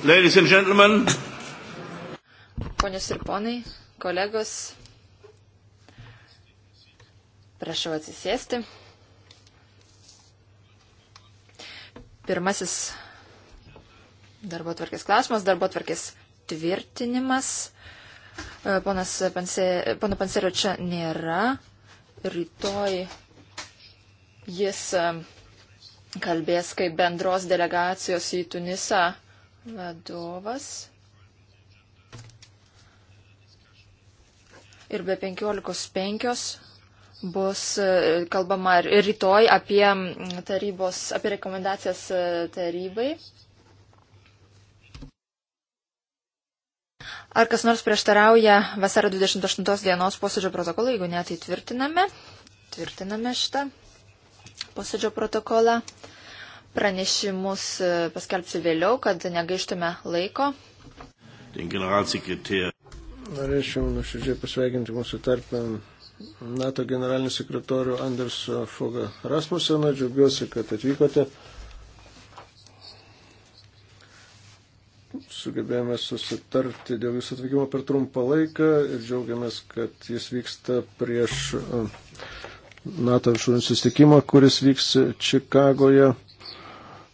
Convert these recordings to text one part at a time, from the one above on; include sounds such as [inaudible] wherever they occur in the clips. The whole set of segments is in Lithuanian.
Ladies and gentlemen. Ponios ir ponai, kolegos, prašau atsisėsti. Pirmasis darbo tvarkės klausimas, darbo tvarkės tvirtinimas. E, ponas Pansė, pono Panserio čia nėra. Rytoj jis e, kalbės kaip bendros delegacijos į Tunisą vadovas. Ir be 15.5 bus e, kalbama ir rytoj apie, tarybos, apie rekomendacijas e, tarybai. Ar kas nors prieštarauja vasaro 28 dienos posėdžio protokolą, jeigu ne, tai tvirtiname. Tvirtiname šitą posėdžio protokolą pranešimus e, paskelbsiu vėliau, kad negaištume laiko. Norėčiau nuoširdžiai pasveikinti mūsų tarpę NATO generalinį sekretorių Anders Fogą Rasmuseną. Džiaugiuosi, kad atvykote. Sugebėjome susitarti dėl jūsų atvykimo per trumpą laiką ir džiaugiamės, kad jis vyksta prieš e, NATO viršūnį susitikimą, kuris vyks Čikagoje.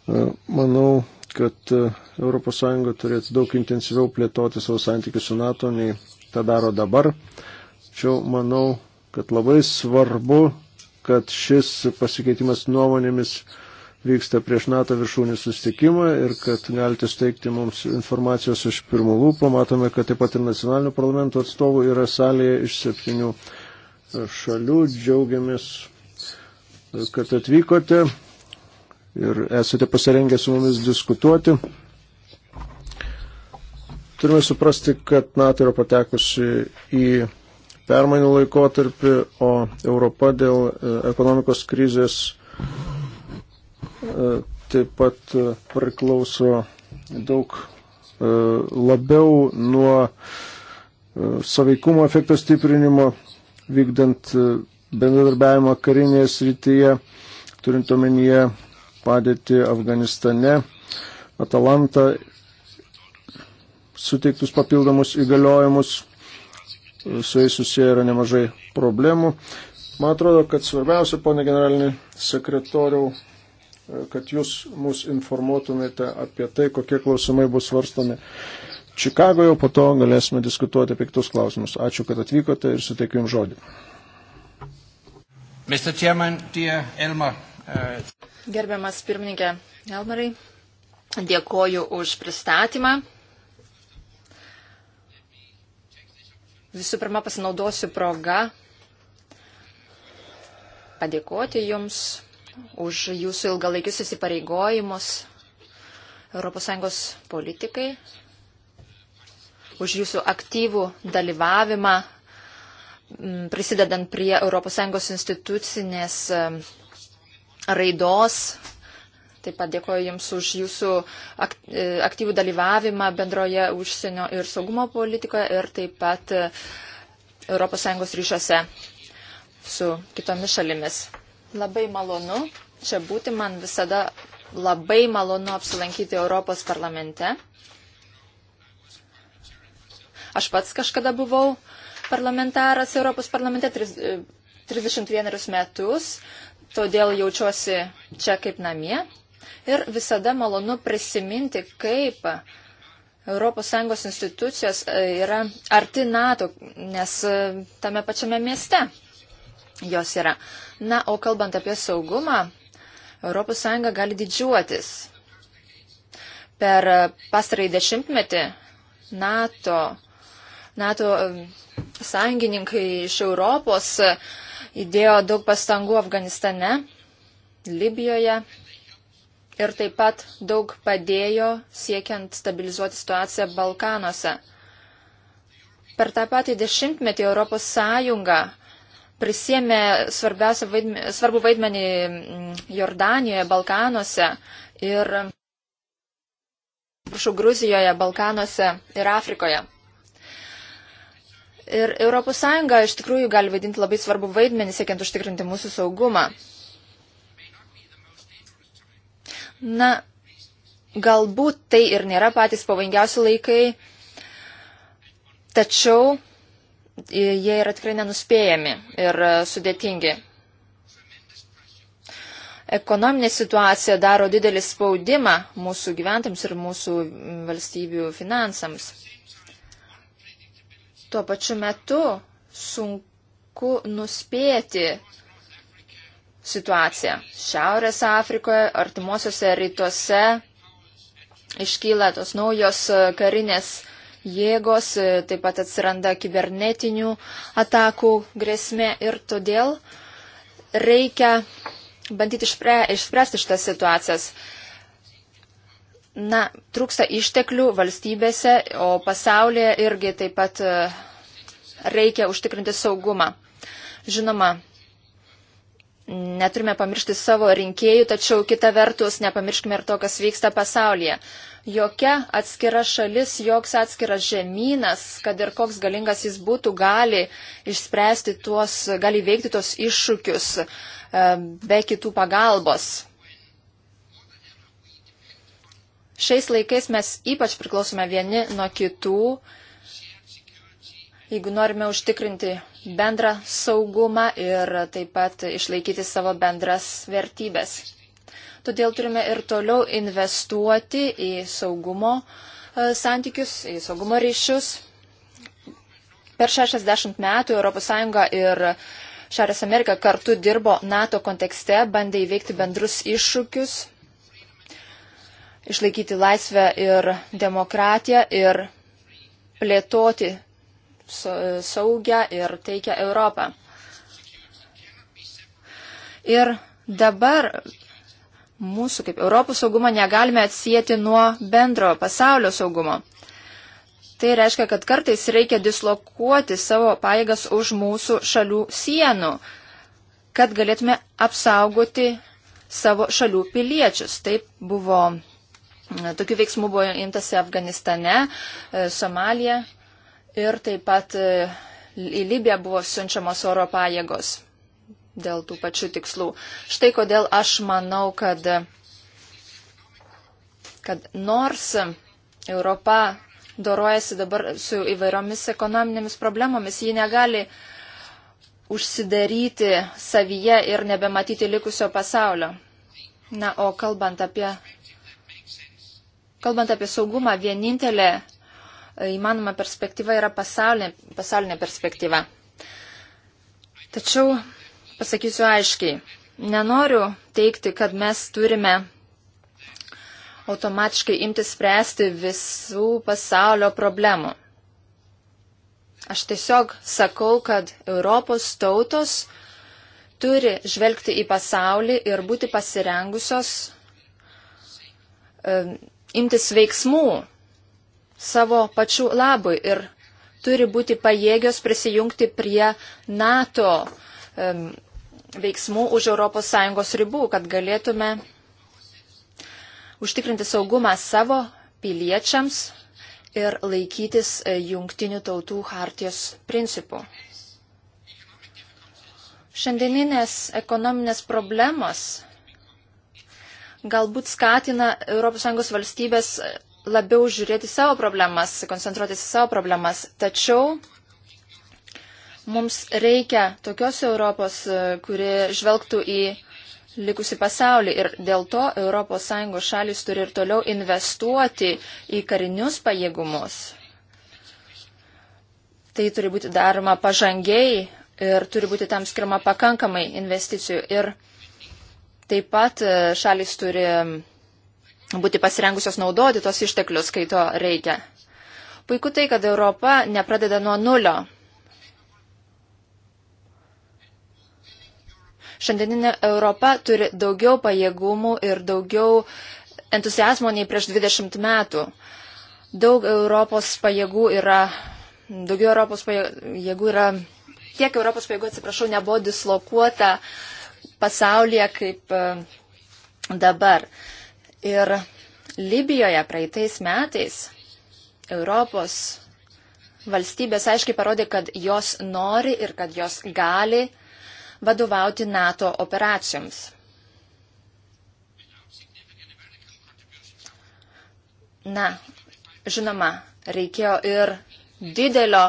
E, manau, kad ES turėtų daug intensyviau plėtoti savo santykius su NATO, nei tą daro dabar. Tačiau manau, kad labai svarbu, kad šis pasikeitimas nuomonėmis vyksta prieš NATO viršūnį sustikimą ir kad galite steigti mums informacijos iš pirmų lūpų. Matome, kad taip pat ir nacionalinių parlamento atstovų yra salėje iš septynių šalių. Džiaugiamės, e, kad atvykote ir esate pasirengę su mumis diskutuoti. Turime suprasti, kad NATO yra patekusi į permainų laikotarpį, o Europa dėl e, ekonomikos krizės e, taip pat e, priklauso daug labiau nuo saveikumo efekto stiprinimo, vykdant bendradarbiavimą karinėje srityje, turint omenyje padėtį Afganistane, Atalanta suteiktus papildomus įgaliojimus, su jais susiję yra nemažai problemų. Man atrodo, kad svarbiausia, ponė generalinė sekretoriau, kad jūs mus informuotumėte apie tai, kokie klausimai bus svarstomi Čikagoje, po to galėsime diskutuoti apie kitus klausimus. Ačiū, kad atvykote ir suteikiu jums žodį. Mr. Chairman, dear Elmar. Gerbiamas pirmininkė Elmarai, dėkoju už pristatymą. Visų pirma, pasinaudosiu progą padėkoti Jums už Jūsų ilgalaikius įsipareigojimus ES politikai, už Jūsų aktyvų dalyvavimą prisidedant prie ES institucinės raidos. Taip pat dėkoju Jums už Jūsų e, aktyvų dalyvavimą bendroje užsienio ir saugumo politikoje ir taip pat ES ryšiuose su kitomis šalimis. Labai malonu čia būti, man visada labai malonu apsilankyti Europos parlamente. Aš pats kažkada buvau parlamentaras Europos parlamente 31 e, metus, todėl jaučiuosi čia kaip namie ir visada malonu prisiminti, kaip ES institucijos e, yra arti NATO, nes e, tame pačiame mieste jos yra. Na, o kalbant apie saugumą, ES gali didžiuotis. Per pastarąjį dešimtmetį NATO, NATO e, sąjungininkai iš Europos įdėjo daug pastangų Afganistane, Libijoje ir taip pat daug padėjo siekiant stabilizuoti situaciją Balkanuose. Per tą patį dešimtmetį Europos Sąjunga prisėmė vaidmenį, svarbų vaidmenį mm, Jordanijoje, Balkanuose ir prašau, Gruzijoje, Balkanuose ir Afrikoje. Ir ES iš tikrųjų gali vaidinti labai svarbu vaidmenį, siekiant užtikrinti mūsų saugumą. Na, galbūt tai ir nėra patys pavojingiausi laikai, tačiau jie yra tikrai nenuspėjami ir e, sudėtingi. Ekonominė situacija daro didelį spaudimą mūsų gyventams ir mūsų valstybių finansams. Tuo pačiu metu sunku nuspėti situaciją. Šiaurės Afrikoje, artimuosiuose rytuose iškyla tos naujos e, karinės jėgos, e, taip pat atsiranda kibernetinių atakų grėsmė ir todėl reikia bandyti išspręsti šitas situacijas na, trūksta išteklių valstybėse, o pasaulyje irgi taip pat e, reikia užtikrinti saugumą. Žinoma, neturime pamiršti savo rinkėjų, tačiau kita vertus nepamirškime ir to, kas vyksta pasaulyje. Jokia atskira šalis, joks atskiras žemynas, kad ir koks galingas jis būtų, gali išspręsti tuos, gali veikti tuos iššūkius e, be kitų pagalbos Šiais laikais mes ypač priklausome vieni nuo kitų. Jeigu norime užtikrinti bendrą saugumą ir taip pat išlaikyti savo bendras vertybės. Todėl turime ir toliau investuoti į saugumo e, santykius, į saugumo ryšius. Per 60 metų ES ir Šiaurės Amerika kartu dirbo NATO kontekste, bandė įveikti bendrus iššūkius, išlaikyti laisvę ir demokratiją ir plėtoti saugę ir teikia Europą. Ir dabar mūsų kaip Europos saugumo negalime atsijėti nuo bendro pasaulio saugumo. Tai reiškia, kad kartais reikia dislokuoti savo paėgas už mūsų šalių sienų, kad galėtume apsaugoti savo šalių piliečius. Taip buvo Tokių veiksmų buvo imtasi Afganistane, e, Somalija ir taip pat e, į Libiją buvo siunčiamos oro pajėgos dėl tų pačių tikslų. Štai kodėl aš manau, kad, kad nors Europa dorojasi dabar su įvairiomis ekonominėmis problemomis, ji negali užsidaryti savyje ir nebematyti likusio pasaulio. Na, o kalbant apie Kalbant apie saugumą, vienintelė įmanoma perspektyva yra pasaulinė, pasaulinė perspektyva. Tačiau pasakysiu aiškiai, nenoriu teikti, kad mes turime automatiškai imti spręsti visų pasaulio problemų. Aš tiesiog sakau, kad Europos tautos turi žvelgti į pasaulį ir būti pasirengusios imtis veiksmų savo pačių labui ir turi būti pajėgios prisijungti prie NATO um, veiksmų už ES ribų, kad galėtume užtikrinti saugumą savo piliečiams ir laikytis e, jungtinių tautų hartijos principų. Šiandieninės ekonominės problemos galbūt skatina ES valstybės labiau žiūrėti savo problemas, koncentruotis į savo problemas. Tačiau mums reikia tokios Europos, e, kuri žvelgtų į likusi pasaulį ir dėl to ES šalis turi ir toliau investuoti į karinius pajėgumus. Tai turi būti daroma pažangiai ir turi būti tam skirma pakankamai investicijų. Ir Taip pat e, šalis turi būti pasirengusios naudoti tos išteklius, kai to reikia. Puiku tai, kad Europa nepradeda nuo nulio. Šiandieninė Europa turi daugiau pajėgumų ir daugiau entuzijazmo nei prieš 20 metų. Daug Europos pajėgų yra, daugiau Europos pajėgų yra, tiek Europos pajėgų, atsiprašau, nebuvo dislokuota uh, pasaulyje kaip e, dabar. Ir Libijoje praeitais metais Europos valstybės aiškiai parodė, kad jos nori ir kad jos gali vadovauti NATO operacijoms. Na, žinoma, reikėjo ir didelio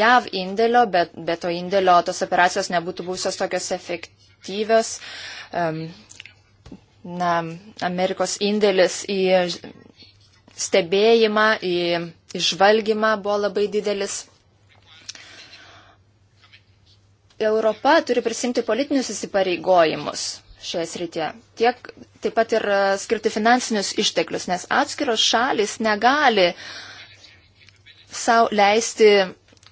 JAV indėlio, bet be to indėlio tos operacijos nebūtų būsios tokios efekt, aktyvės. Na, Amerikos indėlis į stebėjimą, į išvalgymą buvo labai didelis. Europa turi prisimti politinius įsipareigojimus šioje srityje. Tiek taip pat ir e, skirti finansinius išteklius, nes atskiros šalis negali savo leisti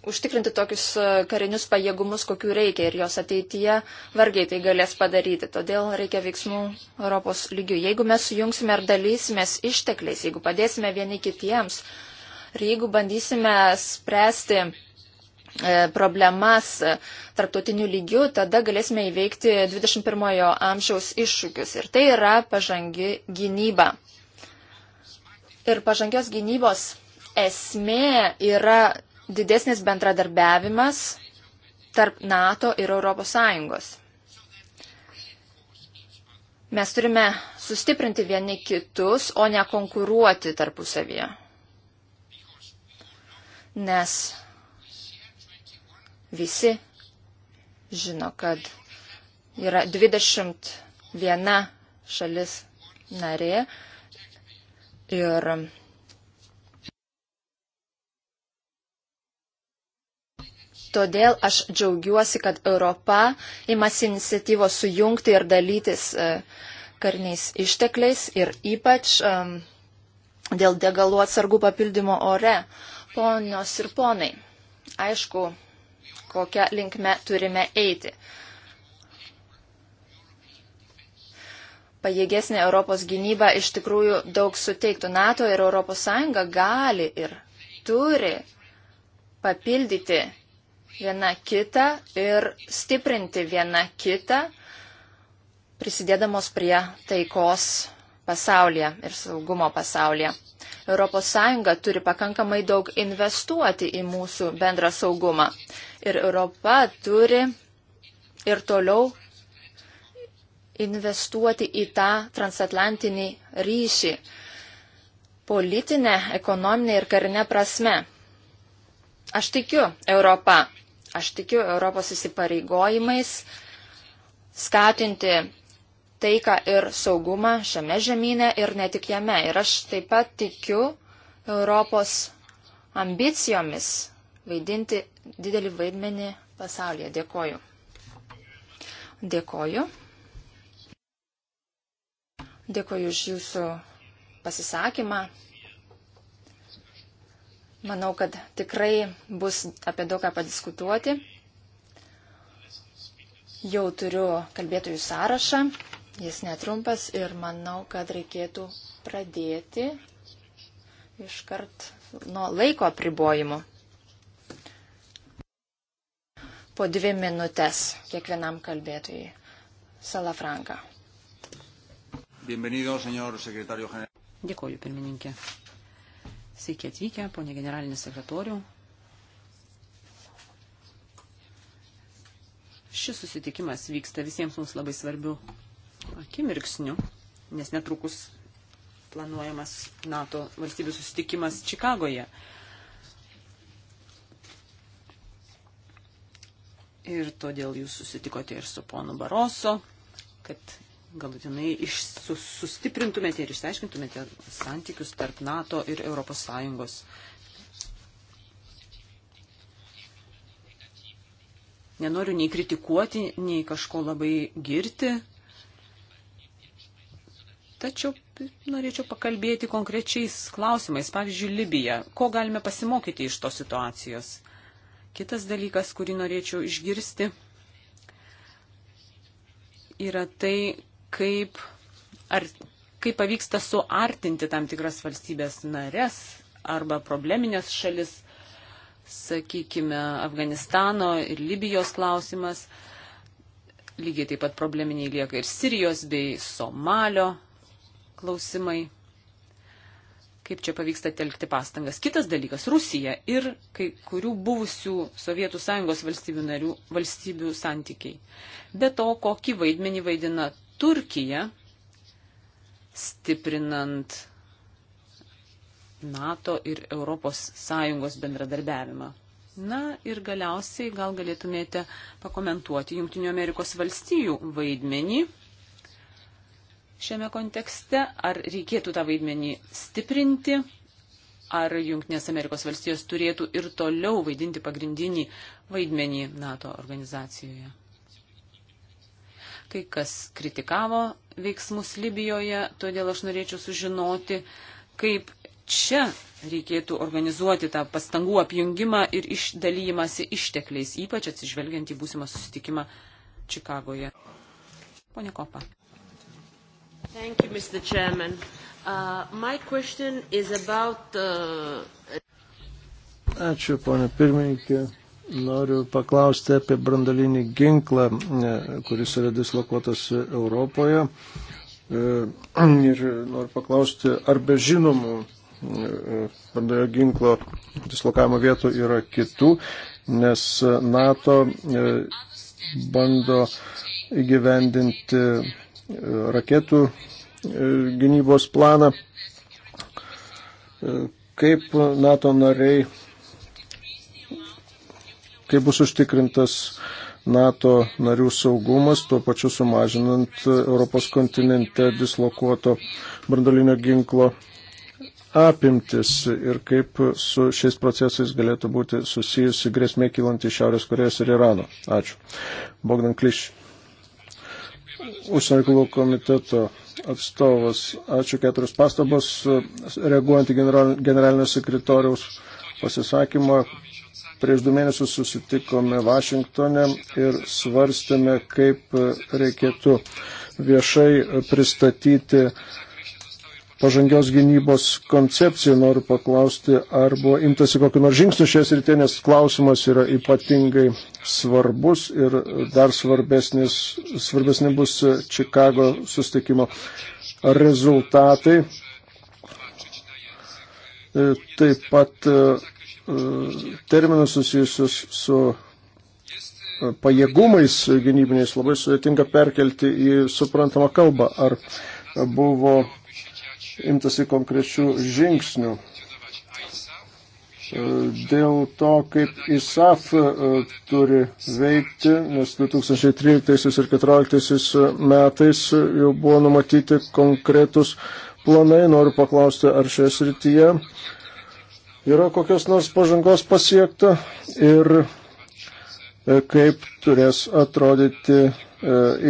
užtikrinti tokius e, karinius pajėgumus, kokių reikia ir jos ateityje vargiai tai galės padaryti. Todėl reikia veiksmų Europos lygių. Jeigu mes sujungsime ir dalysimės ištekliais, jeigu padėsime vieni kitiems ir jeigu bandysime spręsti e, problemas e, tarptautiniu lygiu, tada galėsime įveikti 21-ojo amžiaus iššūkius. Ir tai yra pažangi gynyba. Ir pažangios gynybos esmė yra didesnis bendradarbiavimas tarp NATO ir ES. Mes turime sustiprinti vieni kitus, o ne konkuruoti tarpusavyje. Nes visi žino, kad yra 21 šalis narė ir Todėl aš džiaugiuosi, kad Europa imasi iniciatyvos sujungti ir dalytis e, kariniais ištekliais ir ypač um, dėl degalų atsargų papildymo ore. Ponios ir ponai, aišku, kokią linkmę turime eiti. Pajėgesnė Europos gynyba iš tikrųjų daug suteiktų. NATO ir ES gali ir turi papildyti viena kitą ir stiprinti viena kitą, prisidėdamos prie taikos pasaulyje ir saugumo pasaulyje. ES turi pakankamai daug investuoti į mūsų bendrą saugumą. Ir Europa turi ir toliau investuoti į tą transatlantinį ryšį politinė, ekonominė ir karinė prasme. Aš tikiu Europą Aš tikiu Europos įsipareigojimais skatinti taiką ir saugumą šiame žemynė ir ne tik jame. Ir aš taip pat tikiu Europos ambicijomis vaidinti didelį vaidmenį pasaulyje. Dėkoju. Dėkoju. Dėkoju už jūsų pasisakymą. Manau, kad tikrai bus apie daug ką padiskutuoti. Jau turiu kalbėtojų sąrašą, jis netrumpas ir manau, kad reikėtų pradėti iškart nuo laiko apribojimo. Po dvi minutės kiekvienam kalbėtojui. Salafranka. Dėkoju, pirmininkė. Sveiki atvykę, ponė generalinis sekretorių. Šis susitikimas vyksta visiems mums labai svarbių akimirksnių, nes netrukus planuojamas NATO valstybių susitikimas Čikagoje. Ir todėl jūs susitikote ir su ponu Baroso, kad galutinai sus, sustiprintumėte ir išsiaiškintumėte santykius tarp NATO ir ES. Nenoriu nei kritikuoti, nei kažko labai girti, tačiau norėčiau pakalbėti konkrečiais klausimais, pavyzdžiui, Libija. Ko galime pasimokyti iš tos situacijos? Kitas dalykas, kurį norėčiau išgirsti, yra tai, kaip, ar, kaip pavyksta suartinti tam tikras valstybės narės arba probleminės šalis, sakykime, Afganistano ir Libijos klausimas. Lygiai taip pat probleminiai lieka ir Sirijos bei Somalio klausimai. Kaip čia pavyksta telkti pastangas. Kitas dalykas - Rusija ir kai kurių buvusių Sovietų Sąjungos valstybių narių valstybių santykiai. Be to, kokį vaidmenį vaidina Turkija, stiprinant NATO ir ES bendradarbiavimą. Na ir galiausiai gal galėtumėte pakomentuoti Junktinių Amerikos valstijų vaidmenį šiame kontekste, ar reikėtų tą vaidmenį stiprinti, ar Junktinės Amerikos valstijos turėtų ir toliau vaidinti pagrindinį vaidmenį NATO organizacijoje kai kas kritikavo veiksmus Libijoje, todėl aš norėčiau sužinoti, kaip čia reikėtų organizuoti tą pastangų apjungimą ir išdalyjimąsi ištekliais, ypač atsižvelgiant į būsimą susitikimą Čikagoje. Pone Kopa. Thank you, Mr. Chairman. Uh, my question is about... Uh... Ačiū, ponė pirmininkė. Noriu paklausti apie brandalinį ginklą, e, kuris yra dislokuotas Europoje. E, ir noriu paklausti, ar be žinomų e, brandalinio ginklo dislokavimo vietų yra kitų, nes NATO bando įgyvendinti raketų gynybos planą. Kaip NATO nariai Taip bus užtikrintas NATO narių saugumas, tuo pačiu sumažinant Europos kontinente dislokuoto brandolinio ginklo apimtis ir kaip su šiais procesais galėtų būti susijusi grėsmė kilanti iš Šiaurės Korejos ir Irano. Ačiū. Bogdan Kliš. Užsienio reikalų komiteto atstovas. Ačiū keturios pastabos. Reaguojant į generalinio sekretoriaus pasisakymą, Prieš du mėnesius susitikome Vašingtone ir svarstėme, kaip reikėtų viešai pristatyti pažangios gynybos koncepciją. Noriu paklausti, ar buvo imtasi kokiu nors žingsniu šies rytė, nes klausimas yra ypatingai svarbus ir dar svarbesnė bus Čikago sustikimo rezultatai. Taip pat Mm, terminus susijusius su e, pajėgumais gynybiniais labai sudėtinga perkelti į suprantamą kalbą. Ar buvo imtasi konkrečių žingsnių e, dėl to, kaip ISAF e, turi veikti, nes 2013 ir 2014 metais jau buvo numatyti konkretus planai. Noriu paklausti, ar šioje srityje yra kokios nors pažangos pasiekta ir e, kaip turės atrodyti e,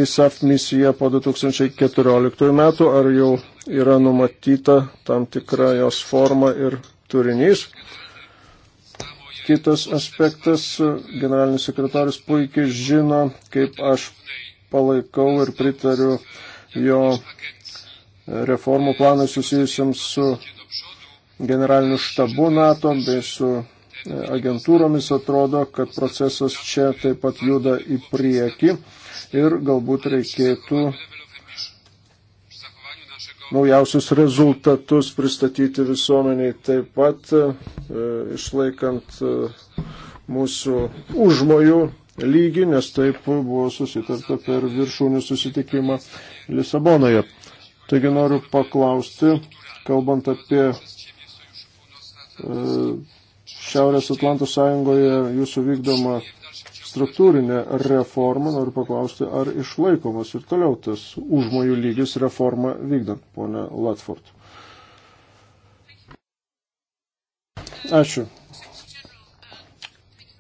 ISAF misija po 2014 metų, ar jau yra numatyta tam tikra jos forma ir turinys. Kitas aspektas, generalinis sekretorius puikiai žino, kaip aš palaikau ir pritariu jo e, reformų planui susijusiam su generaliniu štabu NATO bei su e, agentūromis atrodo, kad procesas čia taip pat juda į priekį ir galbūt reikėtų naujausius rezultatus pristatyti visuomeniai taip pat, e, išlaikant e, mūsų užmojų lygį, nes taip buvo susitarta per viršūnių susitikimą Lisabonoje. Taigi noriu paklausti, kalbant apie Šiaurės Atlanto sąjungoje jūsų vykdoma struktūrinė reforma, noriu paklausti, ar išlaikomas ir toliau tas užmojų lygis reforma vykdant, ponė Latford. Ačiū.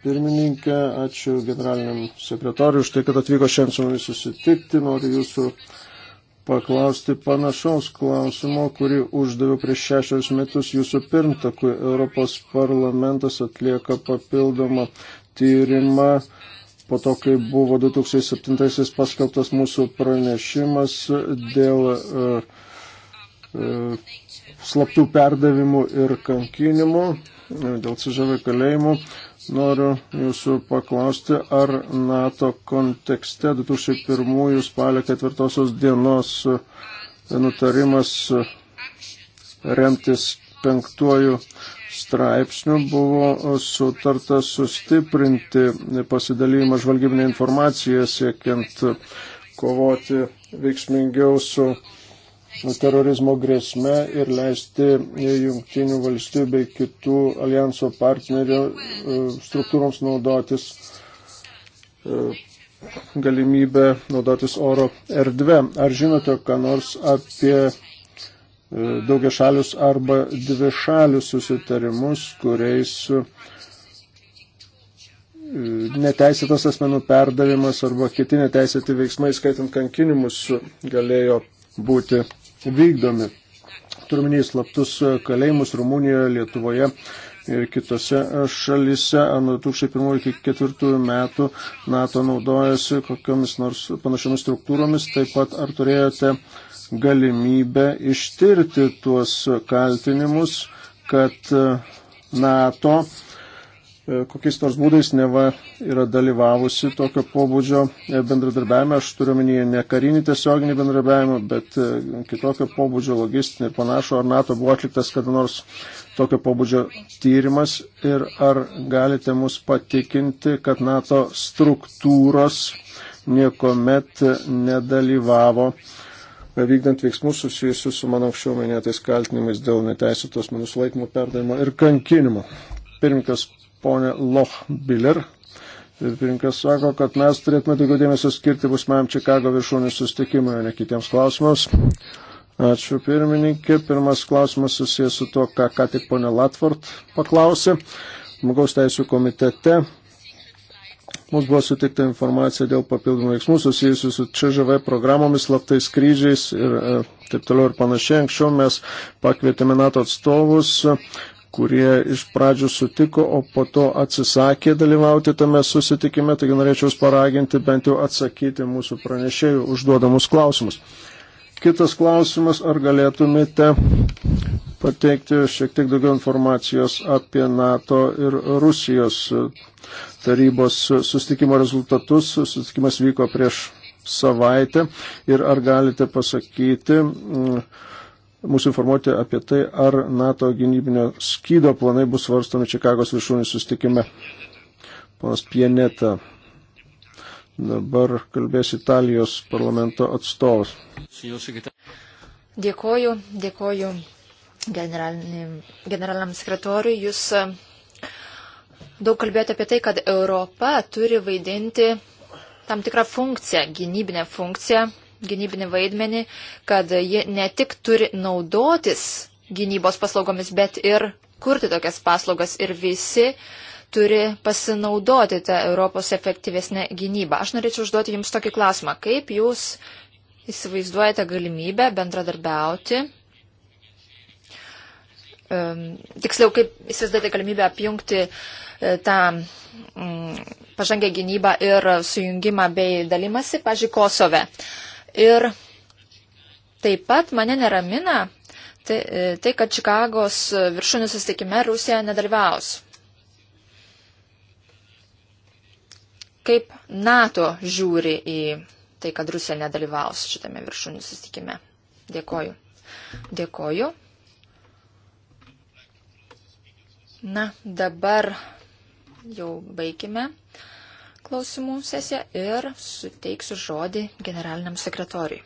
Pirmininkė, ačiū generaliniam sekretoriui už tai, kad atvyko šiandien su mumis susitikti. Noriu jūsų paklausti panašaus klausimo, kurį uždaviau prieš šešius metus jūsų pirmtakui. Europos parlamentas atlieka papildomą tyrimą. Po to, kai buvo 2007 paskelbtas mūsų pranešimas dėl uh, uh, slaptų perdavimų ir kankinimų, dėl CŽV kalėjimų. Noriu jūsų paklausti, ar NATO kontekste 2001 spalio 4 dienos nutarimas remtis penktuoju straipsniu buvo sutarta sustiprinti pasidalymą žvalgybinę informaciją siekiant kovoti veiksmingiau su terorizmo grėsme ir leisti jungtinių valstybių bei kitų alijanso partnerių e, struktūroms naudotis e, galimybę naudotis oro erdvę. Ar žinote, ką nors apie e, daugia šalius arba dvi šalius susitarimus, kuriais neteisėtas asmenų perdavimas arba kiti neteisėti veiksmai, skaitant kankinimus, galėjo būti vykdomi. Turminiai slaptus kalėjimus Rumunijoje, Lietuvoje ir kitose šalise nuo 2001 iki 2004 metų NATO naudojasi kokiamis nors panašiomis struktūromis. Taip pat ar turėjote galimybę ištirti tuos kaltinimus, kad NATO E, kokiais nors būdais neva yra dalyvavusi tokio pobūdžio e, bendradarbiavime. Aš turiu menyje ne karinį tiesioginį bendradarbiavimą, bet e, kitokio pobūdžio logistinį ir panašų. Ar NATO buvo atliktas kada nors tokio pobūdžio tyrimas ir ar galite mus patikinti, kad NATO struktūros niekuomet nedalyvavo vykdant veiksmus susijusius su mano anksčiau minėtais kaltinimais dėl neteisėtos manus laikymo perdavimo ir kankinimo. Pirmininkas ponė Lochbiller. Pirmininkas sako, kad mes turėtume daugiau dėmesio skirti busmajam Čikago viršūnį sustikimui, ne kitiems klausimams. Ačiū pirmininkė. Pirmas klausimas susijęs su to, ką ką tik ponė Latvart paklausė. Žmogaus teisų komitete mums buvo sutikta informacija dėl papildomų veiksmų susijusių su ČŽV programomis, slaptais skrydžiais ir e, taip toliau ir panašiai. Anksčiau mes pakvietėme NATO atstovus kurie iš pradžių sutiko, o po to atsisakė dalyvauti tame susitikime, taigi norėčiau jūs paraginti bent jau atsakyti mūsų pranešėjų užduodamus klausimus. Kitas klausimas, ar galėtumėte pateikti šiek tiek daugiau informacijos apie NATO ir Rusijos tarybos sustikimo rezultatus. Sustikimas vyko prieš savaitę ir ar galite pasakyti, mm, mūsų informuoti apie tai, ar NATO gynybinio skydo planai bus svarstomi Čikagos viršūnį sustikime. Ponas Pieneta. Dabar kalbės Italijos parlamento atstovas. Dėkoju, dėkoju generaliniam sekretoriui. Jūs e, daug kalbėjote apie tai, kad Europa turi vaidinti tam tikrą funkciją, gynybinę funkciją gynybinį vaidmenį, kad ji ne tik turi naudotis gynybos paslaugomis, bet ir kurti tokias paslaugas ir visi turi pasinaudoti tą Europos efektyvesnę gynybą. Aš norėčiau užduoti Jums tokį klausimą. Kaip Jūs įsivaizduojate galimybę bendradarbiauti? Ehm, tiksliau, kaip įsivaizduojate galimybę apjungti e, tą mm, pažangę gynybą ir sujungimą bei dalimasi, pažiūrėjau, Kosove. Ir taip pat mane neramina tai, e, tai kad Čikagos viršūnių susitikime Rusija nedalyvaus. Kaip NATO žiūri į tai, kad Rusija nedalyvaus šitame viršūnių susitikime? Dėkoju. Dėkoju. Na, dabar jau baigime klausimų sesiją ir suteiksiu žodį generaliniam sekretoriui.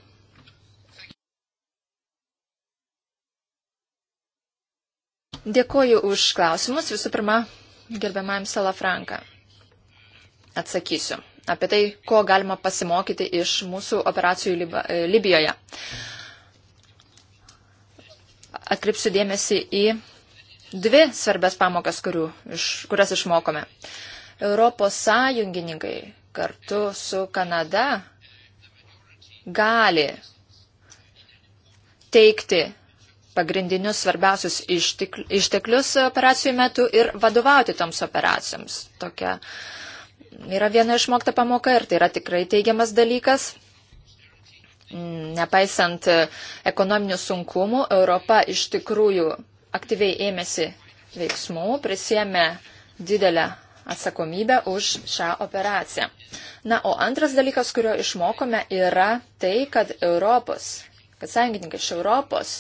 Dėkoju už klausimus. Visų pirma, gerbiamajam Salafranka. Atsakysiu apie tai, ko galima pasimokyti iš mūsų operacijų Liba, e, Libijoje. Atkreipsiu dėmesį į dvi svarbės pamokas, kurių, iš, kurias išmokome. Uh, Europos sąjungininkai kartu su Kanada gali teikti pagrindinius svarbiausius išteklius operacijų metu ir vadovauti toms operacijoms. Tokia yra viena išmokta pamoka ir tai yra tikrai teigiamas dalykas. Nepaisant ekonominių sunkumų, Europa iš tikrųjų aktyviai ėmėsi veiksmų, prisėmė didelę atsakomybę už šią operaciją. Na, o antras dalykas, kurio išmokome, yra tai, kad Europos, kad sąjungininkai iš Europos,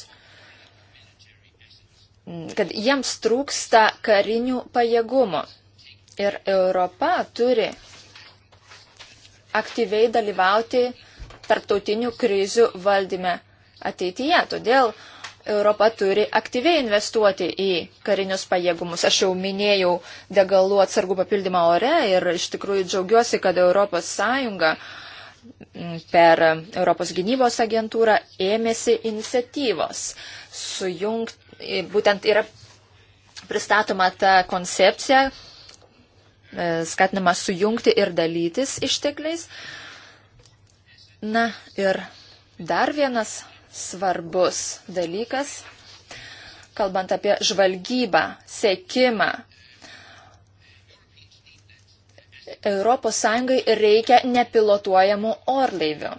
kad jiems trūksta karinių pajėgumų. Ir Europa turi aktyviai dalyvauti tarptautinių krizių valdyme ateityje. Todėl uh, Europa turi aktyviai investuoti į karinius pajėgumus. Aš jau minėjau degalų atsargų papildymą ore ir iš tikrųjų džiaugiuosi, kad ES mm, per Europos gynybos agentūrą ėmėsi iniciatyvos. Sujungt, būtent yra pristatoma ta koncepcija, e, skatinama sujungti ir dalytis ištekliais. Na ir dar vienas svarbus dalykas, kalbant apie žvalgybą, sekimą. ES reikia nepilotuojamų orlaivių.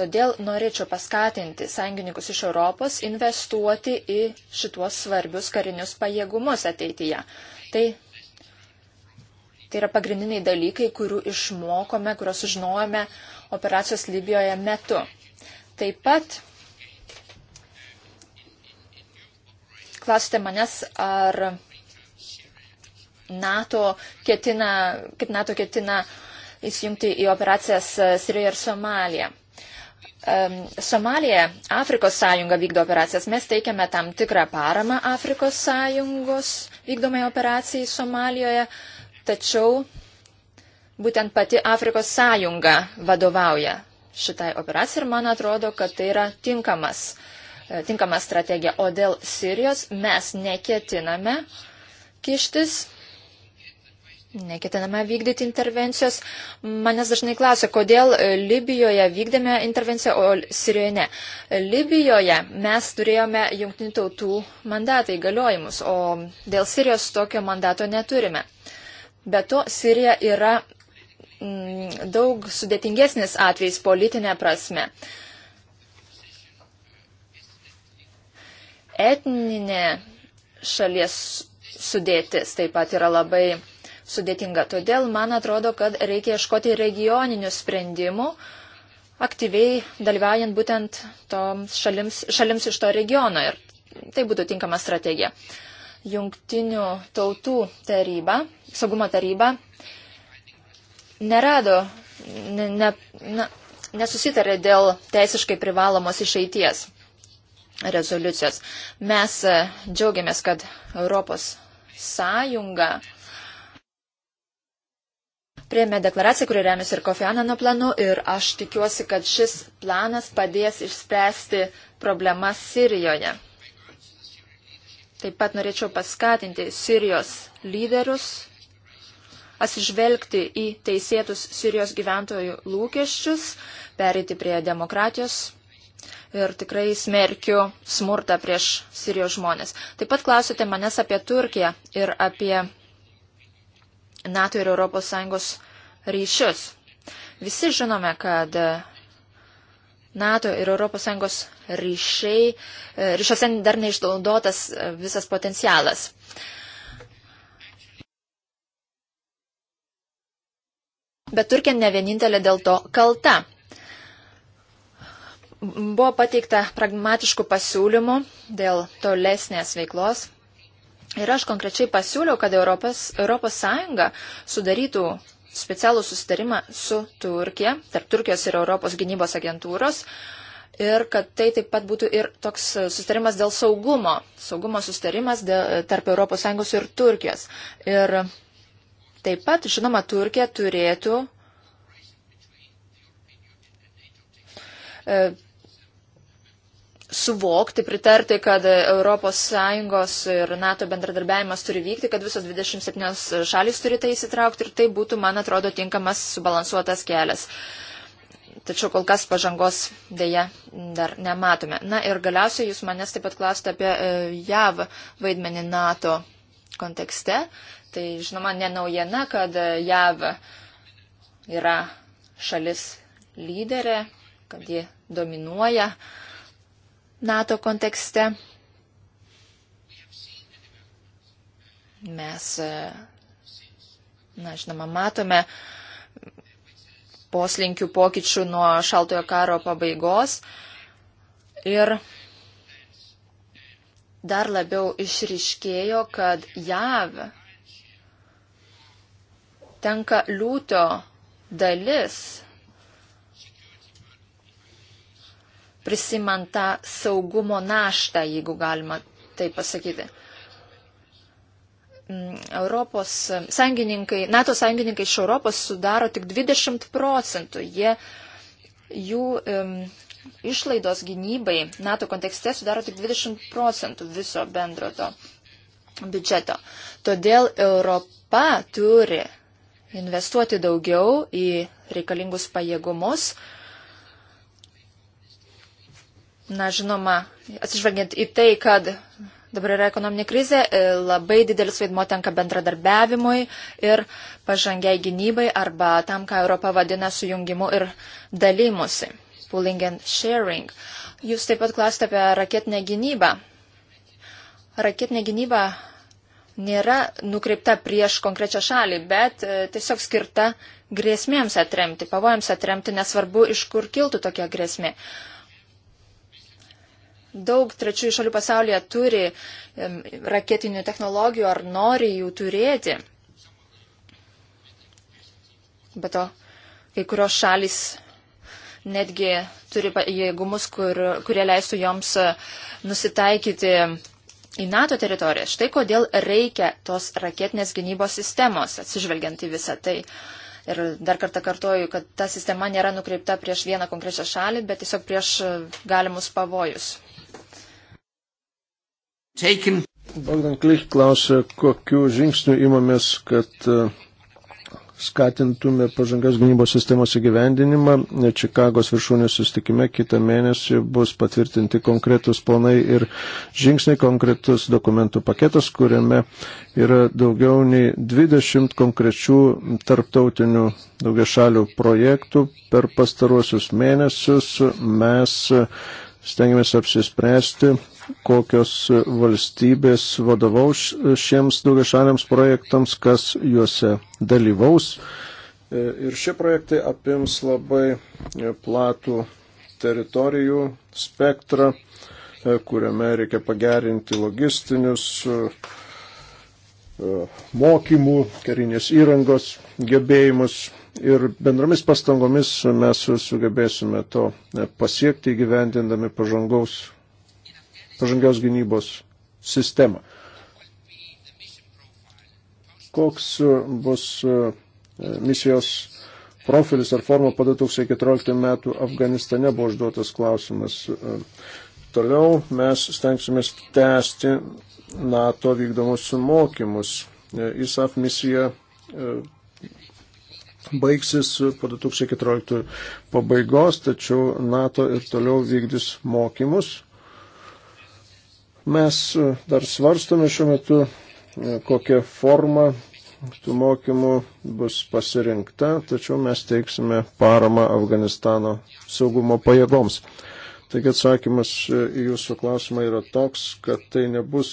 Todėl norėčiau paskatinti sąjungininkus iš Europos investuoti į šituos svarbius karinius pajėgumus ateityje. Tai, tai yra pagrindiniai dalykai, kurių išmokome, kurios sužinojome operacijos Libijoje metu. Taip pat Klausite manęs, ar NATO ketina, kaip NATO ketina įsijungti į operacijas e, Sirijoje ir Somalijoje. Somalija, Afrikos sąjunga vykdo operacijas. Mes teikiame tam tikrą paramą Afrikos sąjungos vykdomai operacijai Somalijoje, tačiau būtent pati Afrikos sąjunga vadovauja šitai operacijai ir man atrodo, kad tai yra tinkamas E, tinkamą strategiją. O dėl Sirijos mes neketiname kištis. Neketiname vykdyti intervencijos. Manęs dažnai klausia, kodėl e, Libijoje vykdėme intervenciją, o Sirijoje ne. E, Libijoje mes turėjome jungtinių tautų mandatą įgaliojimus, o dėl Sirijos tokio mandato neturime. Be to, Sirija yra mm, daug sudėtingesnis atvejs politinė prasme. Uh, etninė šalies sudėtis taip pat yra labai sudėtinga. Todėl man atrodo, kad reikia ieškoti regioninių sprendimų, aktyviai dalyvaujant būtent toms šalims, šalims iš to regiono. Ir tai būtų tinkama strategija. Jungtinių tautų taryba, saugumo taryba, nerado, ne, ne, na, nesusitarė dėl teisiškai privalomos išeities rezoliucijos. Mes e, džiaugiamės, kad Europos Sąjunga prieėmė deklaraciją, kuri remiasi ir Kofi Anano planu ir aš tikiuosi, kad šis planas padės išspręsti problemas Sirijoje. Taip pat norėčiau paskatinti Sirijos lyderius atsižvelgti į teisėtus Sirijos gyventojų lūkesčius, perėti prie demokratijos ir tikrai smerkiu smurtą prieš Sirijos žmonės. Taip pat klausėte manęs apie Turkiją ir apie NATO ir ES ryšius. Visi žinome, kad NATO ir ES ryšiai, e, ryšiuose dar neišnaudotas e, visas potencialas. Bet Turkija ne vienintelė dėl to kalta. Buvo pateikta pragmatiškų pasiūlymų dėl tolesnės veiklos. Ir aš konkrečiai pasiūliau, kad Europos, Europos Sąjunga sudarytų specialų susitarimą su Turkija, tarp Turkijos ir Europos gynybos agentūros, ir kad tai taip pat būtų ir toks sustarimas dėl saugumo, saugumo sustarimas dėl, tarp ES ir Turkijos. Ir taip pat, žinoma, Turkija turėtų e, suvokti, pritarti, kad ES ir NATO bendradarbiavimas turi vykti, kad visos 27 šalis turi tai įsitraukti ir tai būtų, man atrodo, tinkamas subalansuotas kelias. Tačiau kol kas pažangos dėja dar nematome. Na ir galiausiai jūs manęs taip pat klausite apie e, JAV vaidmenį NATO kontekste. Tai žinoma, ne naujiena, kad e, JAV yra šalis lyderė, kad ji dominuoja uh, NATO kontekste. Mes, e, na, žinoma, matome poslinkių pokyčių nuo šaltojo karo pabaigos ir dar labiau išriškėjo, kad JAV tenka liūto dalis prisimant tą saugumo naštą, jeigu galima tai pasakyti. Mm, Europos mm, sąjungininkai, NATO sąjungininkai iš Europos sudaro tik 20 procentų. Jie, jų um, išlaidos gynybai NATO kontekste sudaro tik 20 procentų viso bendro to biudžeto. Todėl Europa turi investuoti daugiau į reikalingus pajėgumus, uh, Na, žinoma, atsižvelgiant į tai, kad dabar yra ekonominė krizė, e, labai didelis vaidmo tenka bendradarbiavimui ir pažangiai gynybai arba tam, ką Europa vadina sujungimu ir dalymusi. Pooling and sharing. Jūs taip pat klausite apie raketinę gynybą. Raketinė gynyba nėra nukreipta prieš konkrečią šalį, bet e, tiesiog skirta grėsmėms atremti, pavojams atremti, nesvarbu, iš kur kiltų tokia grėsmė. Uh, Daug trečiųjų šalių pasaulyje turi raketinių technologijų ar nori jų turėti. Be to, kai kurios šalis netgi turi jėgumus, kur, kurie leistų joms e, nusitaikyti į NATO teritoriją. Štai kodėl reikia tos raketinės gynybos sistemos, atsižvelgiant į visą tai. Ir dar kartą kartoju, kad ta sistema nėra nukreipta prieš vieną konkrečią šalį, bet tiesiog prieš e, galimus pavojus taken. Bogdan Klich klausė, kokiu žingsniu imamės, kad e, skatintume pažangas gynybos sistemos įgyvendinimą. E, Čikagos viršūnės sustikime kitą mėnesį bus patvirtinti konkretus planai ir žingsniai, konkretus dokumentų paketas, kuriame yra daugiau nei 20 konkrečių tarptautinių daugia šalių projektų. Per pastaruosius mėnesius mes e, stengiamės apsispręsti kokios valstybės vadovaus šiems daugiašaliams projektams, kas juose dalyvaus. E, ir šie projektai apims labai e, platų teritorijų spektrą, e, kuriame reikia pagerinti logistinius mokymų, karinės įrangos gebėjimus ir bendromis pastangomis mes sugebėsime to pasiekti įgyvendindami pažangaus pažangios gynybos sistemą. Koks e, bus e, misijos profilis ar forma po 2014 metų Afganistane buvo užduotas klausimas. E, toliau mes stengsimės tęsti NATO vykdomus mokymus. ISAF misija baigsis po 2014 pabaigos, tačiau NATO ir toliau vykdys mokymus Mes e, dar svarstome šiuo metu, e, kokia forma tų mokymų bus pasirinkta, tačiau mes teiksime paramą Afganistano saugumo pajėgoms. Taigi atsakymas e, į jūsų klausimą yra toks, kad tai nebus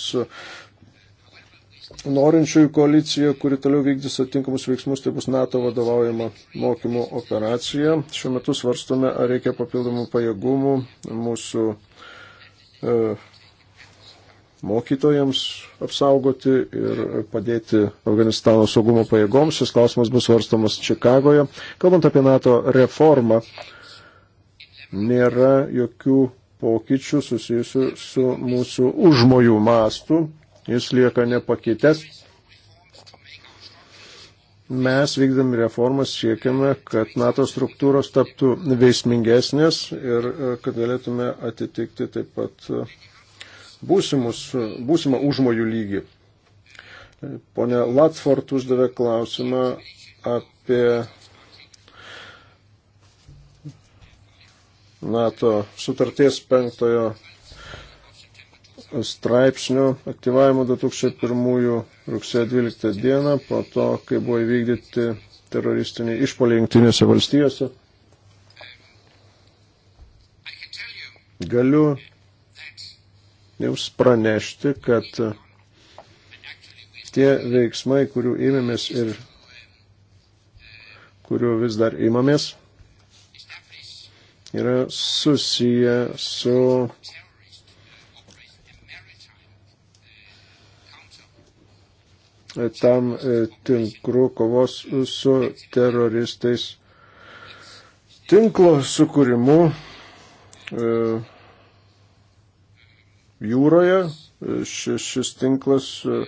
norinčiųjų koalicija, kuri toliau vykdys atitinkamus veiksmus, tai bus NATO vadovaujama mokymo operacija. Šiuo metu svarstome, ar reikia papildomų pajėgumų mūsų e, mokytojams apsaugoti ir padėti Afganistano saugumo pajėgoms. Šis klausimas bus svarstomas Čikagoje. Kalbant apie NATO reformą, nėra jokių pokyčių susijusių su mūsų užmojų mastu. Jis lieka nepakitęs. Mes vykdami reformas siekiame, kad NATO struktūros taptų veiksmingesnės ir e, kad galėtume atitikti taip pat e, būsimus, būsimą užmojų lygį. Pone Latsford uždavė klausimą apie NATO sutarties penktojo straipsnio aktyvavimo 2001 rugsėjo 12 dieną, po to, kai buvo įvykdyti teroristiniai išpoliai jungtinėse valstijose. Galiu jums pranešti, kad tie veiksmai, kurių ėmėmės ir kurių vis dar įmamės, yra susiję su tam e, tinklų kovos su teroristais tinklo sukūrimu. E, jūroje. Šis, šis tinklas e,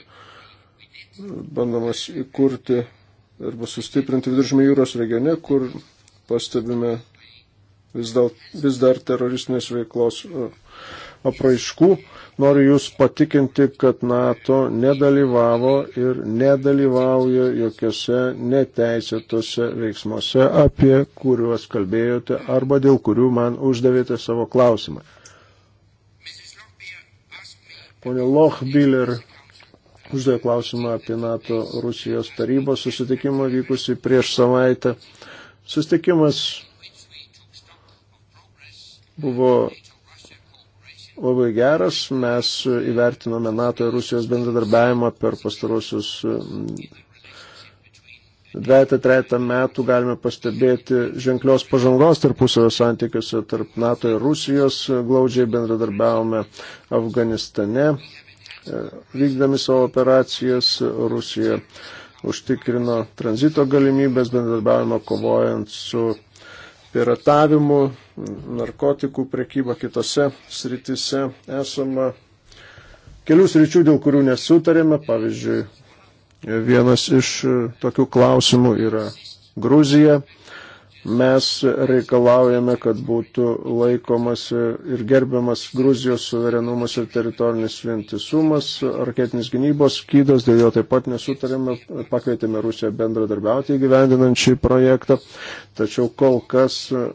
bandomas įkurti arba sustiprinti viduržmė jūros regione, kur pastebime vis, dal, vis dar teroristinės veiklos e, apraiškų. Noriu Jūs patikinti, kad NATO nedalyvavo ir nedalyvauja jokiose neteisėtose veiksmuose, apie kuriuos kalbėjote arba dėl kurių man uždavėte savo klausimą. Pone Lochbiller uždavė klausimą apie NATO Rusijos tarybos susitikimą vykusi prieš savaitę. Susitikimas buvo labai geras. Mes įvertinome NATO ir Rusijos bendradarbiavimą per pastarosius dvejata, trejata metų galime pastebėti ženklios pažangos tarpusavio santykiuose tarp NATO ir Rusijos, glaudžiai bendradarbiavome Afganistane, e, vykdami savo operacijas Rusija užtikrino tranzito galimybės bendradarbiavimo kovojant su piratavimu, narkotikų prekyba kitose sritise. Esama kelių sričių, dėl kurių nesutarėme, pavyzdžiui, Vienas iš e, tokių klausimų yra Gruzija. Mes reikalaujame, kad būtų laikomas e, ir gerbiamas Gruzijos suverenumas ir teritorinis vientisumas, raketinis gynybos skydas, dėl jo taip pat nesutarėme, pakvietėme Rusiją bendradarbiauti įgyvendinant šį projektą, tačiau kol kas uh,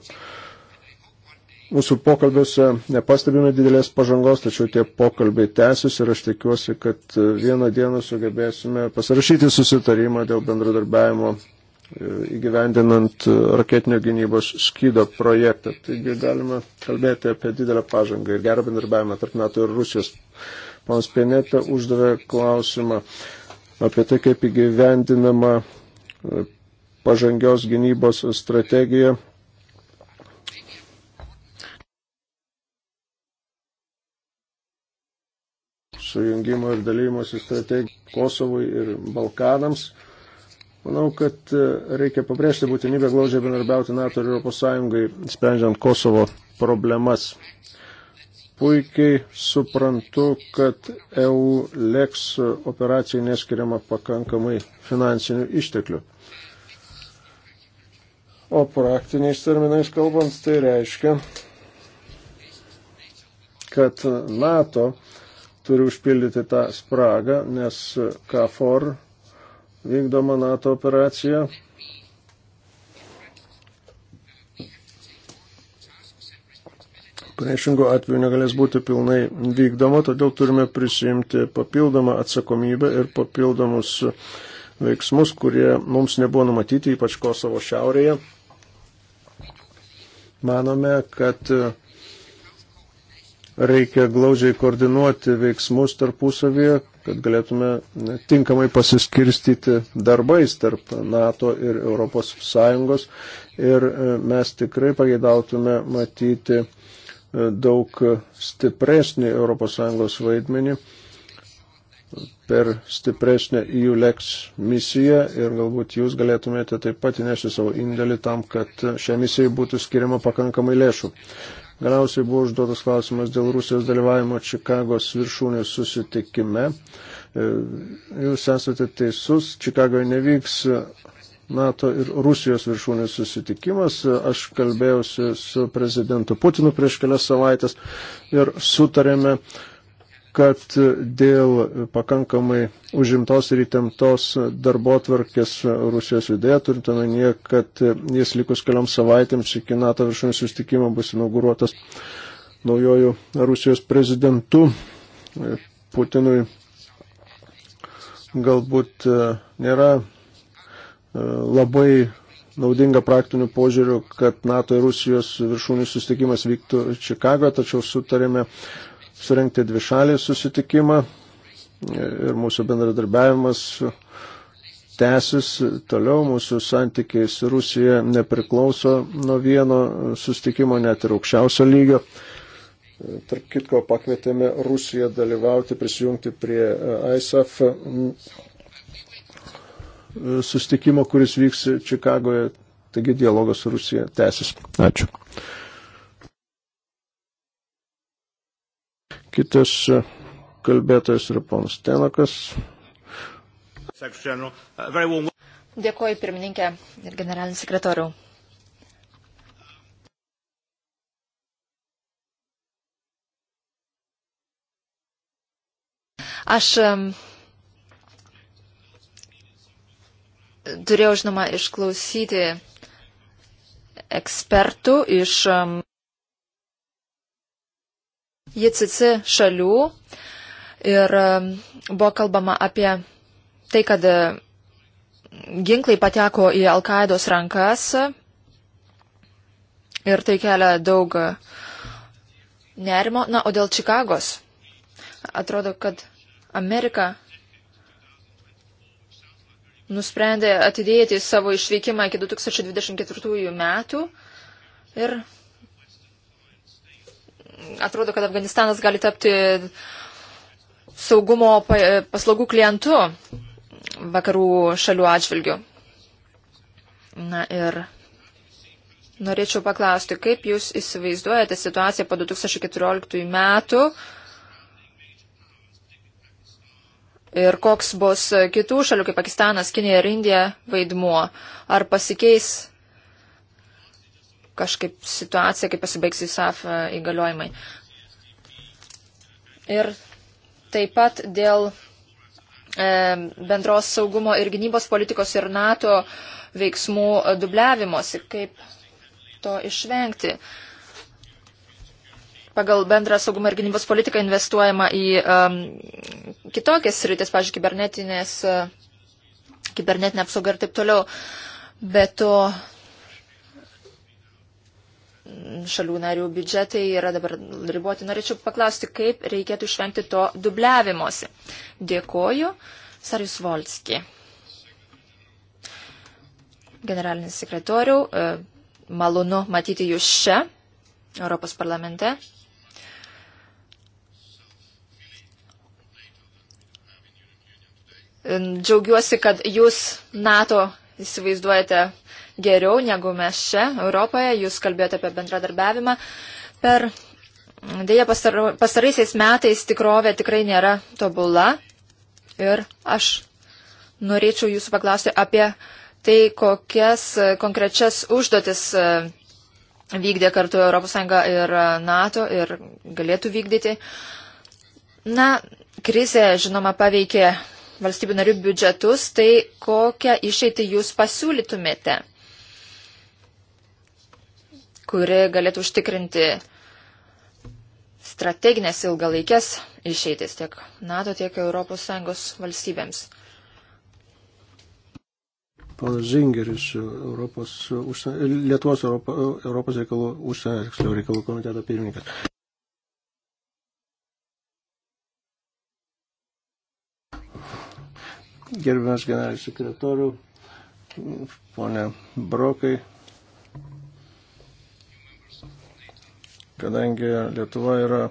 mūsų pokalbiuose nepastebime didelės pažangos, tačiau tie pokalbiai tęsis ir aš tikiuosi, kad e, vieną dieną sugebėsime pasirašyti susitarimą dėl bendradarbiavimo e, įgyvendinant e, raketinio gynybos skydo projektą. Taigi galime kalbėti apie didelę pažangą ir gerą bendarbiavimą tarp NATO ir Rusijos. Panas Pienėtė uždavė klausimą apie tai, kaip įgyvendinama pažangios gynybos strategija sujungimo ir dalymosi strategiją Kosovui ir Balkanams. Manau, kad e, reikia pabrėžti būtinybę glaudžiai bendarbiauti NATO ir ES, sprendžiant Kosovo problemas. Puikiai suprantu, kad EULEX operacijai neskiriama pakankamai finansinių išteklių. O praktiniais terminais kalbant, tai reiškia, kad NATO turi užpildyti tą spragą, nes KFOR vykdoma NATO operacija. Priešingų atveju negalės būti pilnai vykdoma, todėl turime prisimti papildomą atsakomybę ir papildomus veiksmus, kurie mums nebuvo numatyti, ypač Kosovo šiaurėje. Manome, kad uh, reikia glaudžiai koordinuoti veiksmus tarpusavyje, kad galėtume tinkamai pasiskirstyti darbais tarp NATO ir ES. Ir e, mes tikrai pageidautume matyti e, daug stipresnį ES vaidmenį per stipresnę EULEX misiją ir galbūt jūs galėtumėte taip pat įnešti savo indėlį tam, kad šią misiją būtų skiriama pakankamai lėšų. Galiausiai buvo užduotas klausimas dėl Rusijos dalyvavimo Čikagos viršūnės susitikime. E, jūs esate teisus, Čikagoje nevyks NATO ir Rusijos viršūnės susitikimas. Aš kalbėjausi su prezidentu Putinu prieš kelias savaitės ir sutarėme, kad dėl pakankamai užimtos ir įtemptos darbo tvarkės Rusijos vidėje, turint omenyje, kad jis likus kelioms savaitėms iki NATO viršūnės sustikimo bus inauguruotas naujojų Rusijos prezidentu Putinui, galbūt e, nėra e, labai naudinga praktiniu požiūriu, kad NATO ir Rusijos viršūnių sustikimas vyktų Čikagoje, tačiau sutarėme surengti dvišalį susitikimą ir mūsų bendradarbiavimas tęsis toliau, mūsų santykiai su Rusija nepriklauso nuo vieno susitikimo, net ir aukščiausio lygio. Tark kitko pakvietėme Rusiją dalyvauti, prisijungti prie e, ISAF e, sustikimo, kuris vyks Čikagoje. Taigi dialogas su Rusija tęsis. Ačiū. Kitas e, kalbėtojas yra ponas Tenakas. Dėkuoju pirmininkė ir generalinį sekretorių. Aš turėjau, žinoma, išklausyti ekspertų iš JCC šalių ir um, buvo kalbama apie tai, kad um, ginklai pateko į Alkaidos rankas ir tai kelia daug uh, nerimo. Na, o dėl Čikagos atrodo, kad Amerika nusprendė atidėti savo išvykimą iki 2024 metų ir atrodo, kad Afganistanas gali tapti saugumo paslaugų klientu vakarų šalių atžvilgių. Na ir norėčiau paklausti, kaip Jūs įsivaizduojate situaciją po 2014 metų ir koks bus kitų šalių kaip Pakistanas, Kinija ir Indija vaidmuo? Ar pasikeis kažkaip situacija, kaip pasibaigs ISAF e, įgaliojimai. Ir taip pat dėl e, bendros saugumo ir gynybos politikos ir NATO veiksmų dubliavimosi, kaip to išvengti. Pagal bendrą saugumą ir gynybos politiką investuojama į um, kitokias rytis, pažiūrėjau, kibernetinės, kibernetinė apsauga ir taip toliau. Bet to šalių narių biudžetai yra dabar riboti. Norėčiau paklausti, kaip reikėtų išvengti to dubliavimuose. Dėkoju. Sarius Volski. Generalinis sekretoriau, e, malonu matyti jūs čia, Europos parlamente. Džiaugiuosi, kad jūs NATO įsivaizduojate geriau negu mes čia Europoje. Jūs kalbėjote apie bendradarbiavimą. Per dėja pastaraisiais metais tikrovė tikrai nėra tobula. Ir aš norėčiau jūsų paklausti apie tai, kokias konkrečias užduotis e, vykdė kartu ES ir e, NATO ir galėtų vykdyti. Na, krizė, žinoma, paveikė valstybių narių biudžetus, tai kokią išeitį jūs pasiūlytumėte? kuri galėtų užtikrinti strateginės ilgalaikės išeitis tiek NATO, tiek ES valstybėms. Panas Zingeris, Europos, užsienio, Lietuvos Europo, Europos reikalų, užsienio tiksliau reikalų komiteto pirmininkas. Gerbiamas generalinis sekretorių, ponė Brokai, kadangi Lietuva yra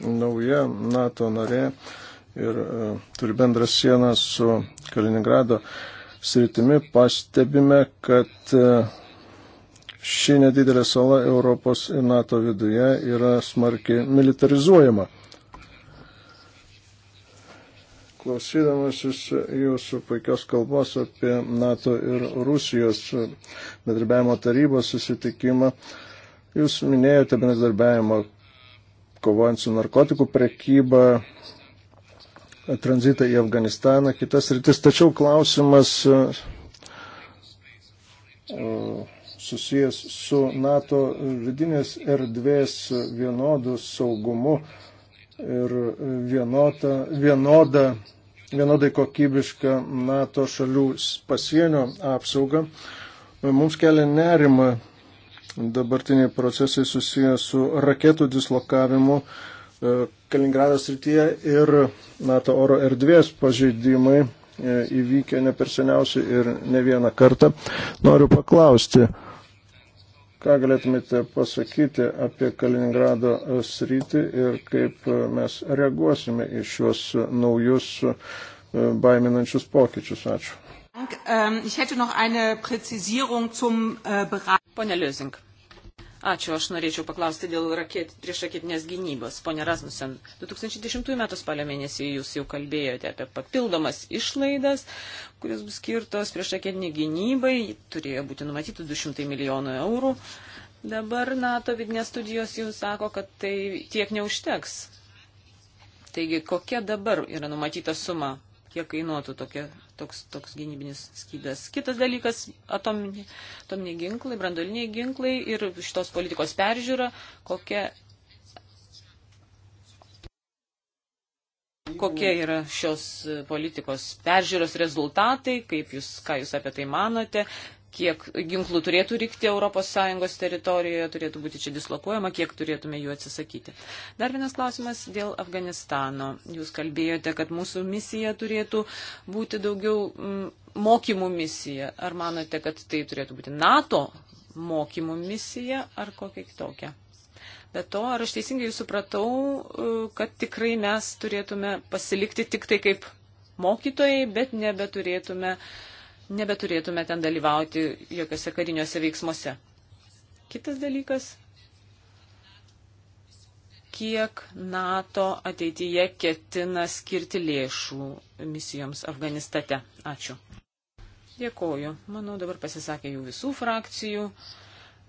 nauja NATO narė ir e, turi bendrą sieną su Kaliningrado sritimi, pastebime, kad e, ši nedidelė sala Europos ir NATO viduje yra smarkiai militarizuojama klausydamasis jūsų puikios kalbos apie NATO ir Rusijos bendradarbiavimo tarybos susitikimą, jūs minėjote bendradarbiavimą kovojant su narkotikų prekyba, tranzitą į Afganistaną, kitas rytis. Tačiau klausimas e, susijęs su NATO vidinės erdvės vienodų saugumu ir vienodą, vienodą, vienodai kokybišką NATO šalių pasienio apsaugą. Mums kelia nerima dabartiniai procesai susiję su raketų dislokavimu e, Kaliningrado srityje ir NATO oro erdvės pažeidimai e, įvykę ne per seniausiai ir ne vieną kartą. Noriu paklausti, Ką galėtumėte pasakyti apie Kaliningrado sritį ir kaip mes reaguosime į šiuos naujus e, baiminančius pokyčius? Ačiū. Ähm, äh, Pone Liuzink, ačiū, aš norėčiau paklausti dėl priešraketinės gynybos. Pone Rasmussen, 2010 m. spalio mėnesį jūs jau kalbėjote apie papildomas išlaidas, kuris bus skirtos priešakėdinį gynybai, turėjo būti numatyti 200 milijonų eurų. Dabar NATO vidinės studijos jums sako, kad tai tiek neužteks. Taigi, kokia dabar yra numatyta suma, kiek kainuotų tokia, toks, toks gynybinis skydas. Kitas dalykas - atominiai ginklai, brandoliniai ginklai ir šitos politikos peržiūra, kokia kokie yra šios e, politikos peržiūros rezultatai, kaip jūs, ką jūs apie tai manote, kiek ginklų turėtų rikti ES teritorijoje, turėtų būti čia dislokuojama, kiek turėtume jų atsisakyti. Dar vienas klausimas dėl Afganistano. Jūs kalbėjote, kad mūsų misija turėtų būti daugiau mokymų misija. Ar manote, kad tai turėtų būti NATO mokymų misija ar kokia kitokia? Bet to, ar aš teisingai jūs supratau, e, kad tikrai mes turėtume pasilikti tik tai kaip mokytojai, bet nebeturėtume, nebeturėtume ten dalyvauti jokiuose kariniuose veiksmuose. Kitas dalykas kiek NATO ateityje ketina skirti lėšų misijoms Afganistate. Ačiū. Dėkoju. Manau, dabar pasisakė jų visų frakcijų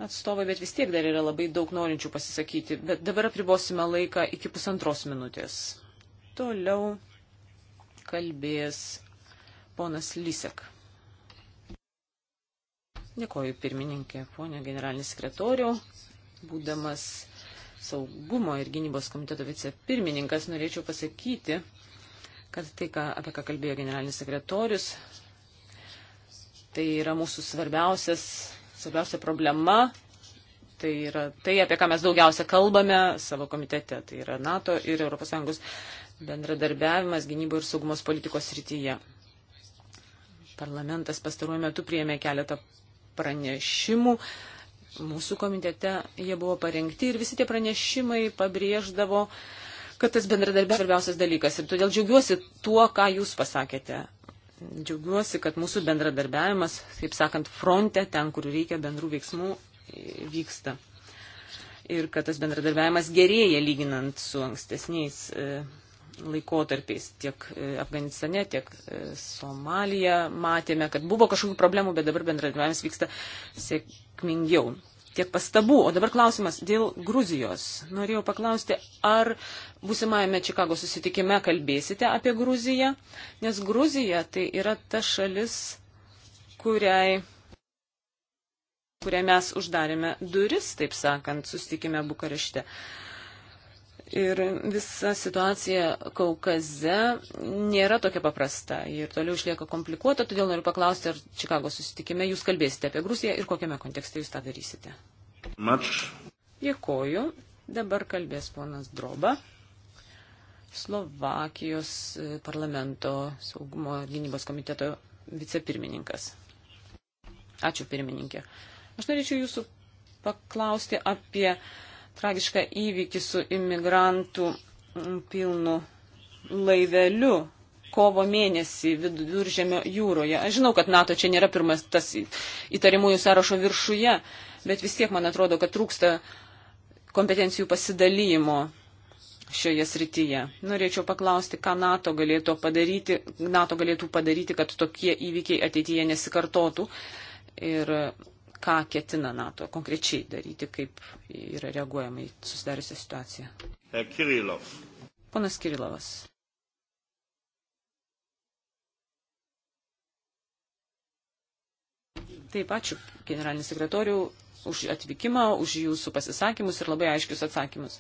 atstovai, bet vis tiek dar yra labai daug norinčių pasisakyti. Bet dabar apribosime laiką iki pusantros minutės. Toliau kalbės ponas Lisek. Dėkoju pirmininkė, ponė generalinis sekretoriau. Būdamas saugumo ir gynybos komiteto vicepirmininkas, norėčiau pasakyti, kad tai, ką, apie ką kalbėjo generalinis sekretorius, tai yra mūsų svarbiausias Svarbiausia problema tai yra tai, apie ką mes daugiausia kalbame savo komitete, tai yra NATO ir ES bendradarbiavimas gynybų ir saugumos politikos srityje. Parlamentas pastaruoju metu priėmė keletą pranešimų. Mūsų komitete jie buvo parengti ir visi tie pranešimai pabrėždavo, kad tas bendradarbiavimas svarbiausias dalykas. Ir todėl džiaugiuosi tuo, ką jūs pasakėte Džiaugiuosi, kad mūsų bendradarbiavimas, kaip sakant, fronte, ten, kur reikia bendrų veiksmų, vyksta. Ir kad tas bendradarbiavimas gerėja lyginant su ankstesniais e, laikotarpiais tiek e, Afganistane, tiek e, Somalija. Matėme, kad buvo kažkokių problemų, bet dabar bendradarbiavimas vyksta sėkmingiau tiek pastabų. O dabar klausimas dėl Gruzijos. Norėjau paklausti, ar būsimajame Čikago susitikime kalbėsite apie Gruziją, nes Gruzija tai yra ta šalis, kuriai kurią mes uždarėme duris, taip sakant, susitikime Bukarešte. Uh, Ir visa situacija Kaukaze nėra tokia paprasta ir toliau išlieka komplikuota, todėl noriu paklausti, ar Čikagos susitikime jūs kalbėsite apie Gruziją ir kokiame kontekste jūs tą darysite. Mač. Dėkoju. Dabar kalbės ponas Droba, Slovakijos e, parlamento saugumo gynybos komiteto vicepirmininkas. Ačiū pirmininkė. Aš norėčiau jūsų paklausti apie uh, tragišką įvykį su imigrantų mm, pilnu laiveliu kovo mėnesį viduržėmio jūroje. Aš žinau, kad NATO čia nėra pirmas tas įtarimųjų sąrašo viršuje, bet vis tiek man atrodo, kad trūksta kompetencijų pasidalymo šioje srityje. Norėčiau paklausti, ką NATO galėtų padaryti, NATO galėtų padaryti kad tokie įvykiai ateityje nesikartotų ir ką ketina NATO konkrečiai daryti, kaip yra reaguojama į susidariusią situaciją. Kirilov. Ponas Kirilovas. Taip, ačiū generalinis sekretorių už atvykimą, už jūsų pasisakymus ir labai aiškius atsakymus.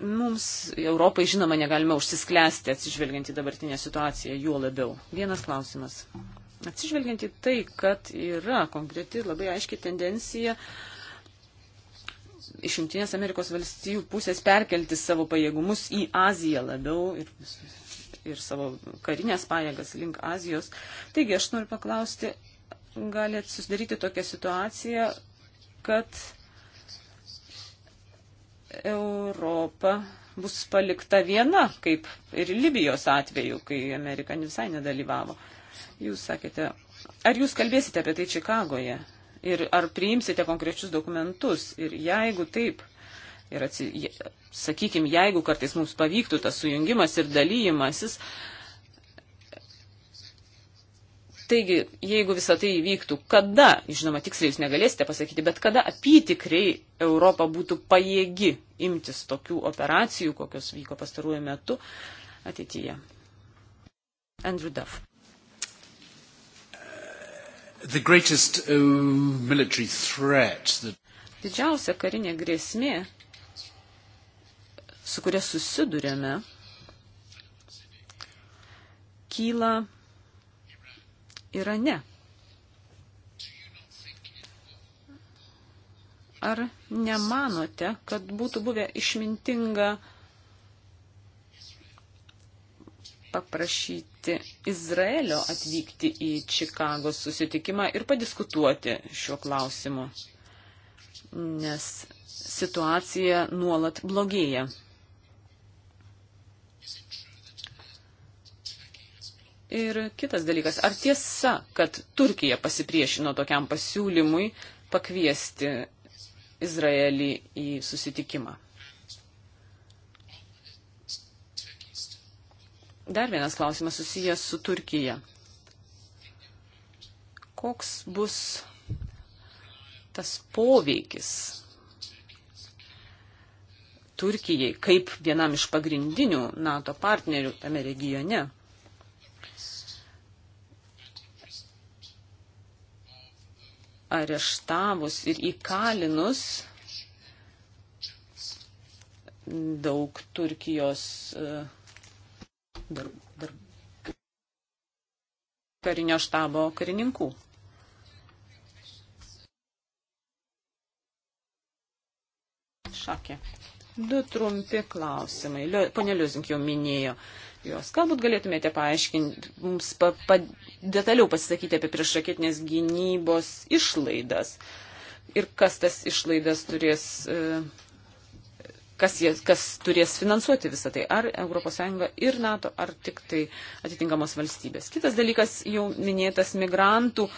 Mums Europai, žinoma, negalime užsisklęsti atsižvelgiant į dabartinę situaciją, juo labiau. Vienas klausimas. Atsižvelgiant į tai, kad yra konkreti labai aiški tendencija iš Junktinės Amerikos valstybių pusės perkelti savo pajėgumus į Aziją labiau ir, ir savo karinės pajėgas link Azijos. Taigi aš noriu paklausti, galėt susidaryti tokią situaciją, kad Europa bus palikta viena, kaip ir Libijos atveju, kai Amerika visai nedalyvavo. Jūs sakėte, ar jūs kalbėsite apie tai Čikagoje ir ar priimsite konkrečius dokumentus ir jeigu taip, ir atsi, je, sakykime, jeigu kartais mums pavyktų tas sujungimas ir dalyjimasis, Taigi, jeigu visa tai įvyktų, kada, žinoma, tiksliai jūs negalėsite pasakyti, bet kada apytikriai Europa būtų pajėgi imtis tokių operacijų, kokios vyko pastaruoju metu ateityje. Andrew Duff. The greatest uh, military threat that... Didžiausia karinė grėsmė, su kuria susidurėme, kyla Irane. Ar nemanote, kad būtų buvę išmintinga paprašyti pakviesti Izraelio atvykti į Čikagos susitikimą ir padiskutuoti šiuo klausimu, nes situacija nuolat blogėja. Ir kitas dalykas, ar tiesa, kad Turkija pasipriešino tokiam pasiūlymui pakviesti Izraelį į susitikimą? Dar vienas klausimas susijęs su Turkija. Koks bus tas poveikis Turkijai kaip vienam iš pagrindinių NATO partnerių tame regione? Areštavus ir įkalinus daug Turkijos uh, dar, dar, karinio štabo karininkų. Šakė. Du trumpi klausimai. Pone Liuzink jau minėjo juos. Galbūt galėtumėte paaiškinti, mums pa, pa, detaliau pasisakyti apie priešraketinės gynybos išlaidas ir kas tas išlaidas turės. E, kas, jie, kas turės finansuoti visą tai, ar ES ir NATO, ar tik tai atitinkamos valstybės. Kitas dalykas, jau minėtas migrantų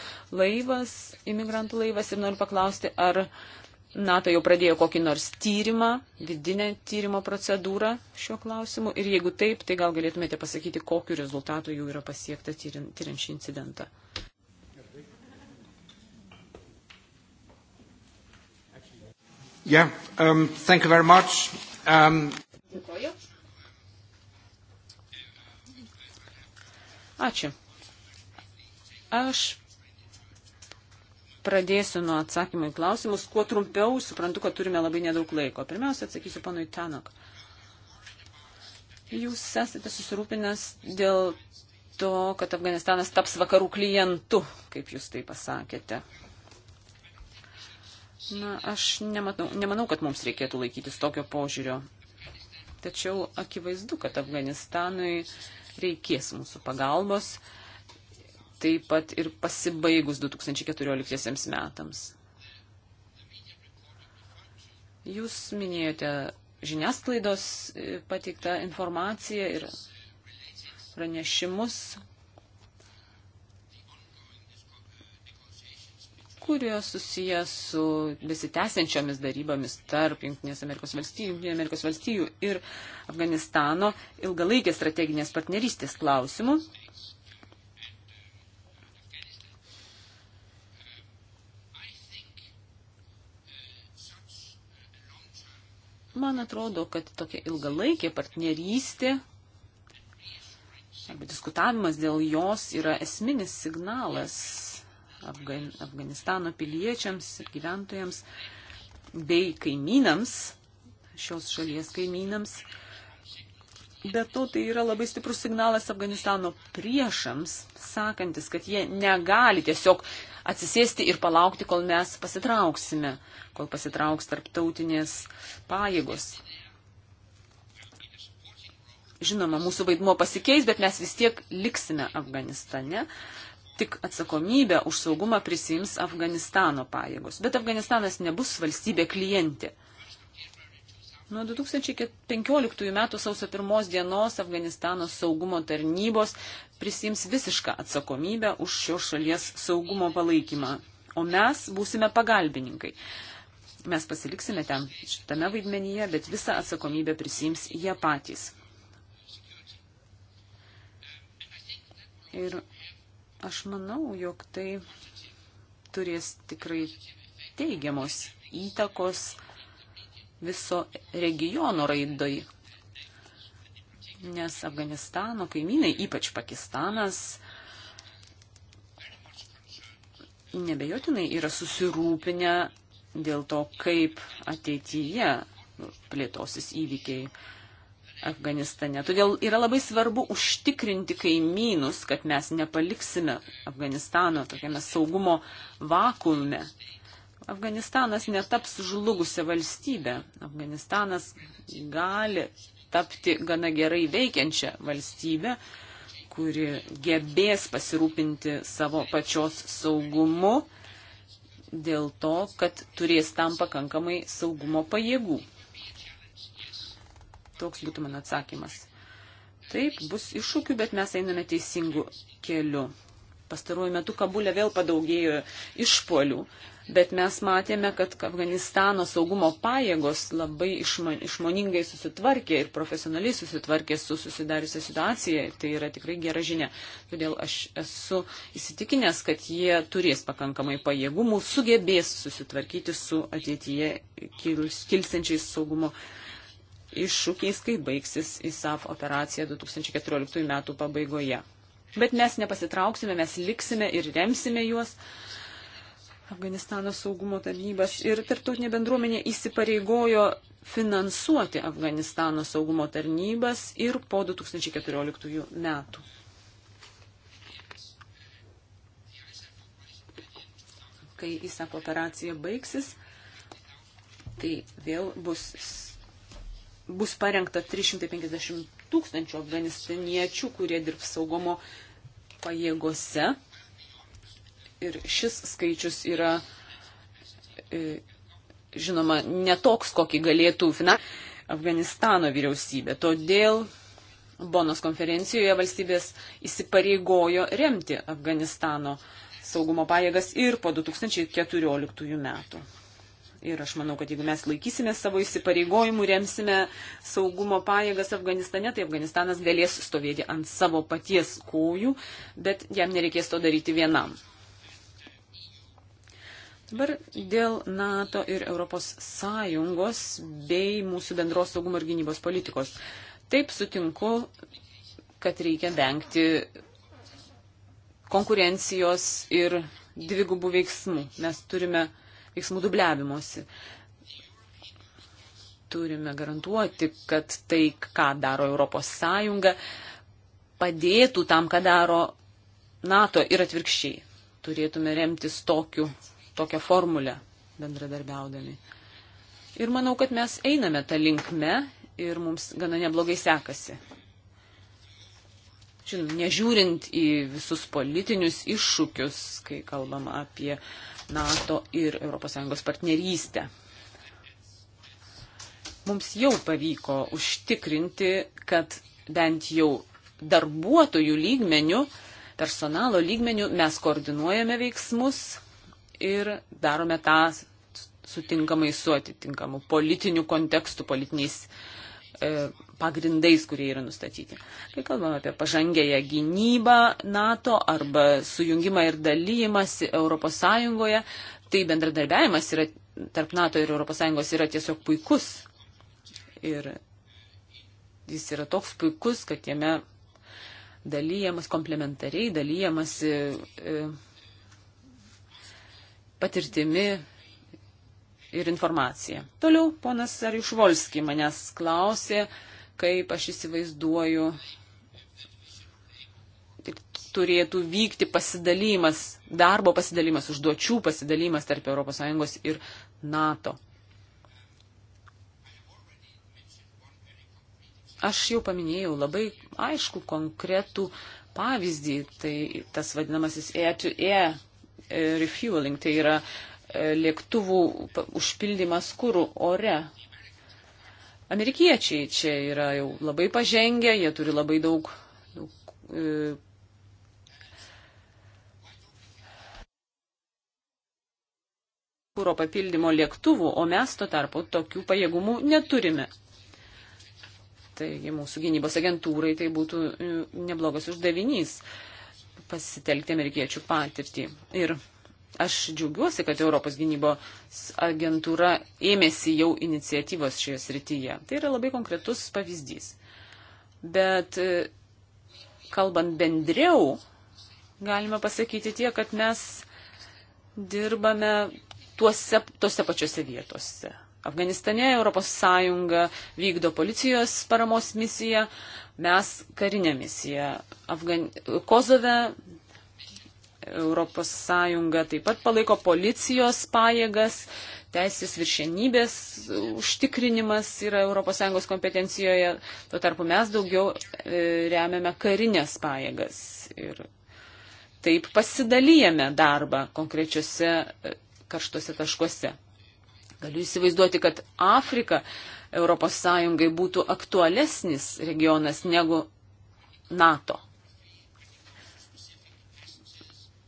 laivas, imigrantų laivas ir noriu paklausti, ar NATO jau pradėjo kokį nors tyrimą, vidinę tyrimo procedūrą šiuo klausimu ir jeigu taip, tai gal galėtumėte pasakyti, kokiu rezultatu jau yra pasiekta tyriant šį incidentą. Yeah, um, thank you very much. Um... Dėkoju. Ačiū. Aš pradėsiu nuo atsakymų į klausimus. Kuo trumpiau, suprantu, kad turime labai nedaug laiko. Pirmiausia, atsakysiu panui Tanok. Jūs esate susirūpinęs dėl to, kad Afganistanas taps vakarų klientu, kaip jūs tai pasakėte. Na, aš nematau, nemanau, kad mums reikėtų laikytis tokio požiūrio. Tačiau akivaizdu, kad Afganistanui reikės mūsų pagalbos, taip pat ir pasibaigus 2014 metams. Jūs minėjote žiniasklaidos e, pateiktą informaciją ir pranešimus kurie susiję su besitęsiančiomis darybomis tarp Junktinės Amerikos valstijų, Amerikos valstijų ir Afganistano ilgalaikės strateginės partnerystės klausimų. Man atrodo, kad tokia ilgalaikė partnerystė arba diskutavimas dėl jos yra esminis signalas Afgan, Afganistano piliečiams ir gyventojams bei kaimynams, šios šalies kaimynams. Bet to tai yra labai stiprus signalas Afganistano priešams, sakantis, kad jie negali tiesiog atsisėsti ir palaukti, kol mes pasitrauksime, kol pasitrauks tarptautinės pajėgos. Žinoma, mūsų vaidmuo pasikeis, bet mes vis tiek liksime Afganistane. Uh, tik atsakomybę už saugumą prisims Afganistano pajėgos. Bet Afganistanas nebus valstybė klientė. Nuo 2015 m. sausio 1 dienos Afganistano saugumo tarnybos prisims visišką atsakomybę už šios šalies saugumo palaikymą, o mes būsime pagalbininkai. Mes pasiliksime ten šitame vaidmenyje, bet visą atsakomybę prisims jie patys. Ir Aš manau, jog tai turės tikrai teigiamos įtakos viso regiono raidai. Nes Afganistano kaimynai, ypač Pakistanas, nebejotinai yra susirūpinę dėl to, kaip ateityje plėtosis įvykiai Afganistane. Todėl yra labai svarbu užtikrinti kaimynus, kad mes nepaliksime Afganistano tokiame saugumo vakuume. Afganistanas netaps žlugusią valstybę. Afganistanas gali tapti gana gerai veikiančią valstybę, kuri gebės pasirūpinti savo pačios saugumu dėl to, kad turės tam pakankamai saugumo pajėgų. Toks būtų mano atsakymas. Taip, bus iššūkių, bet mes einame teisingu keliu. Pastaruoju metu Kabulė vėl padaugėjo išpolių, bet mes matėme, kad Afganistano saugumo pajėgos labai išmoningai susitvarkė ir profesionaliai susitvarkė su susidariusią situaciją. Tai yra tikrai gera žinia. Todėl aš esu įsitikinęs, kad jie turės pakankamai pajėgumų, sugebės susitvarkyti su ateityje kilsiančiais saugumo pajėgos iššūkiais, kai baigsis ISAF operacija 2014 metų pabaigoje. Bet mes nepasitrauksime, mes liksime ir remsime juos. Afganistano saugumo tarnybas ir tarptautinė bendruomenė įsipareigojo finansuoti Afganistano saugumo tarnybas ir po 2014 metų. Kai įsako operacija baigsis, tai vėl bus bus parengta 350 tūkstančių afganistaniečių, kurie dirbs saugomo pajėgose. Ir šis skaičius yra, e, žinoma, netoks, kokį galėtų finan... Afganistano vyriausybė. Todėl Bonos konferencijoje valstybės įsipareigojo remti Afganistano saugumo pajėgas ir po 2014 metų. Ir aš manau, kad jeigu mes laikysime savo įsipareigojimų, remsime saugumo pajėgas Afganistane, tai Afganistanas galės stovėti ant savo paties kojų, bet jam nereikės to daryti vienam. Dabar dėl NATO ir Europos Sąjungos bei mūsų bendros saugumo ir gynybos politikos. Taip sutinku, kad reikia vengti konkurencijos ir dvigubų veiksmų. Mes turime uh, veiksmų dubliavimuose. Turime garantuoti, kad tai, ką daro Europos Sąjunga, padėtų tam, ką daro NATO ir atvirkščiai. Turėtume remtis tokiu, tokią formulę bendradarbiaudami. Ir manau, kad mes einame tą linkmę ir mums gana neblogai sekasi. Žinoma, nežiūrint į visus politinius iššūkius, kai kalbam apie NATO ir ES partnerystę. Mums jau pavyko užtikrinti, kad bent jau darbuotojų lygmenių, personalo lygmenių mes koordinuojame veiksmus ir darome tą sutinkamai su atitinkamu politiniu kontekstu, politiniais e, pagrindais, kurie yra nustatyti. Kai kalbame apie pažangėją gynybą NATO arba sujungimą ir dalymasi ES, tai bendradarbiavimas yra, tarp NATO ir ES yra tiesiog puikus. Ir jis yra toks puikus, kad jame dalyjamas komplementariai, dalyjamas e, patirtimi ir informacija. Toliau ponas Ariušvolski manęs klausė, kaip aš įsivaizduoju, turėtų vykti pasidalymas, darbo pasidalymas, užduočių pasidalymas tarp ES ir NATO. Aš jau paminėjau labai aišku konkretų pavyzdį, tai tas vadinamasis air-to-air -air e, refueling, tai yra e, lėktuvų užpildymas kūrų ore, Amerikiečiai čia yra jau labai pažengę, jie turi labai daug, daug e, kūro papildymo lėktuvų, o mes tuo tarpu tokių pajėgumų neturime. Taigi mūsų gynybos agentūrai tai būtų e, neblogas uždavinys pasitelkti amerikiečių patirtį. Ir Aš džiaugiuosi, kad Europos gynybos agentūra ėmėsi jau iniciatyvos šioje srityje. Tai yra labai konkretus pavyzdys. Bet e, kalbant bendriau, galima pasakyti tie, kad mes dirbame tuose, tuose pačiose vietose. Afganistane ES vykdo policijos paramos misiją, mes karinę misiją. Afgan... Kozove Europos Sąjunga taip pat palaiko policijos pajėgas, teisės viršenybės užtikrinimas yra Europos Sąjungos kompetencijoje, tuo tarpu mes daugiau e, remiame karinės pajėgas ir taip pasidalyjame darbą konkrečiose e, karštuose taškuose. Galiu įsivaizduoti, kad Afrika Europos Sąjungai būtų aktualesnis regionas negu NATO.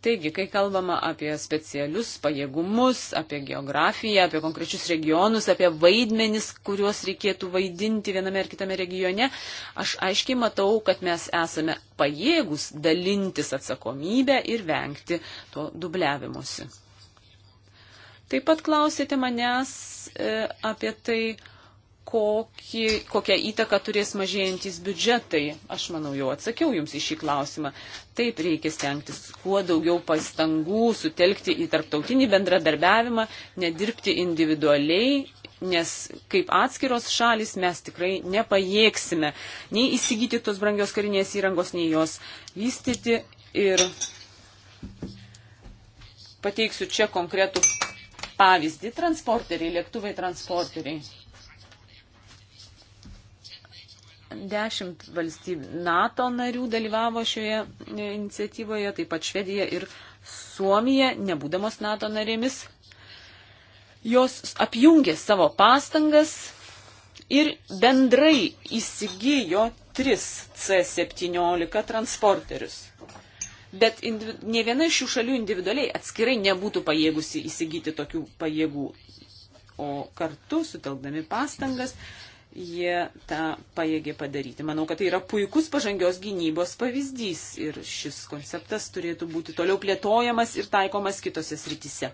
Taigi, kai kalbama apie specialius pajėgumus, apie geografiją, apie konkrečius regionus, apie vaidmenis, kuriuos reikėtų vaidinti viename ar kitame regione, aš aiškiai matau, kad mes esame pajėgus dalintis atsakomybę ir vengti to dubliavimuose. Taip pat klausėte manęs e, apie tai, kokį, kokią įtaką turės mažėjantis biudžetai. Aš manau, jau atsakiau Jums į šį klausimą. Taip reikia stengtis kuo daugiau pastangų sutelkti į tarptautinį bendradarbiavimą, nedirbti individualiai, nes kaip atskiros šalis mes tikrai nepajėgsime nei įsigyti tos brangios karinės įrangos, nei jos vystyti. Ir pateiksiu čia konkretų pavyzdį. Transporteriai, lėktuvai transporteriai Dešimt valstybių NATO narių dalyvavo šioje e, iniciatyvoje, taip pat Švedija ir Suomija, nebūdamos NATO narėmis. Jos apjungė savo pastangas ir bendrai įsigijo 3 C-17 transporterius. Bet ne viena iš šių šalių individualiai atskirai nebūtų pajėgusi įsigyti tokių pajėgų. O kartu, sutelkdami pastangas, jie tą pajėgė padaryti. Manau, kad tai yra puikus pažangios gynybos pavyzdys ir šis konceptas turėtų būti toliau plėtojamas ir taikomas kitose srityse.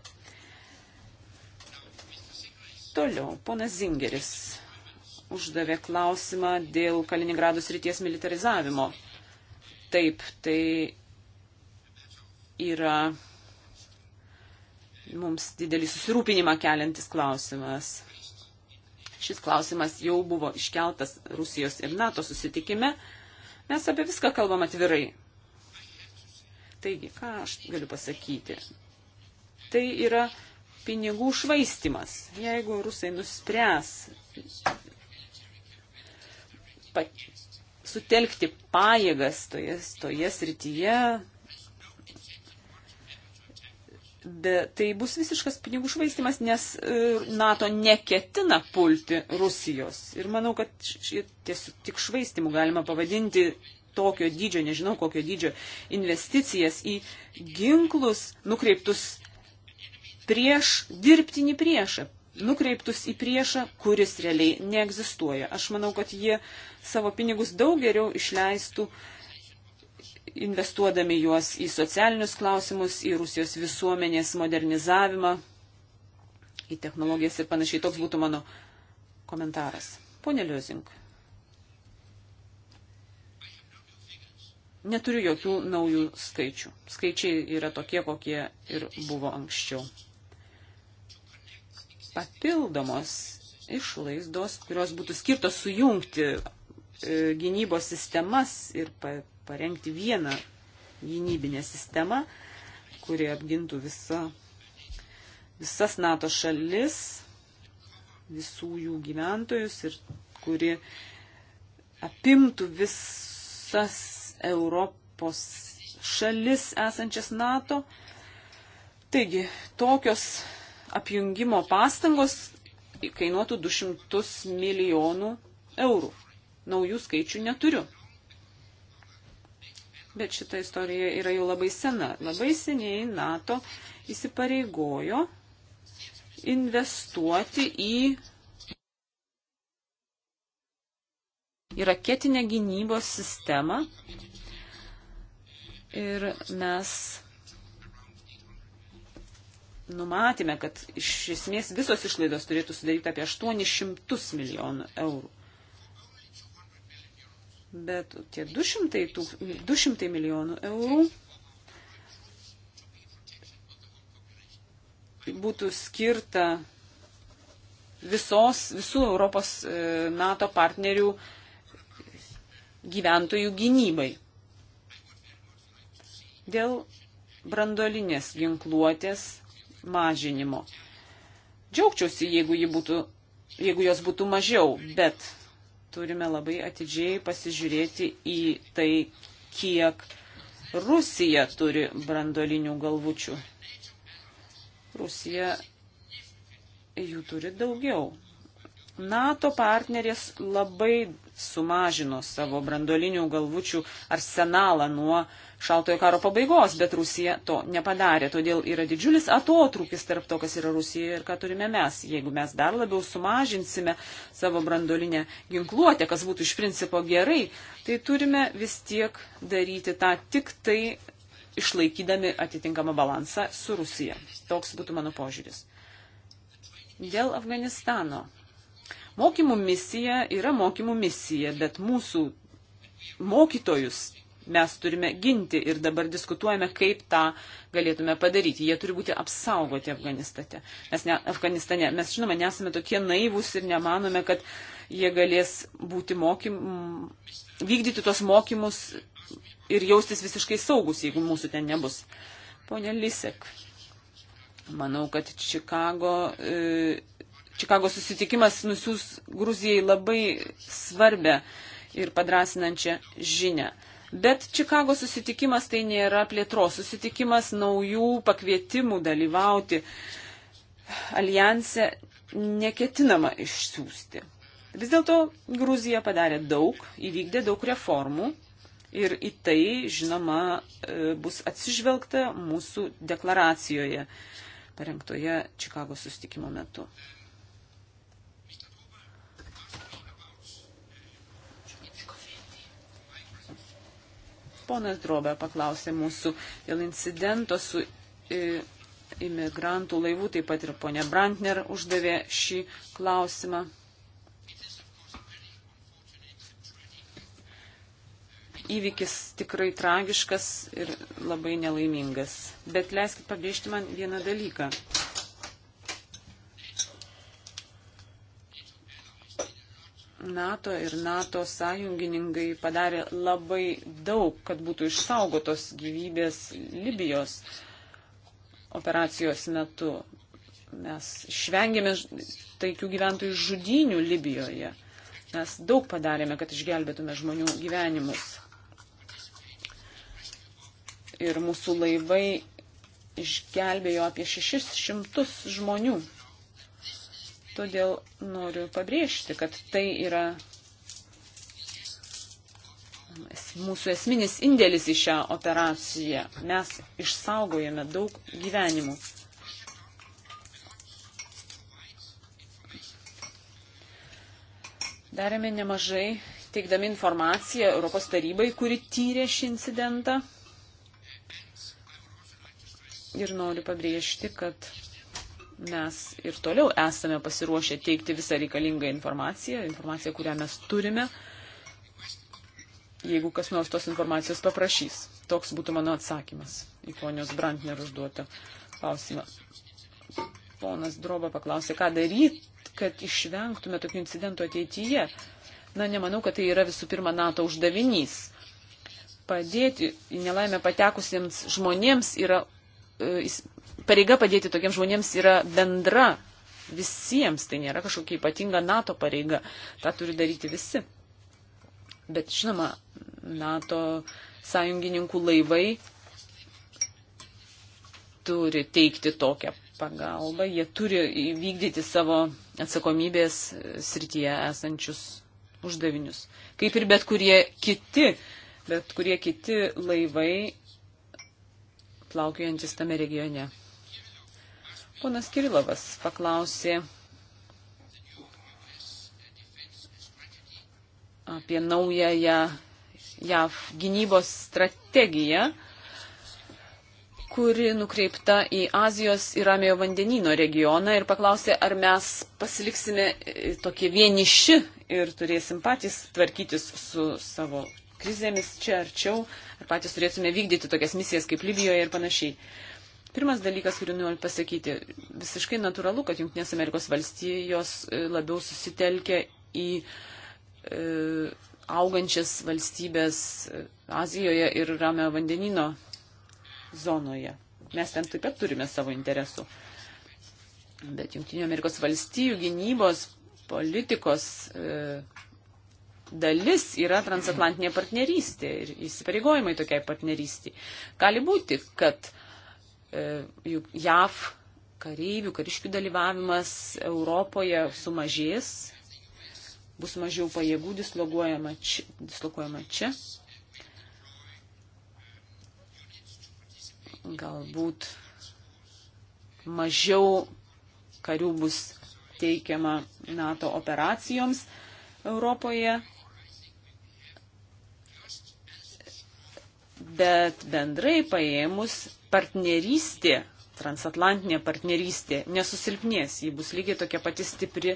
Toliau, ponas Zingeris uždavė klausimą dėl Kaliningrado srities militarizavimo. Taip, tai yra mums didelį susirūpinimą keliantis klausimas. Šis klausimas jau buvo iškeltas Rusijos ir NATO susitikime. Mes apie viską kalbam atvirai. Taigi, ką aš galiu pasakyti? Tai yra pinigų švaistimas. Jeigu rusai nuspręs sutelkti pajėgas toje, toje srityje, Bet tai bus visiškas pinigų švaistimas, nes e, NATO neketina pulti Rusijos. Ir manau, kad tiesiog tik švaistimu galima pavadinti tokio dydžio, nežinau kokio dydžio, investicijas į ginklus nukreiptus prieš dirbtinį priešą, nukreiptus į priešą, kuris realiai neegzistuoja. Aš manau, kad jie savo pinigus daug geriau išleistų uh, investuodami juos į socialinius klausimus, į Rusijos visuomenės modernizavimą, į technologijas ir panašiai. Toks būtų mano komentaras. Pone Liuzink. Neturiu jokių naujų skaičių. Skaičiai yra tokie, kokie ir buvo anksčiau. Papildomos išlaisdos, kurios būtų skirtos sujungti e, gynybos sistemas ir parengti vieną gynybinę sistemą, kuri apgintų visa, visas NATO šalis, visų jų gyventojus ir kuri apimtų visas Europos šalis esančias NATO. Taigi, tokios apjungimo pastangos kainuotų 200 milijonų eurų. Naujų skaičių neturiu bet šita istorija yra jau labai sena. Labai seniai NATO įsipareigojo investuoti į į raketinę gynybos sistemą. Ir mes numatėme, kad iš esmės visos išlaidos turėtų sudaryti apie 800 milijonų eurų. Bet tie 200, tūk, 200 milijonų eurų būtų skirta visos, visų Europos e, NATO partnerių gyventojų gynybai. Dėl brandolinės ginkluotės mažinimo. Džiaugčiausi, jeigu, būtų, jeigu jos būtų mažiau, bet turime labai atidžiai pasižiūrėti į tai, kiek Rusija turi brandolinių galvučių. Rusija jų turi daugiau. NATO partnerės labai sumažino savo brandolinių galvučių arsenalą nuo šaltojo karo pabaigos, bet Rusija to nepadarė. Todėl yra didžiulis atotrūkis tarp to, kas yra Rusija ir ką turime mes. Jeigu mes dar labiau sumažinsime savo brandolinę ginkluotę, kas būtų iš principo gerai, tai turime vis tiek daryti tą tik tai išlaikydami atitinkamą balansą su Rusija. Toks būtų mano požiūris. Dėl Afganistano Mokymų misija yra mokymų misija, bet mūsų mokytojus mes turime ginti ir dabar diskutuojame, kaip tą galėtume padaryti. Jie turi būti apsaugoti Afganistate. Mes ne, Afganistane. Mes, žinoma, nesame tokie naivūs ir nemanome, kad jie galės būti mokym, vykdyti tos mokymus ir jaustis visiškai saugus, jeigu mūsų ten nebus. Pone Lisek, manau, kad Čikago. E, Čikagos susitikimas nusiūs Gruzijai labai svarbę ir padrasinančią žinę. Bet Čikagos susitikimas tai nėra plėtros susitikimas, naujų pakvietimų dalyvauti alijanse neketinama išsiųsti. Vis dėlto Gruzija padarė daug, įvykdė daug reformų ir į tai, žinoma, e, bus atsižvelgta mūsų deklaracijoje parengtoje Čikagos susitikimo metu. Ponas Drobė paklausė mūsų dėl incidento su e, imigrantų laivų, taip pat ir ponė Brantner uždavė šį klausimą. Įvykis tikrai tragiškas ir labai nelaimingas. Bet leiskit pabrėžti man vieną dalyką. NATO ir NATO sąjungininkai padarė labai daug, kad būtų išsaugotos gyvybės Libijos operacijos metu. Mes išvengėme taikių gyventojų žudynių Libijoje. Mes daug padarėme, kad išgelbėtume žmonių gyvenimus. Ir mūsų laivai išgelbėjo apie 600 žmonių Todėl noriu pabrėžti, kad tai yra mūsų esminis indėlis į šią operaciją. Mes išsaugojame daug gyvenimų. Darėme nemažai, teikdami informaciją Europos tarybai, kuri tyrė šį incidentą. Ir noriu pabrėžti, kad mes ir toliau esame pasiruošę teikti visą reikalingą informaciją, informaciją, kurią mes turime, jeigu kas nors tos informacijos paprašys. Toks būtų mano atsakymas į ponios Brantner užduotą klausimą. Ponas Droba paklausė, ką daryti, kad išvengtume tokių incidentų ateityje. Na, nemanau, kad tai yra visų pirma NATO uždavinys. Padėti į nelaimę patekusiems žmonėms yra E, pareiga padėti tokiems žmonėms yra bendra visiems, tai nėra kažkokia ypatinga NATO pareiga, tą turi daryti visi. Bet žinoma, NATO sąjungininkų laivai turi teikti tokią pagalbą, jie turi įvykdyti savo atsakomybės srityje esančius uždavinius. Kaip ir bet kurie kiti, bet kurie kiti laivai plaukiantis tame regione. Ponas Kirilovas paklausė apie naująją JAV gynybos strategiją, kuri nukreipta į Azijos ir Ramėjo vandenino regioną ir paklausė, ar mes pasiliksime tokie vieniši ir turėsim patys tvarkytis su savo krizėmis čia arčiau, ar patys turėtume vykdyti tokias misijas kaip Libijoje ir panašiai. Pirmas dalykas, kurį noriu pasakyti, visiškai natūralu, kad Junktinės Amerikos valstijos e, labiau susitelkia į e, augančias valstybės e, Azijoje ir Ramio vandenino zonoje. Mes ten taip pat turime savo interesų. Bet Junktinių Amerikos valstijų gynybos politikos e, dalis yra transatlantinė partnerystė ir įsipareigojimai tokiai partnerystė. Gali būti, kad e, juk JAV kareivių, kariškių dalyvavimas Europoje sumažės, bus mažiau pajėgų dislokuojama čia. Dislokuojama čia. Galbūt mažiau karių bus teikiama NATO operacijoms Europoje, bet bendrai paėmus partnerystė, transatlantinė partnerystė nesusilpnės, ji bus lygiai tokia pati stipri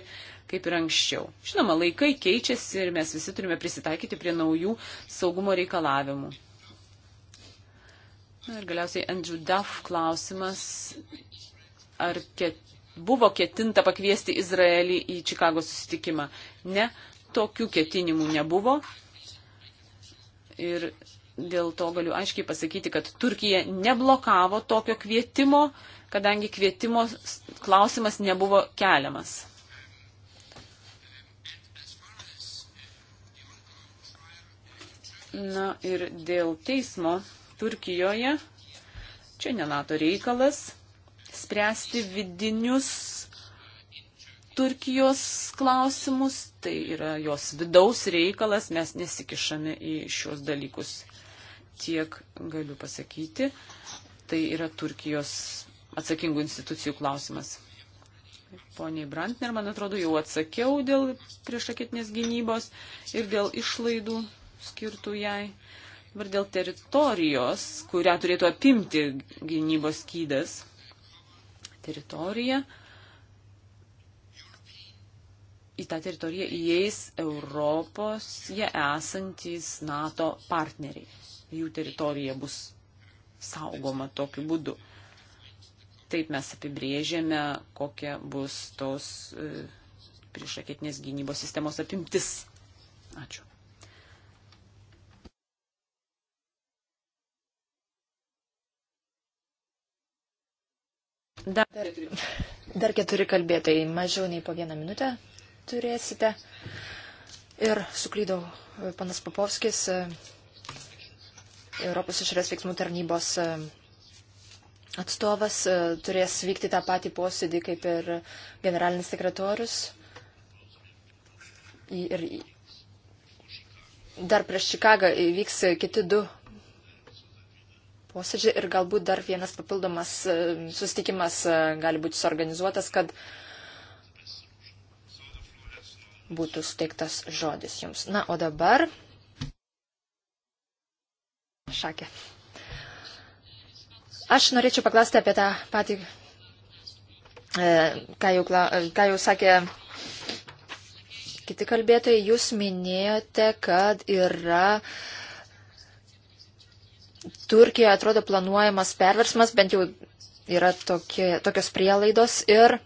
kaip ir anksčiau. Žinoma, laikai keičiasi ir mes visi turime prisitaikyti prie naujų saugumo reikalavimų. Na ir galiausiai Andrew Duff klausimas, ar ket, buvo ketinta pakviesti Izraelį į Čikagos susitikimą. Ne, tokių ketinimų nebuvo. Ir dėl to galiu aiškiai pasakyti, kad Turkija neblokavo tokio kvietimo, kadangi kvietimo klausimas nebuvo keliamas. Na ir dėl teismo Turkijoje, čia ne NATO reikalas, spręsti vidinius Turkijos klausimus, tai yra jos vidaus reikalas, mes nesikišame į šios dalykus tiek galiu pasakyti. Tai yra Turkijos atsakingų institucijų klausimas. Poniai Brantner, man atrodo, jau atsakiau dėl priešakitinės gynybos ir dėl išlaidų skirtų jai. Dabar dėl teritorijos, kurią turėtų apimti gynybos skydas. Teritorija. Į tą teritoriją įeis Europos jie esantys NATO partneriai jų teritorija bus saugoma tokiu būdu. Taip mes apibrėžėme, kokia bus tos e, priešraketinės gynybos sistemos apimtis. Ačiū. Dar, dar keturi kalbėtojai, mažiau nei po vieną minutę turėsite. Ir suklydau e, panas Papovskis, e, Europos išorės veiksmų tarnybos e, atstovas e, turės vykti tą patį posėdį kaip ir generalinis sekretorius. Ir dar prieš Čikagą įvyks kiti du posėdžiai ir galbūt dar vienas papildomas e, susitikimas gali būti suorganizuotas, kad būtų suteiktas žodis jums. Na, o dabar Šakė. Aš norėčiau paklausti apie tą patį, e, ką jau, e, ką jau sakė kiti kalbėtojai. Jūs minėjote, kad yra Turkijoje atrodo planuojamas perversmas, bent jau yra tokie, tokios prielaidos ir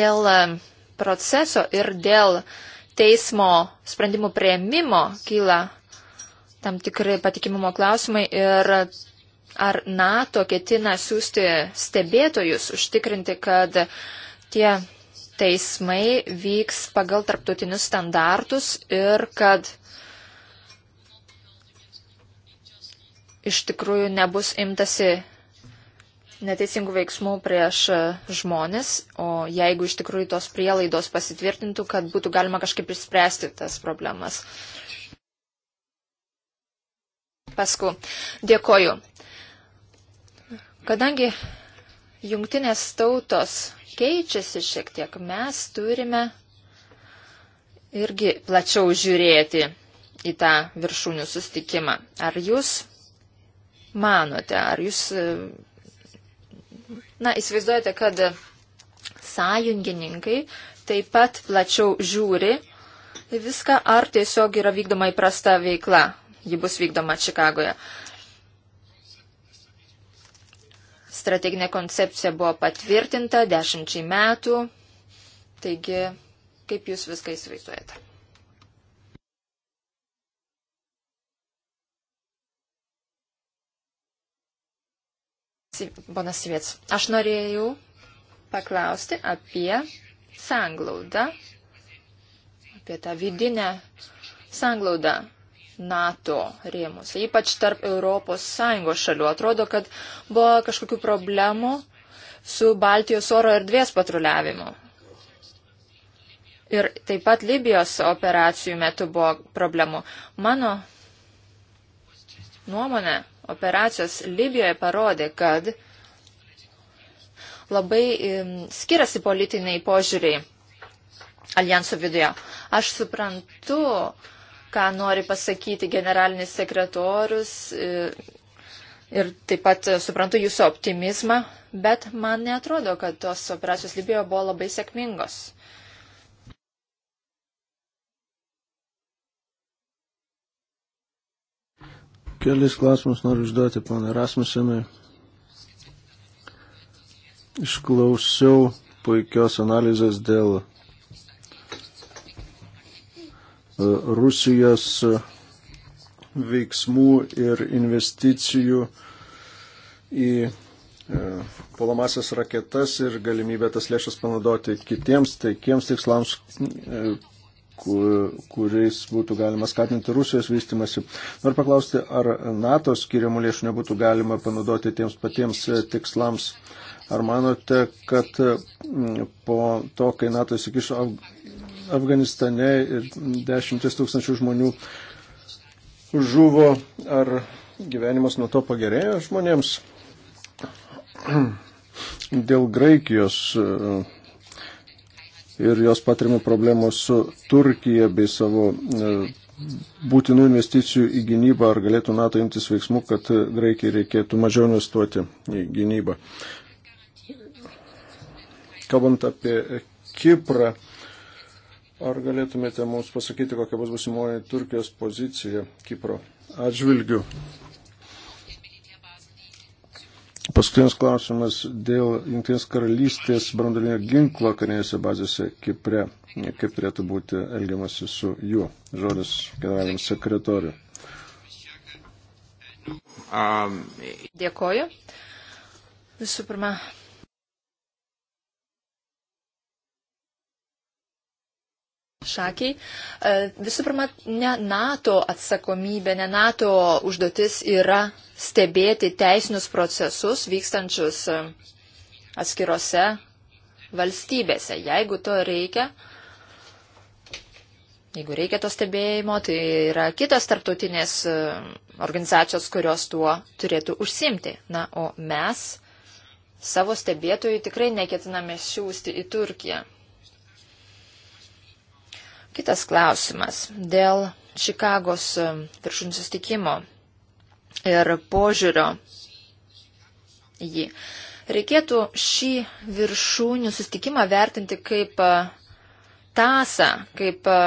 dėl e, proceso ir dėl teismo sprendimų prieimimo kyla tam tikri patikimumo klausimai ir ar NATO ketina siūsti stebėtojus, užtikrinti, kad tie teismai vyks pagal tarptautinius standartus ir kad iš tikrųjų nebus imtasi neteisingų veiksmų prieš žmonės, o jeigu iš tikrųjų tos prielaidos pasitvirtintų, kad būtų galima kažkaip išspręsti tas problemas. Uh, Pasku. Dėkoju. Kadangi jungtinės tautos keičiasi šiek tiek, mes turime irgi plačiau žiūrėti į tą viršūnių sustikimą. Ar jūs manote, ar jūs, na, įsivaizduojate, kad sąjungininkai taip pat plačiau žiūri viską, ar tiesiog yra vykdoma įprasta veikla? ji bus vykdoma Čikagoje. Strateginė koncepcija buvo patvirtinta dešimčiai metų, taigi kaip jūs viską įsivaizduojate? Bonas Sviets, aš norėjau paklausti apie sanglaudą, apie tą vidinę sanglaudą. NATO rėmuose, ypač tarp ES šalių. Atrodo, kad buvo kažkokių problemų su Baltijos oro erdvės patruliavimu. Ir taip pat Libijos operacijų metu buvo problemų. Mano nuomonė, operacijos Libijoje parodė, kad labai skiriasi politiniai požiūriai alijanso viduje. Aš suprantu, ką nori pasakyti generalinis sekretorius. E, ir taip pat e, suprantu jūsų optimizmą, bet man netrodo, kad tos operacijos Libijoje buvo labai sėkmingos. Kelis klausimus noriu užduoti, pana Rasmusenai. Išklausiau puikios analizės dėl Rusijos veiksmų ir investicijų į e, puolamasias raketas ir galimybę tas lėšas panaudoti kitiems taikiems tikslams, e, kuriais būtų galima skatinti Rusijos vystimasi. Noriu paklausti, ar NATO skiriamų lėšų nebūtų galima panaudoti tiems patiems e, tikslams? Ar manote, kad po to, kai NATO įsikišo Afganistane ir dešimtis tūkstančių žmonių žuvo, ar gyvenimas nuo to pagerėjo žmonėms? [clears throat] Dėl Graikijos e, ir jos patirimų problemos su Turkija bei savo e, būtinų investicijų į gynybą, ar galėtų NATO imtis veiksmų, kad Graikijai reikėtų mažiau investuoti į gynybą. Kalbant apie Kiprą, Ar galėtumėte mums pasakyti, kokia bus busimoji Turkijos pozicija Kipro atžvilgių? Paskutinis klausimas dėl Junktinės karalystės brandalinio ginklo karinėse bazėse Kipre. Kaip turėtų būti elgiamasi su juo? Žodis generaliniam sekretoriu. Um, Dėkoju. Visų pirma, šakiai. E, visų pirma, ne NATO atsakomybė, ne NATO užduotis yra stebėti teisinius procesus vykstančius e, atskirose valstybėse. Jeigu to reikia, jeigu reikia to stebėjimo, tai yra kitos tarptautinės e, organizacijos, kurios tuo turėtų užsimti. Na, o mes savo stebėtojų tikrai neketiname siūsti į Turkiją. Kitas klausimas dėl Čikagos e, viršūnų sustikimo ir požiūrio jį. Reikėtų šį viršūnių sustikimą vertinti kaip e, tasą, kaip e,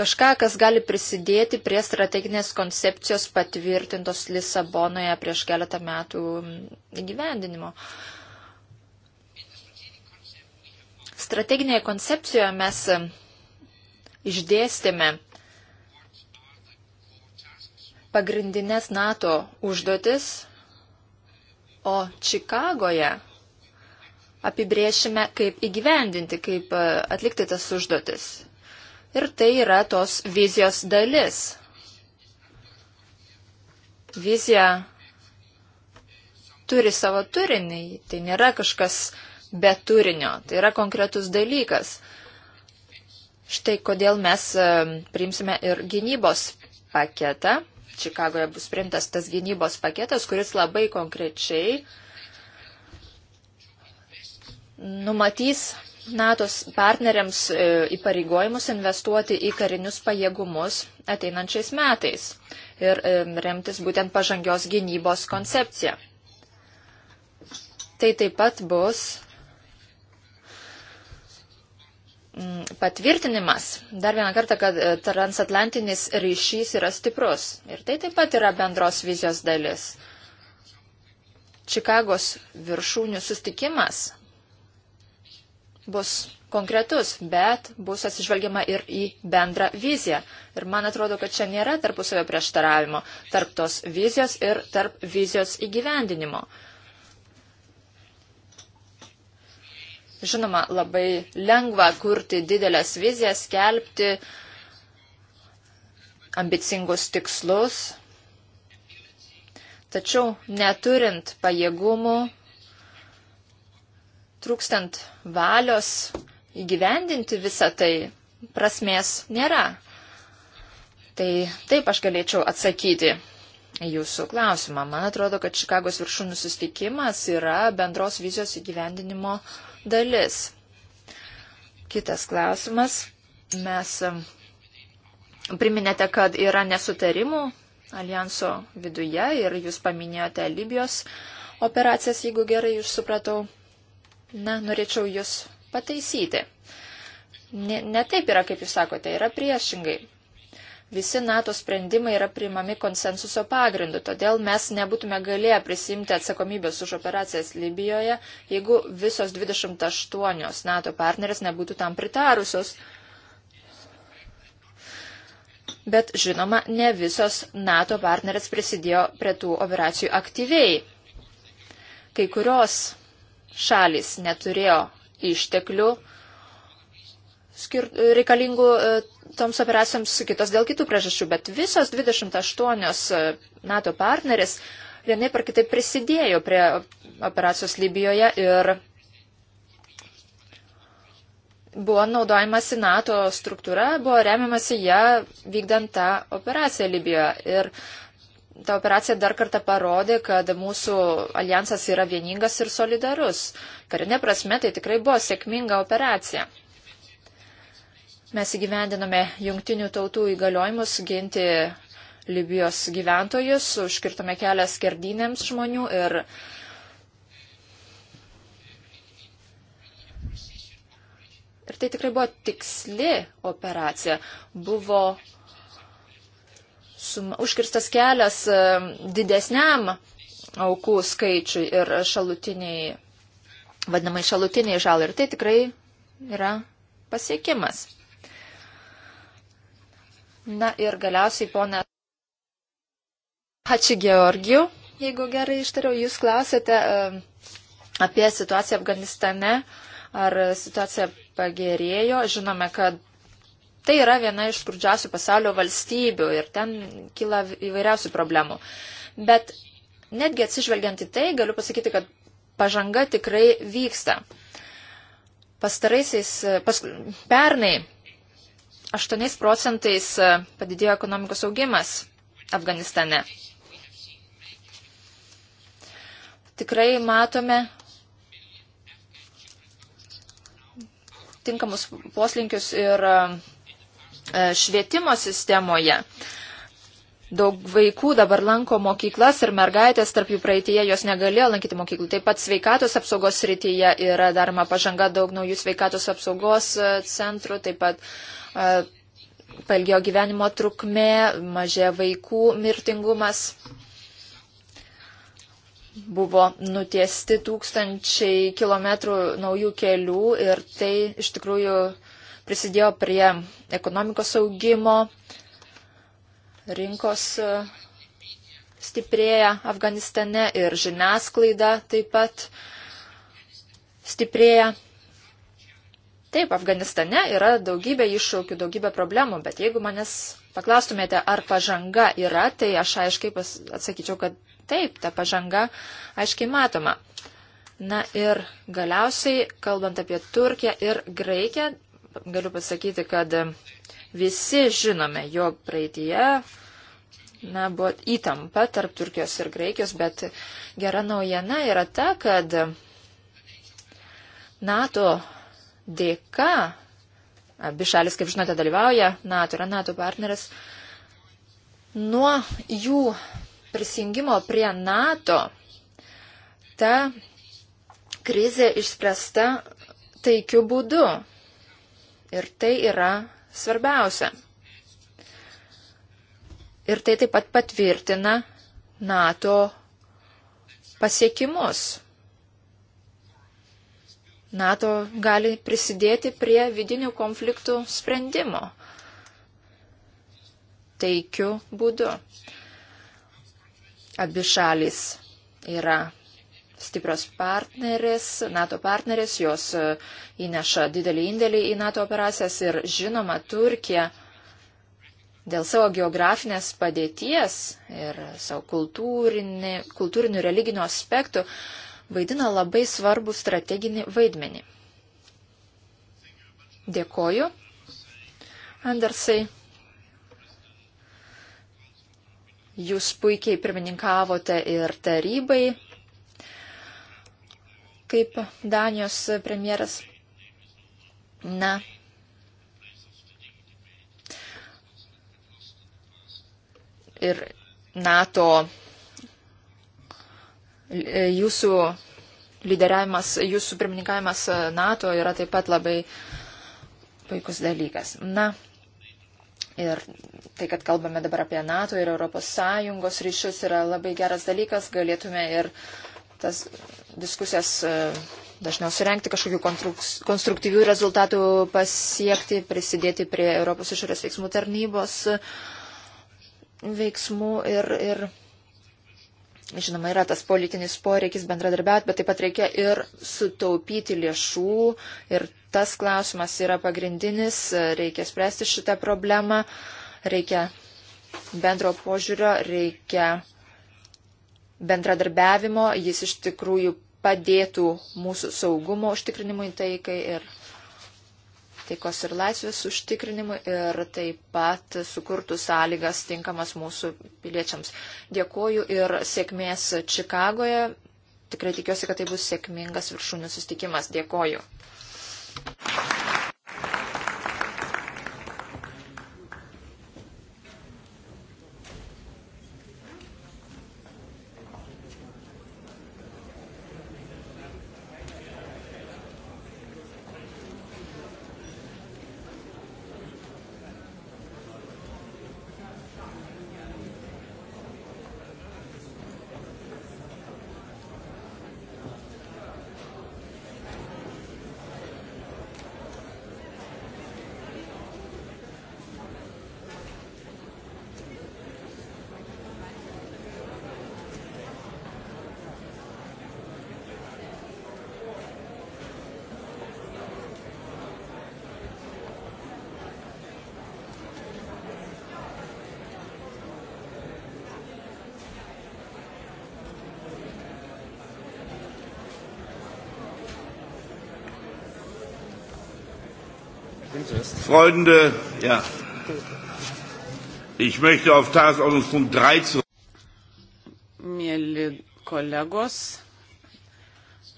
kažką, kas gali prisidėti prie strateginės koncepcijos patvirtintos Lisabonoje prieš keletą metų įgyvendinimo. Uh, Strateginėje koncepcijoje mes išdėstėme pagrindinės NATO užduotis, o Čikagoje apibriešime, kaip įgyvendinti, kaip e, atlikti tas užduotis. Ir tai yra tos vizijos dalis. Vizija turi savo turinį, tai nėra kažkas be turinio. Tai yra konkretus dalykas. Štai kodėl mes e, priimsime ir gynybos paketą. Čikagoje bus priimtas tas gynybos paketas, kuris labai konkrečiai numatys NATO partneriams e, įpareigojimus investuoti į karinius pajėgumus ateinančiais metais ir e, remtis būtent pažangios gynybos koncepcija. Tai taip pat bus Mm, patvirtinimas dar vieną kartą, kad e, transatlantinis ryšys yra stiprus. Ir tai taip pat yra bendros vizijos dalis. Čikagos viršūnių sustikimas bus konkretus, bet bus atsižvelgiama ir į bendrą viziją. Ir man atrodo, kad čia nėra tarpusavio prieštaravimo tarp tos vizijos ir tarp vizijos įgyvendinimo. Žinoma, labai lengva kurti didelės vizijas, kelbti ambicingus tikslus, tačiau neturint pajėgumų, trūkstant valios įgyvendinti visą tai, prasmės nėra. Tai taip aš galėčiau atsakyti jūsų klausimą. Man atrodo, kad Čikagos viršūnų sustikimas yra bendros vizijos įgyvendinimo uh, dalis. Kitas klausimas. Mes priminėte, kad yra nesutarimų alijanso viduje ir jūs paminėjote Libijos operacijas, jeigu gerai jūs supratau. Na, norėčiau jūs pataisyti. Ne, ne taip yra, kaip jūs sakote, yra priešingai. Visi NATO sprendimai yra priimami konsensuso pagrindu, todėl mes nebūtume galėję prisimti atsakomybės už operacijas Libijoje, jeigu visos 28 NATO partnerės nebūtų tam pritarusios. Bet žinoma, ne visos NATO partnerės prisidėjo prie tų operacijų aktyviai. Kai kurios šalis neturėjo išteklių skir... reikalingų e, toms operacijoms, kitos dėl kitų priežasčių, bet visos 28 e, NATO partneris vienaip ar kitaip prisidėjo prie operacijos Libijoje ir buvo naudojamasi NATO struktūra, buvo remiamasi ją vykdant tą operaciją Libijoje. Ir ta operacija dar kartą parodė, kad mūsų alijansas yra vieningas ir solidarus. Karinė prasme tai tikrai buvo sėkminga operacija. Mes įgyvendiname jungtinių tautų įgaliojimus ginti Libijos gyventojus, užkirtome kelią skerdynėms žmonių ir Ir tai tikrai buvo tiksli operacija. Buvo suma, užkirstas kelias e, didesniam aukų skaičiui ir šalutiniai, vadinamai šalutiniai žalai. Ir tai tikrai yra pasiekimas. Na ir galiausiai, ponė. Ačiū Georgijų, jeigu gerai ištariau, jūs klausėte e, apie situaciją Afganistane, ar situacija pagerėjo. Žinome, kad tai yra viena iš skurdžiausių pasaulio valstybių ir ten kyla įvairiausių problemų. Bet netgi atsižvelgiant į tai, galiu pasakyti, kad pažanga tikrai vyksta. Pastaraisiais, pas, pernai 8 procentais e, padidėjo ekonomikos augimas Afganistane. Tikrai matome tinkamus poslinkius ir e, švietimo sistemoje. Daug vaikų dabar lanko mokyklas ir mergaitės, tarp jų praeitie jos negalėjo lankyti mokyklų. Taip pat sveikatos apsaugos srityje yra daroma pažanga daug naujų sveikatos apsaugos e, centrų, taip pat uh, palgio gyvenimo trukmė, mažė vaikų mirtingumas. Buvo nutiesti tūkstančiai kilometrų naujų kelių ir tai iš tikrųjų prisidėjo prie ekonomikos augimo, rinkos stiprėja Afganistane ir žiniasklaida taip pat stiprėja. Taip, Afganistane yra daugybė iššūkių, daugybė problemų, bet jeigu manęs paklaustumėte, ar pažanga yra, tai aš aiškiai atsakyčiau, kad taip, ta pažanga aiškiai matoma. Na ir galiausiai, kalbant apie Turkiją ir Graikiją, galiu pasakyti, kad visi žinome, jog praeitie na, buvo įtampa tarp Turkijos ir Graikijos, bet gera naujiena yra ta, kad NATO dėka, abi šalis, kaip žinote, dalyvauja NATO, yra NATO partneris, nuo jų prisijungimo prie NATO ta krizė išspręsta taikiu būdu. Ir tai yra svarbiausia. Ir tai taip pat patvirtina NATO pasiekimus. NATO gali prisidėti prie vidinių konfliktų sprendimo taikiu būdu. Abi šalis yra stiprios partnerės, NATO partnerės, jos e, įneša didelį indėlį į NATO operacijas ir žinoma, Turkija dėl savo geografinės padėties ir savo kultūrinį, kultūrinių religinių aspektų vaidina labai svarbų strateginį vaidmenį. Dėkoju, Andersai. Jūs puikiai pirmininkavote ir tarybai, kaip Danijos premjeras. Na. Ir NATO E, jūsų lyderiavimas, jūsų pirmininkavimas e, NATO yra taip pat labai puikus dalykas. Na, ir tai, kad kalbame dabar apie NATO ir ES ryšius, yra labai geras dalykas. Galėtume ir tas diskusijas e, dažniau surenkti, kažkokių konstruktyvių rezultatų pasiekti, prisidėti prie Europos išorės veiksmų tarnybos veiksmų ir. ir Žinoma, yra tas politinis poreikis bendradarbiauti, bet taip pat reikia ir sutaupyti lėšų. Ir tas klausimas yra pagrindinis. Reikia spręsti šitą problemą. Reikia bendro požiūrio, reikia bendradarbiavimo. Jis iš tikrųjų padėtų mūsų saugumo užtikrinimui taikai ir taikos ir laisvės užtikrinimui ir taip pat sukurtų sąlygas tinkamas mūsų piliečiams. Dėkuoju ir sėkmės Čikagoje. Tikrai tikiuosi, kad tai bus sėkmingas viršūnių sustikimas. Dėkuoju. Thank you. Freunde, ja. Ich möchte auf Tagesordnungspunkt 3 zurück. Mėly kolegos,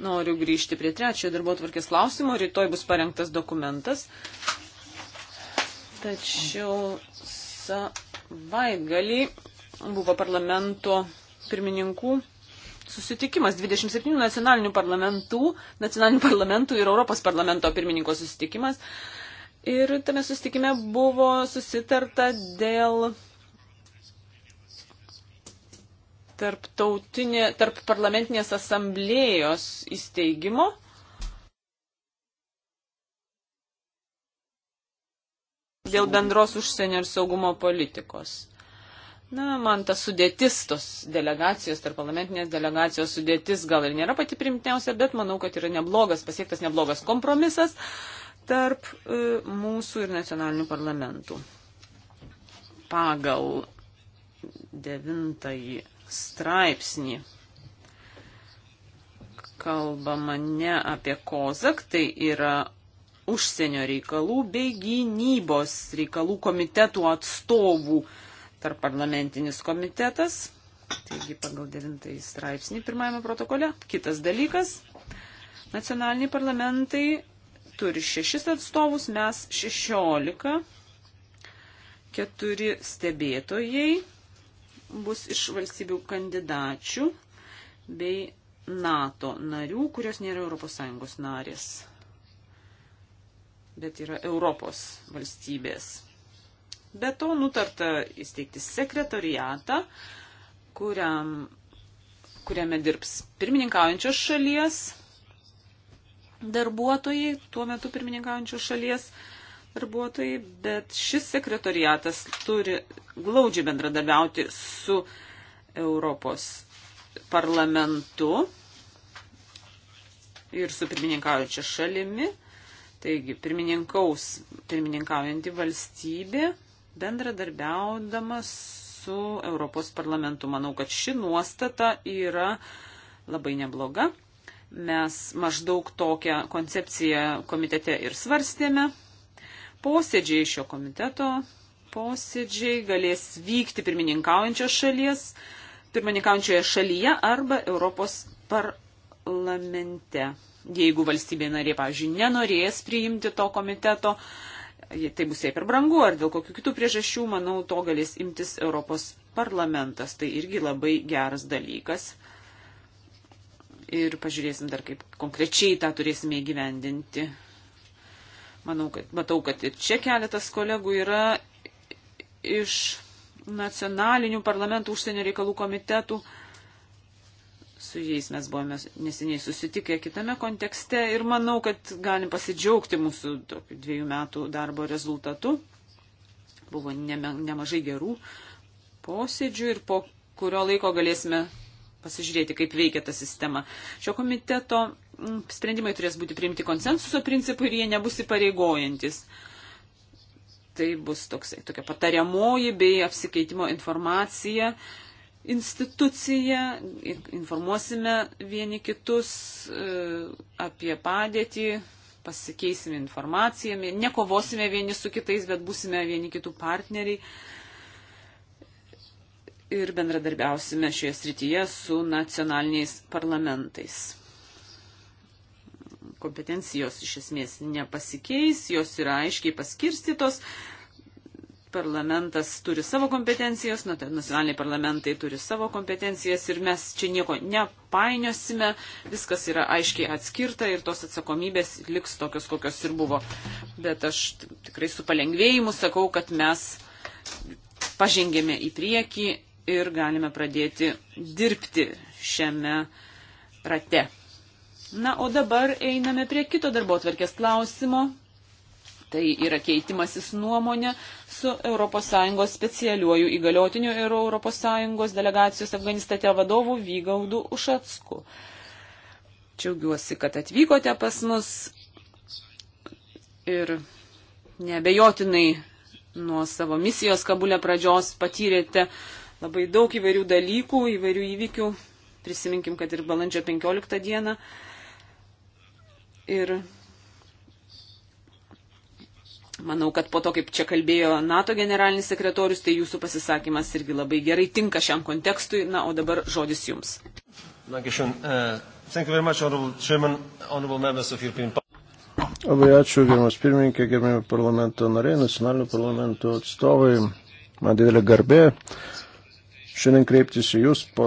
noriu grįžti prie trečiojo darbo tvarkės klausimo. Rytoj bus parengtas dokumentas. Tačiau savaitgalį buvo parlamento pirmininkų susitikimas 27 nacionalinių parlamentų, nacionalinių parlamentų ir Europos parlamento pirmininko susitikimas. Ir tame sustikime buvo susitarta dėl tarptautinė, tarp parlamentinės asamblėjos įsteigimo. Dėl bendros užsienio ir saugumo politikos. Na, man ta sudėtis tos delegacijos, tarp parlamentinės delegacijos sudėtis gal ir nėra pati primtiniausia, bet manau, kad yra neblogas, pasiektas neblogas kompromisas. Uh, tarp e, mūsų ir nacionalinių parlamentų. Pagal devintąjį straipsnį kalbama ne apie kozak, tai yra užsienio reikalų bei gynybos reikalų komitetų atstovų tarp parlamentinis komitetas. Taigi pagal devintąjį straipsnį pirmajame protokole. Kitas dalykas. Nacionaliniai parlamentai turi šešis atstovus, mes šešiolika, keturi stebėtojai bus iš valstybių kandidačių bei NATO narių, kurios nėra ES narės, bet yra Europos valstybės. Be to nutarta įsteigti sekretariatą, kuriam, kuriame dirbs pirmininkaujančios šalies darbuotojai, tuo metu pirmininkaujančių šalies darbuotojai, bet šis sekretoriatas turi glaudžiai bendradarbiauti su Europos parlamentu ir su pirmininkaujančia šalimi. Taigi, pirmininkaus, pirmininkaujanti valstybė bendradarbiaudamas su Europos parlamentu. Manau, kad ši nuostata yra labai nebloga. Mes maždaug tokią koncepciją komitete ir svarstėme. Posėdžiai šio komiteto, posėdžiai galės vykti pirmininkaujančios šalies, pirmininkaujančioje šalyje arba Europos parlamente. Jeigu valstybė narė, pavyzdžiui, nenorės priimti to komiteto, tai bus jai per brangu ar dėl kokių kitų priežasčių, manau, to galės imtis Europos parlamentas. Tai irgi labai geras dalykas ir pažiūrėsim dar, kaip konkrečiai tą turėsime įgyvendinti. Manau, kad, matau, kad ir čia keletas kolegų yra iš nacionalinių parlamentų užsienio reikalų komitetų. Su jais mes buvome neseniai susitikę kitame kontekste ir manau, kad galim pasidžiaugti mūsų dviejų metų darbo rezultatu. Buvo nemažai gerų posėdžių ir po kurio laiko galėsime pasižiūrėti, kaip veikia ta sistema. Šio komiteto mm, sprendimai turės būti priimti konsensuso principu ir jie nebus įpareigojantis. Tai bus toksai, tokia patariamoji bei apsikeitimo informacija institucija, informuosime vieni kitus e, apie padėtį, pasikeisime informacijomis, nekovosime vieni su kitais, bet būsime vieni kitų partneriai ir bendradarbiausime šioje srityje su nacionaliniais parlamentais. Kompetencijos iš esmės nepasikeis, jos yra aiškiai paskirstytos. Parlamentas turi savo kompetencijas, tai nacionaliniai parlamentai turi savo kompetencijas ir mes čia nieko nepainiosime, viskas yra aiškiai atskirta ir tos atsakomybės liks tokios, kokios ir buvo. Bet aš tikrai su palengvėjimu sakau, kad mes pažengėme į priekį ir galime pradėti dirbti šiame rate. Na, o dabar einame prie kito darbo atverkės klausimo. Tai yra keitimasis nuomonė su ES specialiuoju įgaliotiniu ir ES delegacijos Afganistate vadovu Vygaudu Ušatsku. Džiaugiuosi, kad atvykote pas mus ir nebejotinai nuo savo misijos kabulė pradžios patyrėte labai daug įvairių dalykų, įvairių įvykių. Prisiminkim, kad ir balandžio 15 dieną. Ir manau, kad po to, kaip čia kalbėjo NATO generalinis sekretorius, tai jūsų pasisakymas irgi labai gerai tinka šiam kontekstui. Na, o dabar žodis jums. Äh, labai ačiū, gerbiamas pirmininkė, gerbiami parlamento nariai, nacionalinių parlamentų atstovai. Man didelė garbė šiandien kreiptis į Jūs po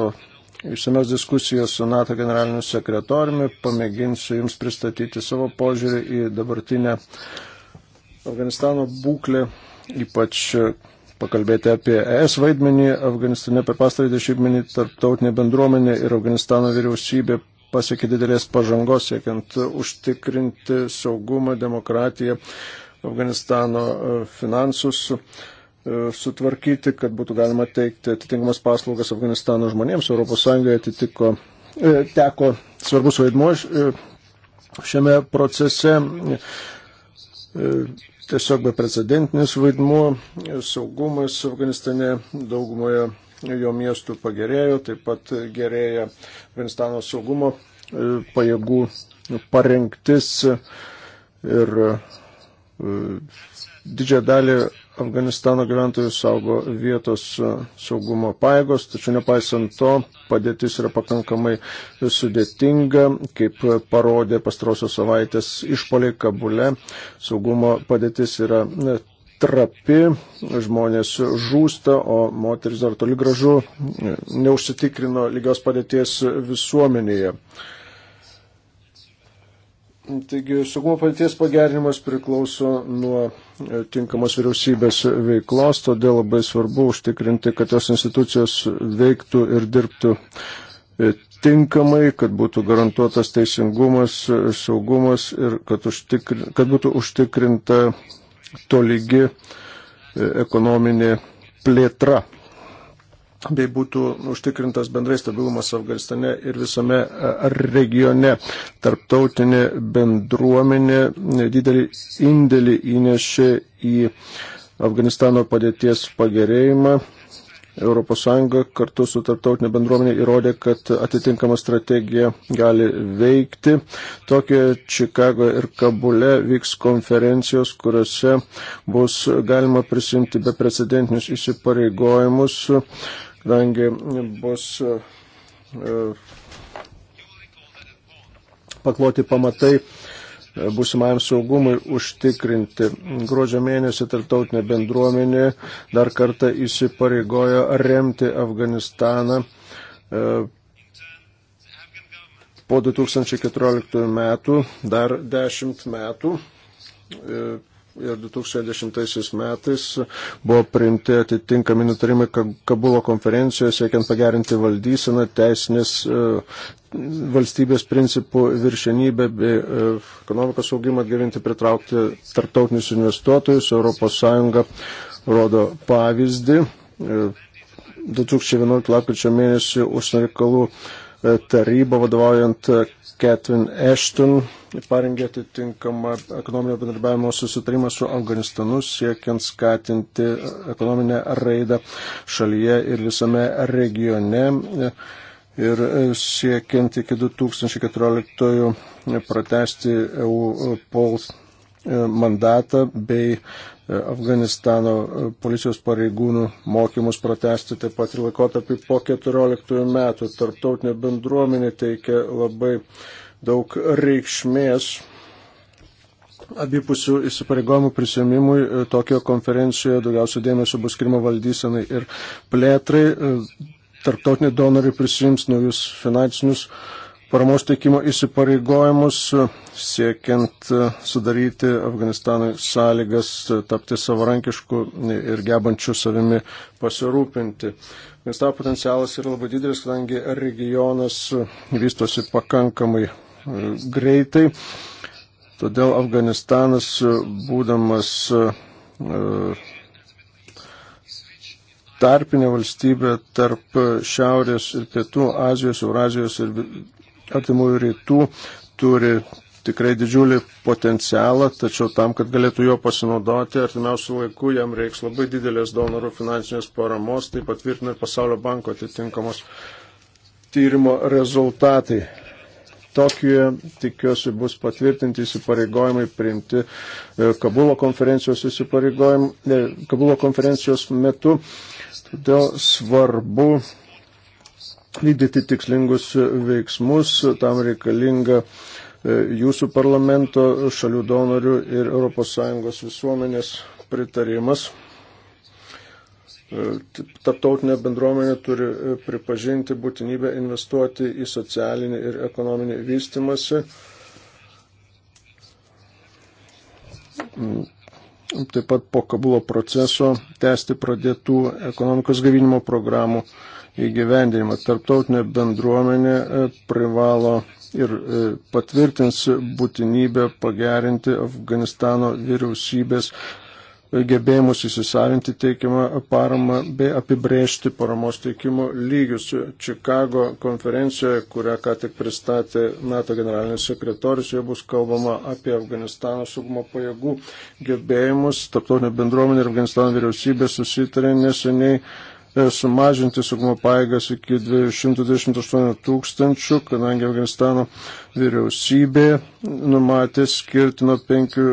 išsamios diskusijos su NATO generaliniu sekretoriumi. Pamėginsiu Jums pristatyti savo požiūrį į dabartinę Afganistano būklę, ypač pakalbėti apie ES vaidmenį Afganistane per pastarąjį dešimtmenį tarptautinė bendruomenė ir Afganistano vyriausybė pasiekė didelės pažangos, siekiant užtikrinti saugumą, demokratiją, Afganistano finansus. E, sutvarkyti, kad būtų galima teikti atitinkamas paslaugas Afganistano žmonėms. ES atitiko, e, teko svarbus vaidmuo e, šiame procese, tiesiog beprecedentinis vaidmuo, saugumas Afganistane daugumoje jo miestų pagerėjo, taip pat gerėja Afganistano saugumo pajėgų parengtis ir didžiąją dalį Afganistano gyventojų saugo vietos e, saugumo paėgos, tačiau nepaisant to padėtis yra pakankamai sudėtinga, kaip parodė pastrosios savaitės išpoliai Kabule. Saugumo padėtis yra e, trapi, žmonės žūsta, o moteris dar toli gražu e, neužsitikrino lygios padėties visuomenėje. Taigi saugumo paties pagerinimas priklauso nuo e, tinkamos vyriausybės veiklos, todėl labai svarbu užtikrinti, kad tos institucijos veiktų ir dirbtų e, tinkamai, kad būtų garantuotas teisingumas, e, saugumas ir kad, užtikrin, kad būtų užtikrinta tolygi ekonominė plėtra bei būtų užtikrintas bendrai stabilumas Afganistane ir visame e, regione. Tarptautinė bendruomenė didelį indėlį įnešė į Afganistano padėties pagerėjimą. ES kartu su tarptautinė bendruomenė įrodė, kad atitinkama strategija gali veikti. Tokio Čikago ir Kabule vyks konferencijos, kuriuose bus galima prisimti beprecedentinius įsipareigojimus kadangi bus e, pakloti pamatai e, būsimajam saugumui užtikrinti. Gruodžio mėnesį tarptautinė bendruomenė dar kartą įsipareigojo remti Afganistaną e, po 2014 metų, dar 10 metų ir 2010 metais buvo priimti atitinkami nutarimai Kabulo konferencijoje, siekiant pagerinti valdyseną, teisinės e, valstybės principų viršenybę bei e, ekonomikos augimą atgavinti, pritraukti tarptautinius investuotojus. ES rodo pavyzdį. 2011 e, lapkričio mėnesį užsienio reikalų taryba vadovaujant Catherine Ashton parengė atitinkamą ekonominio bendarbiavimo susitarimą su Afganistanu, siekiant skatinti ekonominę raidą šalyje ir visame regione. Ir siekiant iki 2014 pratesti EU POL mandatą bei Afganistano policijos pareigūnų mokymus pratesti taip pat ir laikotarpį po 14 metų. Tarptautinė bendruomenė teikia labai uh, daug reikšmės abipusių įsipareigojimų prisimimui. E, Tokio konferencijoje daugiausia dėmesio bus skirma valdysenai ir plėtrai. E, Tarptautiniai donoriai prisims naujus finansinius paramos teikimo įsipareigojimus, e, siekiant sudaryti Afganistanui sąlygas tapti savarankišku ir gebančiu savimi pasirūpinti. Afganistano potencialas yra labai didelis, kadangi regionas vystosi pakankamai greitai. Todėl Afganistanas, būdamas e, tarpinė valstybė tarp Šiaurės ir Pietų Azijos, Eurazijos ir Artimųjų Rytų, turi tikrai didžiulį potencialą, tačiau tam, kad galėtų jo pasinaudoti, artimiausių laikų jam reiks labai didelės donorų finansinės paramos, tai patvirtina ir Pasaulio banko atitinkamos tyrimo rezultatai. Tokijoje, tikiuosi, bus patvirtinti įsipareigojimai priimti e, Kabulo konferencijos, e, Kabulo konferencijos metu. Todėl svarbu vykdyti tikslingus veiksmus, tam reikalinga e, jūsų parlamento, šalių donorių ir ES visuomenės pritarimas. E, tarptautinė bendruomenė turi e, pripažinti būtinybę investuoti į socialinį ir ekonominį vystimąsi. Mm. Taip pat po Kabulo proceso tęsti pradėtų ekonomikos gavinimo programų įgyvendinimą. Tarptautinė bendruomenė e, privalo ir patvirtins būtinybę pagerinti Afganistano vyriausybės gebėjimus įsisavinti teikiamą paramą bei apibrėžti paramos teikimo lygius. Čikago konferencijoje, kurią ką tik pristatė NATO generalinis sekretorius, jau bus kalbama apie Afganistano saugumo pajėgų gebėjimus. Taptautinė bendruomenė ir Afganistano vyriausybė susitarė neseniai sumažinti saugumo paėgas iki 228 tūkstančių, kadangi Afganistano vyriausybė numatė skirti, penkių,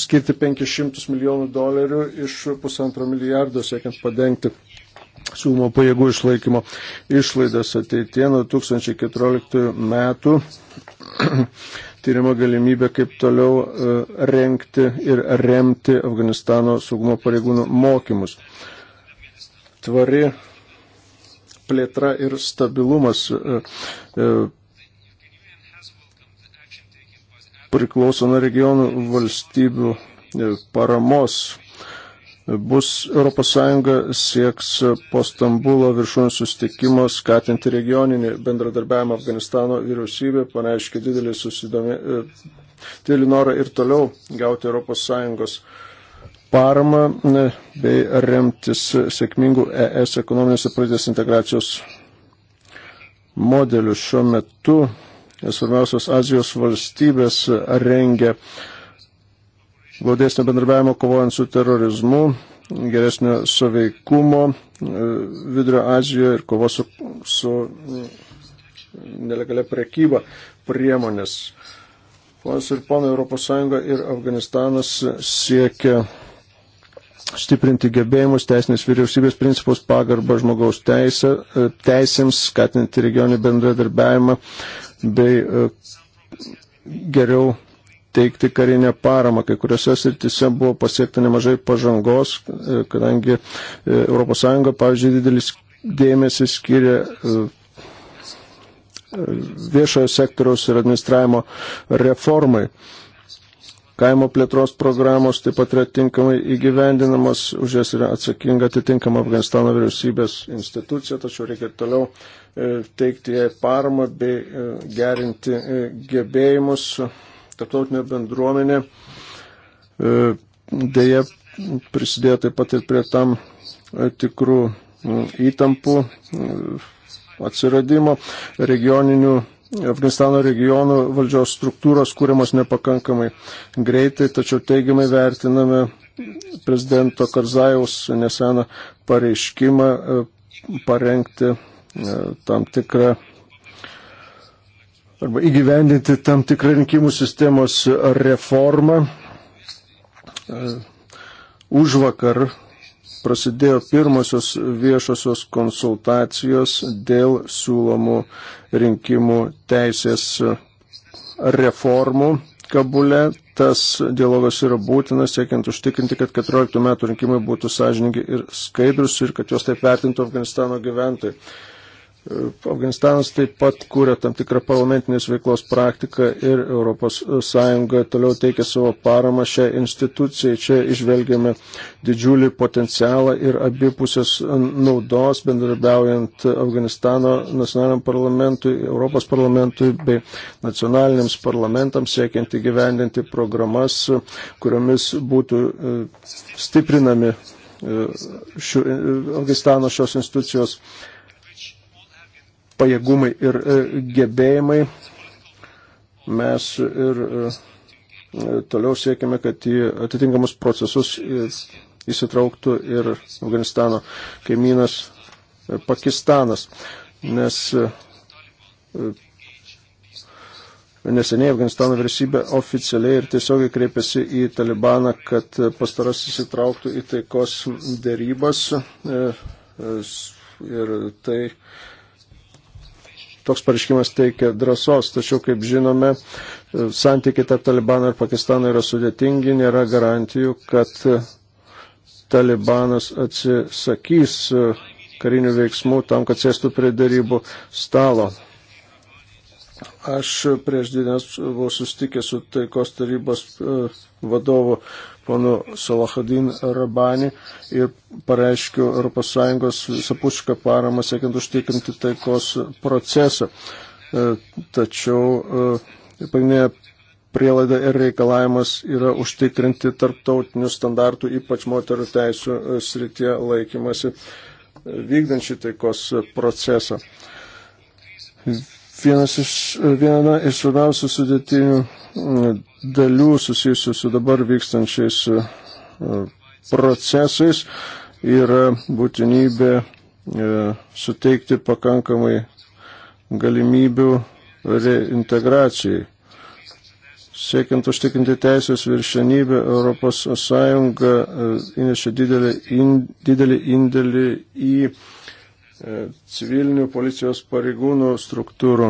skirti 500 milijonų dolerių iš pusantro milijardo, siekiant padengti saugumo pajėgų išlaikymo išlaidas ateitie nuo 2014 metų. [clears throat] Tyrimo galimybė, kaip toliau e, renkti ir remti Afganistano saugumo pareigūnų mokymus tvari plėtra ir stabilumas e, e, priklauso nuo regionų valstybių e, paramos. Bus ES sieks po Stambulo viršūnų sustikimo skatinti regioninį bendradarbiavimą Afganistano vyriausybė, pareiškia didelį susidomė, didelį norą ir toliau gauti ES paramą bei remtis sėkmingų ES ekonominės ir pradės integracijos modelių. Šiuo metu svarbiausios Azijos valstybės rengia glaudesnio bendradarbiavimo kovojant su terorizmu, geresnio saveikumo e, Vidurio Azijoje ir kovos su, su nelegalia prekyba priemonės. Ponas ir ponai, ES ir Afganistanas siekia stiprinti gebėjimus, teisinės vyriausybės principus, pagarbą žmogaus teisė, e, teisėms, skatinti regionį bendradarbiavimą bei e, geriau teikti karinę paramą. Kai kuriuose srityse buvo pasiekta nemažai pažangos, e, kadangi ES, pavyzdžiui, didelis dėmesį skiria viešojo sektoriaus ir administravimo reformai kaimo plėtros programos taip pat yra tinkamai įgyvendinamos, už jas yra atsakinga atitinkama Afganistano vyriausybės institucija, tačiau reikia toliau e, teikti jai paramą bei e, gerinti e, gebėjimus. Tarptautinė bendruomenė dėja prisidėjo taip pat ir prie tam tikrų įtampų atsiradimo regioninių Afganistano regionų valdžios struktūros kūriamos nepakankamai greitai, tačiau teigiamai vertiname prezidento Karzajaus neseną pareiškimą e, parengti e, tam tikrą arba įgyvendinti tam tikrą rinkimų sistemos reformą. E, už vakar prasidėjo pirmosios viešosios konsultacijos dėl siūlomų rinkimų teisės reformų Kabule. Tas dialogas yra būtinas, siekiant užtikrinti, kad 14 metų rinkimai būtų sąžininkai ir skaidrus ir kad juos taip vertintų Afganistano gyventojai. Afganistanas taip pat kūrė tam tikrą parlamentinės veiklos praktiką ir ES toliau teikia savo paramą šią instituciją. Čia išvelgiame didžiulį potencialą ir abipusės naudos bendradarbiaujant Afganistano nacionaliniam parlamentui, Europos parlamentui bei nacionaliniams parlamentams siekiant įgyvendinti programas, kuriomis būtų e, stiprinami e, šių, e, Afganistano šios institucijos pajėgumai ir e, gebėjimai. Mes ir e, e, toliau siekime, kad į atitinkamus procesus įsitrauktų ir Afganistano kaimynas Pakistanas, nes neseniai Afganistano vyriausybė oficialiai ir tiesiogiai kreipėsi į Talibaną, kad pastaras įsitrauktų į taikos dėrybas ir tai toks pareiškimas teikia drąsos, tačiau, kaip žinome, santykiai tarp Talibano ir Pakistano yra sudėtingi, nėra garantijų, kad Talibanas atsisakys karinių veiksmų tam, kad sėstų prie darybų stalo. Aš prieš dienas buvau sustikęs su taikos tarybos e, vadovu ponu Salahadin Rabani ir pareiškiu ES visapušką paramą siekiant užtikrinti taikos procesą. E, tačiau e, pagrindinė prielaida ir reikalavimas yra užtikrinti tarptautinių standartų, ypač moterų teisų e, srityje laikymasi vykdant šį taikos procesą Vienas iš, viena iš svarbiausių sudėtinių dalių susijusių su dabar vykstančiais e, procesais yra būtinybė e, suteikti pakankamai galimybių reintegracijai. Siekiant užtikrinti teisės viršenybę, ES e, įnešė didelį, in, didelį indėlį į E, civilinių policijos pareigūnų struktūrų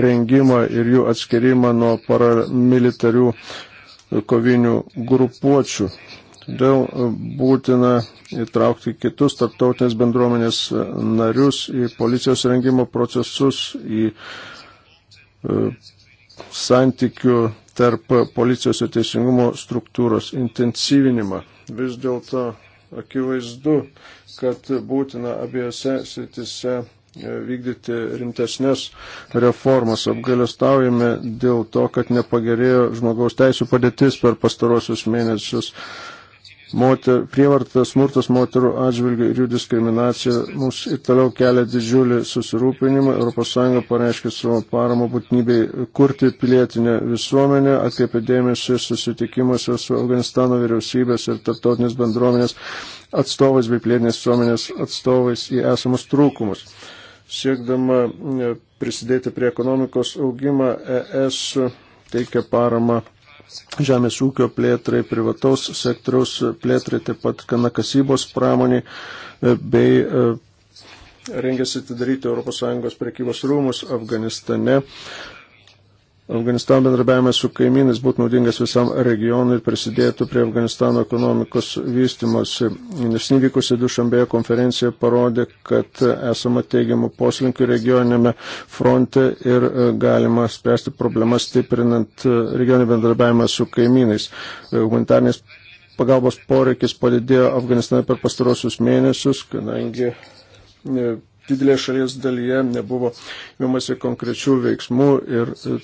rengimą ir jų atskirimą nuo paramilitarių kovinių grupuočių. Todėl būtina įtraukti kitus tarptautinės bendruomenės narius į policijos rengimo procesus, į e, santykių tarp policijos ir teisingumo struktūros intensyvinimą. Vis dėlto akivaizdu, kad būtina abiejose sritise e, vykdyti rimtesnės reformas. Apgalėstaujame dėl to, kad nepagerėjo žmogaus teisų padėtis per pastarosius mėnesius moter, prievarta, smurtas moterų atžvilgių ir jų diskriminacija mums ir toliau kelia didžiulį susirūpinimą. ES pareiškia savo paramą būtinybei kurti pilietinę visuomenę, atkreipia dėmesį susitikimuose su Afganistano vyriausybės ir tarptautinės bendruomenės atstovais bei pilietinės visuomenės atstovais į esamus trūkumus. Siekdama e, prisidėti prie ekonomikos augimą, ES teikia paramą žemės ūkio plėtrai, privataus sektoriaus plėtrai, taip pat kanakasybos pramoniai e, bei e, rengiasi atidaryti ES prekybos rūmus Afganistane. Afganistano bendrabiavimas su kaimynais būtų naudingas visam regionui ir prisidėtų prie Afganistano ekonomikos vystimosi. Nesnyvykusi Dušambėje konferencija parodė, kad esama teigiamų poslinkių regioninėme fronte ir e, galima spręsti problemas stiprinant e, regioninį bendrabiavimą su kaimynais. E, humanitarnės pagalbos poreikis padidėjo Afganistane per pastarosius mėnesius, kadangi didelė šalies dalyje nebuvo imamasi konkrečių veiksmų ir e,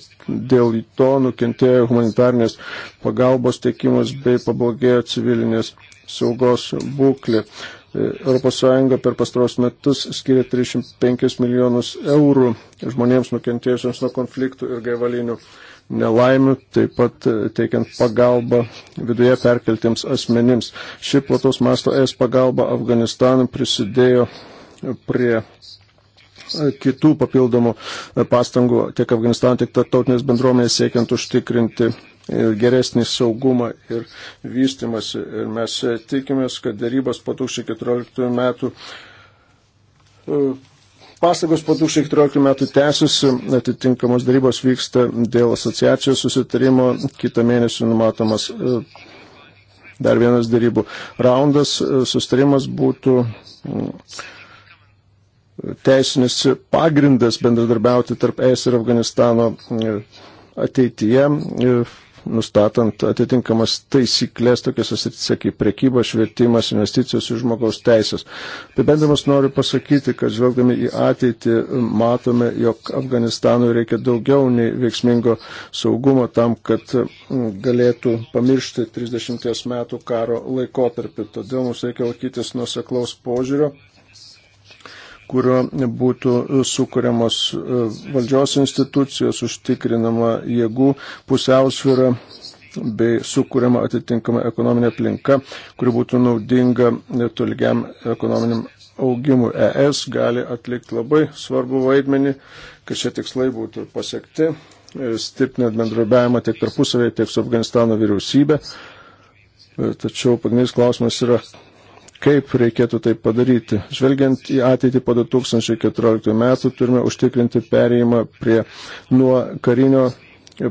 dėl to nukentėjo humanitarnės pagalbos teikimas bei pablogėjo civilinės saugos būklė. ES per pastaros metus skiria 35 milijonus eurų žmonėms nukentėjusiems nuo konfliktų ir gaivalinių nelaimių, taip pat e, teikiant pagalbą viduje perkeltiems asmenims. Ši plataus masto es pagalba Afganistanui prisidėjo prie e, kitų papildomų e, pastangų tiek Afganistano, tiek tarptautinės bendruomenės siekiant užtikrinti e, geresnį saugumą ir vystimasi. Ir mes tikimės, kad darybos po 2014 metų Pastagos po 2014 metų tęsiasi, atitinkamos darybos vyksta dėl asociacijos susitarimo, kitą mėnesį numatomas dar vienas darybų raundas, susitarimas būtų teisinis pagrindas bendradarbiauti tarp ES ir Afganistano e, ateityje, e, nustatant atitinkamas taisyklės tokiuose srityse kaip prekyba, švietimas, investicijos ir žmogaus teisės. Apibendrimas noriu pasakyti, kad žvelgdami į ateitį matome, jog Afganistanui reikia daugiau nei veiksmingo saugumo tam, kad galėtų pamiršti 30 metų karo laikotarpį. Todėl mums reikia laikytis nuseklaus požiūrio kurio būtų sukūriamos e, valdžios institucijos, užtikrinama jėgų pusiausvyrą bei sukūriama atitinkama ekonominė aplinka, kuri būtų naudinga tolgiam ekonominiam augimui. ES gali atlikti labai svarbu vaidmenį, kad šie tikslai būtų pasiekti, e, stiprinant bendradarbiavimą tiek tarpusavėje, tiek su Afganistano vyriausybė. E, tačiau pagrindinis klausimas yra, Kaip reikėtų tai padaryti? Žvelgiant į ateitį po 2014 metų, turime užtikrinti perėjimą prie nuo karinio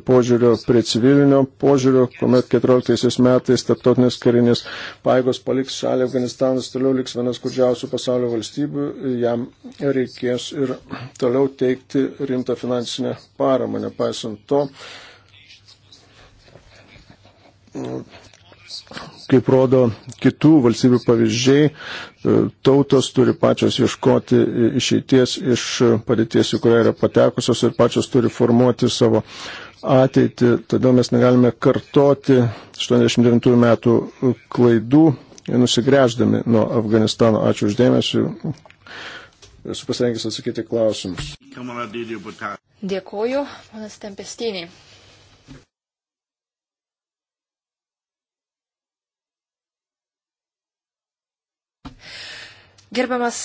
požiūrio prie civilinio požiūrio, kuomet 14 metais tarptautinės karinės paėgos paliks šalį Afganistanas, toliau liks vienas skurdžiausių pasaulio valstybių, jam reikės ir toliau teikti rimtą finansinę paramą, nepaisant to kaip rodo kitų valstybių pavyzdžiai, e, tautos turi pačios ieškoti išeities iš padėties, į kurią yra patekusios ir pačios turi formuoti savo ateitį. Todėl mes negalime kartoti 89 metų klaidų, nusigręždami nuo Afganistano. Ačiū uždėmesi. Esu pasirengęs atsakyti klausimus. Dėkuoju, panas Tempestiniai. Gerbiamas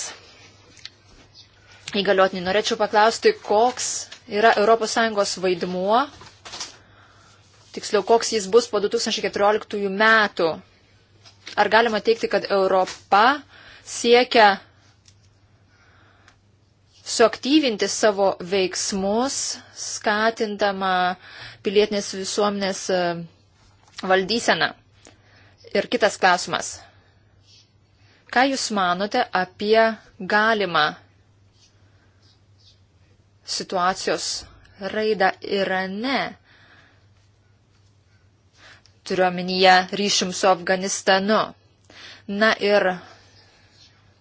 įgaliotinį, norėčiau paklausti, koks yra ES vaidmuo, tiksliau, koks jis bus po 2014 metų. Ar galima teikti, kad Europa siekia suaktyvinti savo veiksmus, skatindama pilietinės visuomenės e, valdyseną? Ir kitas klausimas. Ką Jūs manote apie galimą situacijos raidą Irane? Turiuomenyje ryšim su Afganistanu. Na ir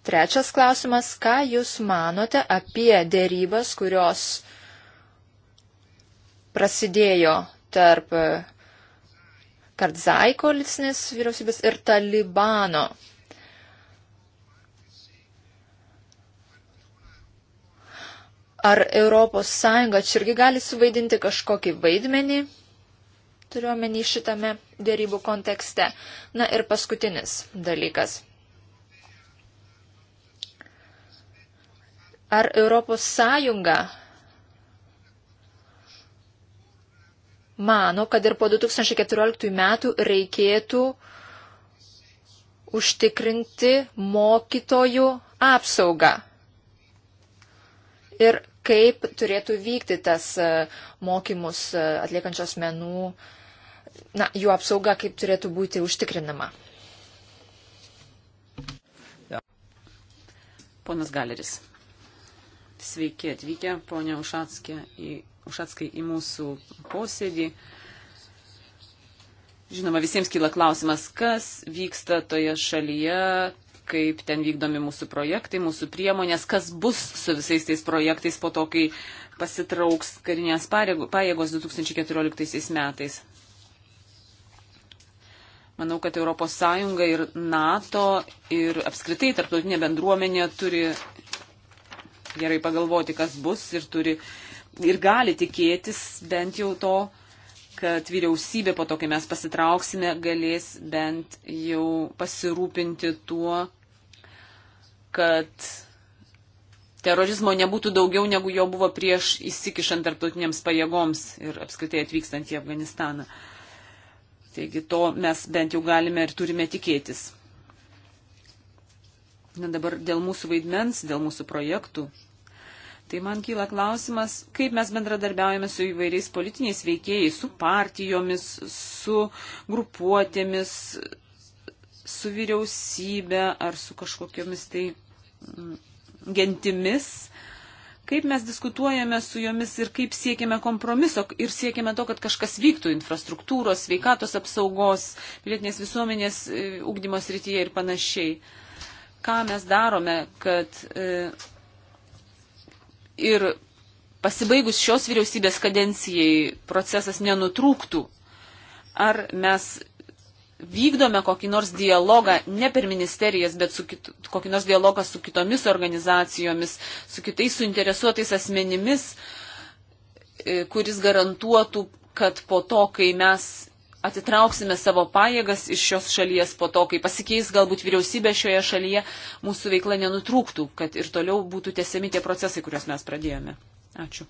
Trečias klausimas, ką Jūs manote apie dėrybas, kurios prasidėjo tarp Kardzai koalicinės vyriausybės ir Talibano? Ar ES čia irgi gali suvaidinti kažkokį vaidmenį, turiuomenį šitame dėrybų kontekste. Na ir paskutinis dalykas. Ar ES mano, kad ir po 2014 metų reikėtų užtikrinti mokytojų apsaugą. Ir kaip turėtų vykti tas e, mokymus e, atliekančios menų, na, jų apsauga, kaip turėtų būti užtikrinama. Ponas Galeris. Sveiki atvykę, ponia Ušatskė, į, Ušatskai, į mūsų posėdį. Žinoma, visiems kyla klausimas, kas vyksta toje šalyje, kaip ten vykdomi mūsų projektai, mūsų priemonės, kas bus su visais tais projektais po to, kai pasitrauks karinės pajėgos 2014 metais. Manau, kad ES ir NATO ir apskritai tarptautinė bendruomenė turi gerai pagalvoti, kas bus ir turi ir gali tikėtis bent jau to, kad vyriausybė po to, kai mes pasitrauksime, galės bent jau pasirūpinti tuo, kad terorizmo nebūtų daugiau, negu jo buvo prieš įsikišant tarptautinėms pajėgoms ir apskritai atvykstant į Afganistaną. Taigi to mes bent jau galime ir turime tikėtis. Na dabar dėl mūsų vaidmens, dėl mūsų projektų. Tai man kyla klausimas, kaip mes bendradarbiaujame su įvairiais politiniais veikėjais, su partijomis, su grupuotėmis, su vyriausybė ar su kažkokiamis tai mm, gentimis, kaip mes diskutuojame su jomis ir kaip siekime kompromiso ir siekime to, kad kažkas vyktų infrastruktūros, sveikatos apsaugos, pilietinės visuomenės e, ugdymos rytyje ir panašiai. Ką mes darome, kad e, ir pasibaigus šios vyriausybės kadencijai procesas nenutrūktų. Ar mes vykdome kokį nors dialogą, ne per ministerijas, bet su kit, kokį nors dialogą su kitomis organizacijomis, su kitais suinteresuotais asmenimis, e, kuris garantuotų, kad po to, kai mes atitrauksime savo pajėgas iš šios šalies, po to, kai pasikeis galbūt vyriausybė šioje šalyje, mūsų veikla nenutrūktų, kad ir toliau būtų tesiami tie procesai, kuriuos mes pradėjome. Ačiū.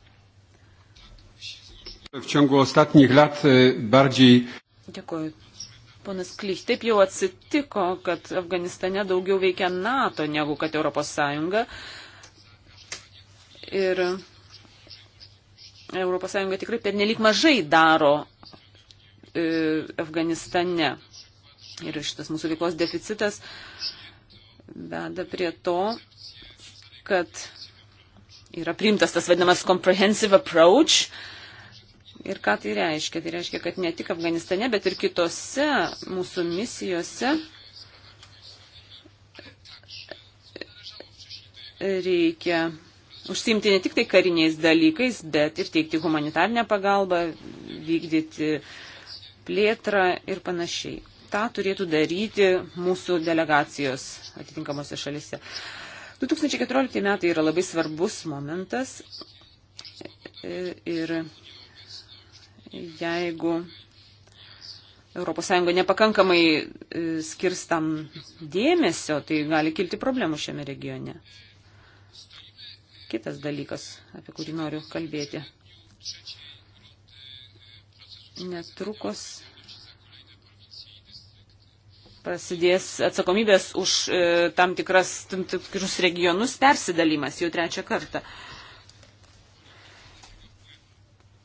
W ciągu ostatnich lat e, bardziej. Dziękuję Ponas Klich, taip jau atsitiko, kad Afganistane daugiau veikia NATO negu kad Europos Sąjunga. Ir Europos Sąjunga tikrai pernelik mažai daro e, Afganistane. Ir šitas mūsų veiklos deficitas veda prie to, kad yra priimtas tas vadinamas comprehensive approach, e, Ir ką tai reiškia? Tai reiškia, kad ne tik Afganistane, bet ir kitose mūsų misijose reikia užsimti ne tik tai kariniais dalykais, bet ir teikti humanitarnę pagalbą, vykdyti plėtrą ir panašiai. Ta turėtų daryti mūsų delegacijos atitinkamose šalise. 2014 metai yra labai svarbus momentas e, ir jeigu ES nepakankamai e, skirs tam dėmesio, tai gali kilti problemų šiame regione. Kitas dalykas, apie kurį noriu kalbėti. Netrukus prasidės atsakomybės už e, tam tikras tam tikrus regionus persidalimas jau trečią kartą. E,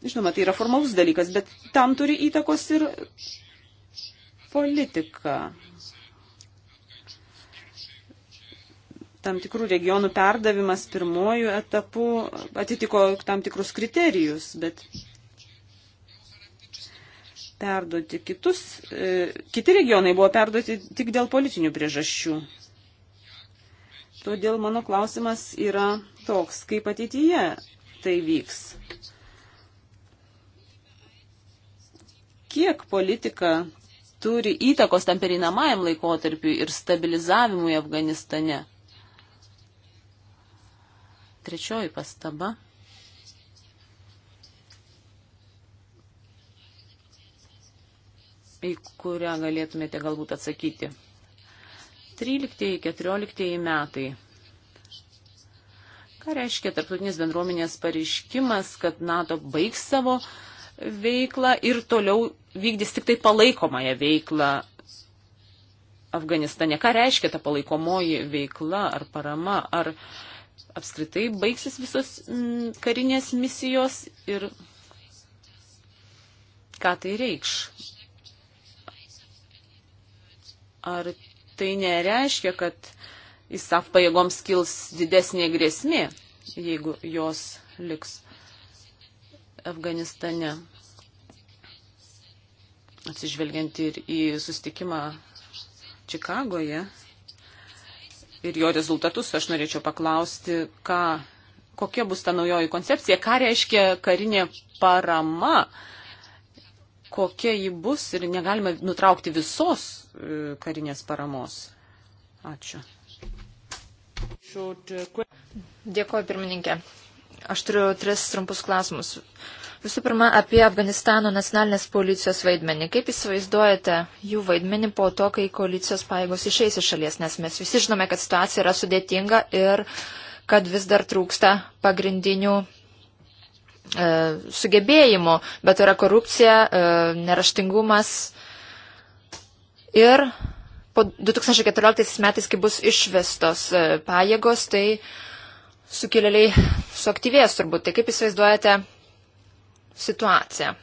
Žinoma, tai yra formalus dalykas, bet tam turi įtakos ir politika. Tam tikrų regionų perdavimas pirmojų etapų atitiko tam tikrus kriterijus, bet perduoti kitus, e, kiti regionai buvo perduoti tik dėl politinių priežasčių. Todėl mano klausimas yra toks, kaip ateityje tai vyks. kiek politika turi įtakos tam pereinamajam laikotarpiu ir stabilizavimui Afganistane. Trečioji pastaba. į kurią galėtumėte galbūt atsakyti. 13-14 metai. Ką reiškia tarptautinės bendruomenės pareiškimas, kad NATO baigs savo veiklą ir toliau vykdys tik tai palaikomąją veiklą Afganistane. Ką reiškia ta palaikomoji veikla ar parama, ar apskritai baigsis visos m, mm, karinės misijos ir ką tai reikš? Ar tai nereiškia, kad ISAF pajėgoms kils didesnė grėsmė, jeigu jos liks Afganistane? atsižvelgiant ir į sustikimą Čikagoje ir jo rezultatus, aš norėčiau paklausti, ką, kokia bus ta naujoji koncepcija, ką reiškia karinė parama, kokia ji bus ir negalime nutraukti visos e, karinės paramos. Ačiū. Dėkuoju, pirmininkė. Aš turiu tris trumpus klausimus. Visų pirma, apie Afganistano nacionalinės policijos vaidmenį. Kaip įsivaizduojate jų vaidmenį po to, kai koalicijos paėgos išeis iš šalies, nes mes visi žinome, kad situacija yra sudėtinga ir kad vis dar trūksta pagrindinių e, sugebėjimų, bet yra korupcija, e, neraštingumas. Ir po 2014 metais, kai bus išvestos e, pajėgos, tai sukilėliai suaktyvės turbūt. Tai kaip įsivaizduojate situaciją.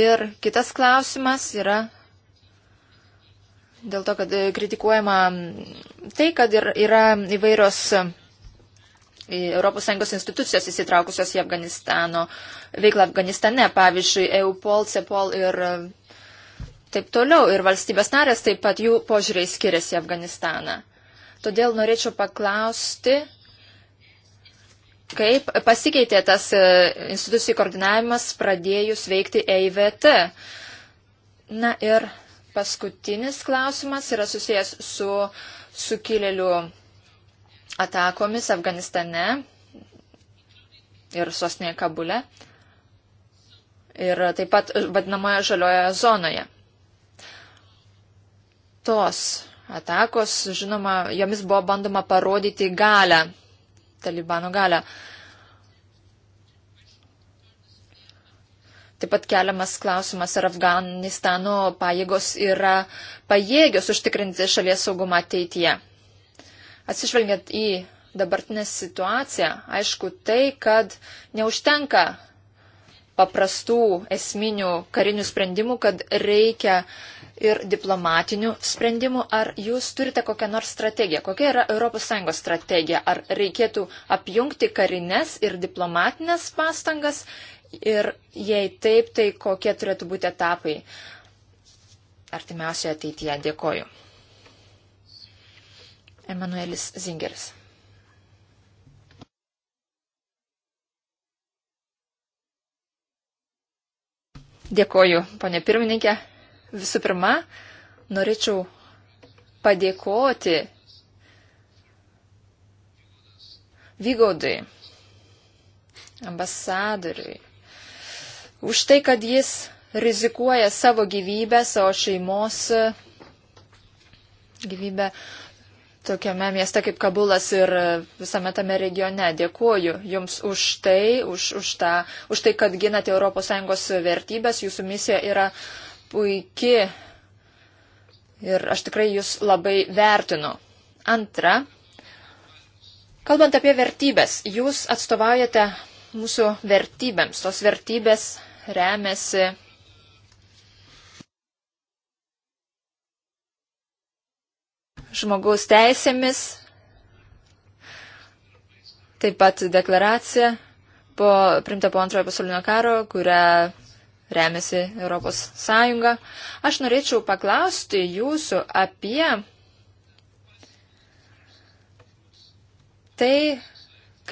Ir kitas klausimas yra dėl to, kad kritikuojama tai, kad yra įvairios ES institucijos įsitraukusios į Afganistano veiklą Afganistane, pavyzdžiui, EUPOL, CEPOL ir taip toliau. Ir valstybės narės taip pat jų požiūriai skiriasi į Afganistaną. Todėl norėčiau paklausti, kaip pasikeitė tas e, institucijų koordinavimas pradėjus veikti EIVT. Na ir paskutinis klausimas yra susijęs su sukilėlių atakomis Afganistane ir sostinėje Kabule ir taip pat vadinamoje žaliojoje zonoje. Tos atakos, žinoma, jomis buvo bandoma parodyti galę Talibano galę. Taip pat keliamas klausimas, ar Afganistano pajėgos yra pajėgios užtikrinti šalies saugumą ateityje. Atsižvelgiant į dabartinę situaciją, aišku tai, kad neužtenka paprastų esminių karinių sprendimų, kad reikia ir diplomatinių sprendimų, ar jūs turite kokią nors strategiją? Kokia yra ES strategija? Ar reikėtų apjungti karinės ir diplomatinės pastangas? Ir jei taip, tai kokie turėtų būti etapai? Artimiausioje ateityje dėkoju. Emanuelis Zingeris. Dėkoju, ponė pirmininkė. Visų pirma, norėčiau padėkoti Vygaudui, ambasadoriui, už tai, kad jis rizikuoja savo gyvybę, savo šeimos gyvybę tokiame mieste kaip Kabulas ir visame tame regione. Dėkuoju Jums už tai, už, už, tą, už tai, kad ginate ES vertybės. Jūsų misija yra uh, puikiai ir aš tikrai jūs labai vertinu. Antra, kalbant apie vertybės, jūs atstovaujate mūsų vertybėms. Tos vertybės remiasi žmogaus teisėmis, taip pat deklaracija po, primta po antrojo pasaulinio karo, kurią remiasi Europos Sąjunga. Aš norėčiau paklausti jūsų apie tai,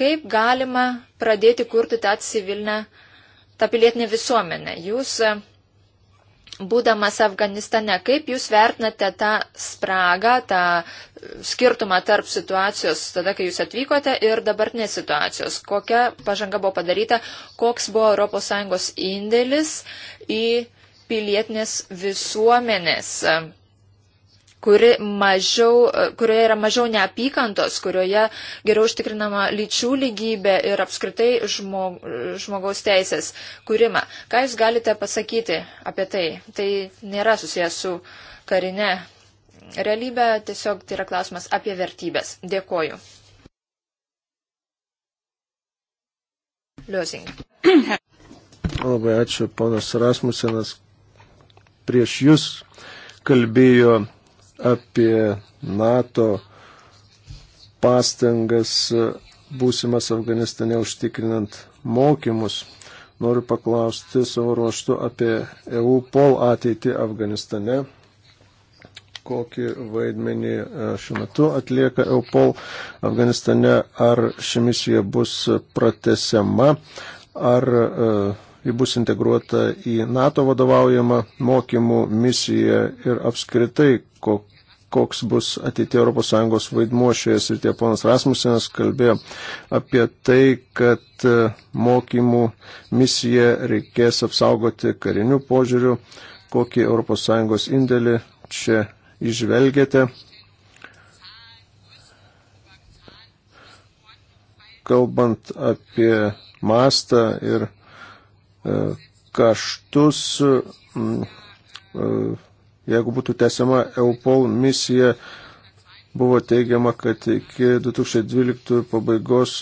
kaip galima pradėti kurti tą civilinę, tą pilietinę visuomenę. Jūs būdamas Afganistane, kaip jūs vertinate tą spragą, tą skirtumą tarp situacijos tada, kai jūs atvykote ir dabartinės situacijos? Kokia pažanga buvo padaryta, koks buvo ES indėlis į pilietinės visuomenės kuri mažiau, kurioje yra mažiau neapykantos, kurioje geriau užtikrinama lyčių lygybė ir apskritai žmog, žmogaus teisės kūrimą. Ką Jūs galite pasakyti apie tai? Tai nėra susijęs su karinė realybė, tiesiog tai yra klausimas apie vertybės. Dėkoju. Liozing. Labai ačiū, ponas Rasmusenas. Prieš jūs kalbėjo apie NATO pastangas būsimas Afganistane užtikrinant mokymus. Noriu paklausti savo ruoštų apie EU pol ateitį Afganistane. Kokį vaidmenį e, šiuo metu atlieka EUPOL Afganistane, ar ši misija bus pratesiama, ar e, ji bus integruota į NATO vadovaujamą mokymų misiją ir apskritai, ko, koks bus ateitie ES vaidmuo šioje srityje. Ponas Rasmusenas kalbėjo apie tai, kad e, mokymų misiją reikės apsaugoti karinių požiūrių, kokį ES indėlį čia išvelgėte. Kalbant apie mastą ir e, kaštus, e, jeigu būtų tęsiama EUPOL misija, buvo teigiama, kad iki 2012 pabaigos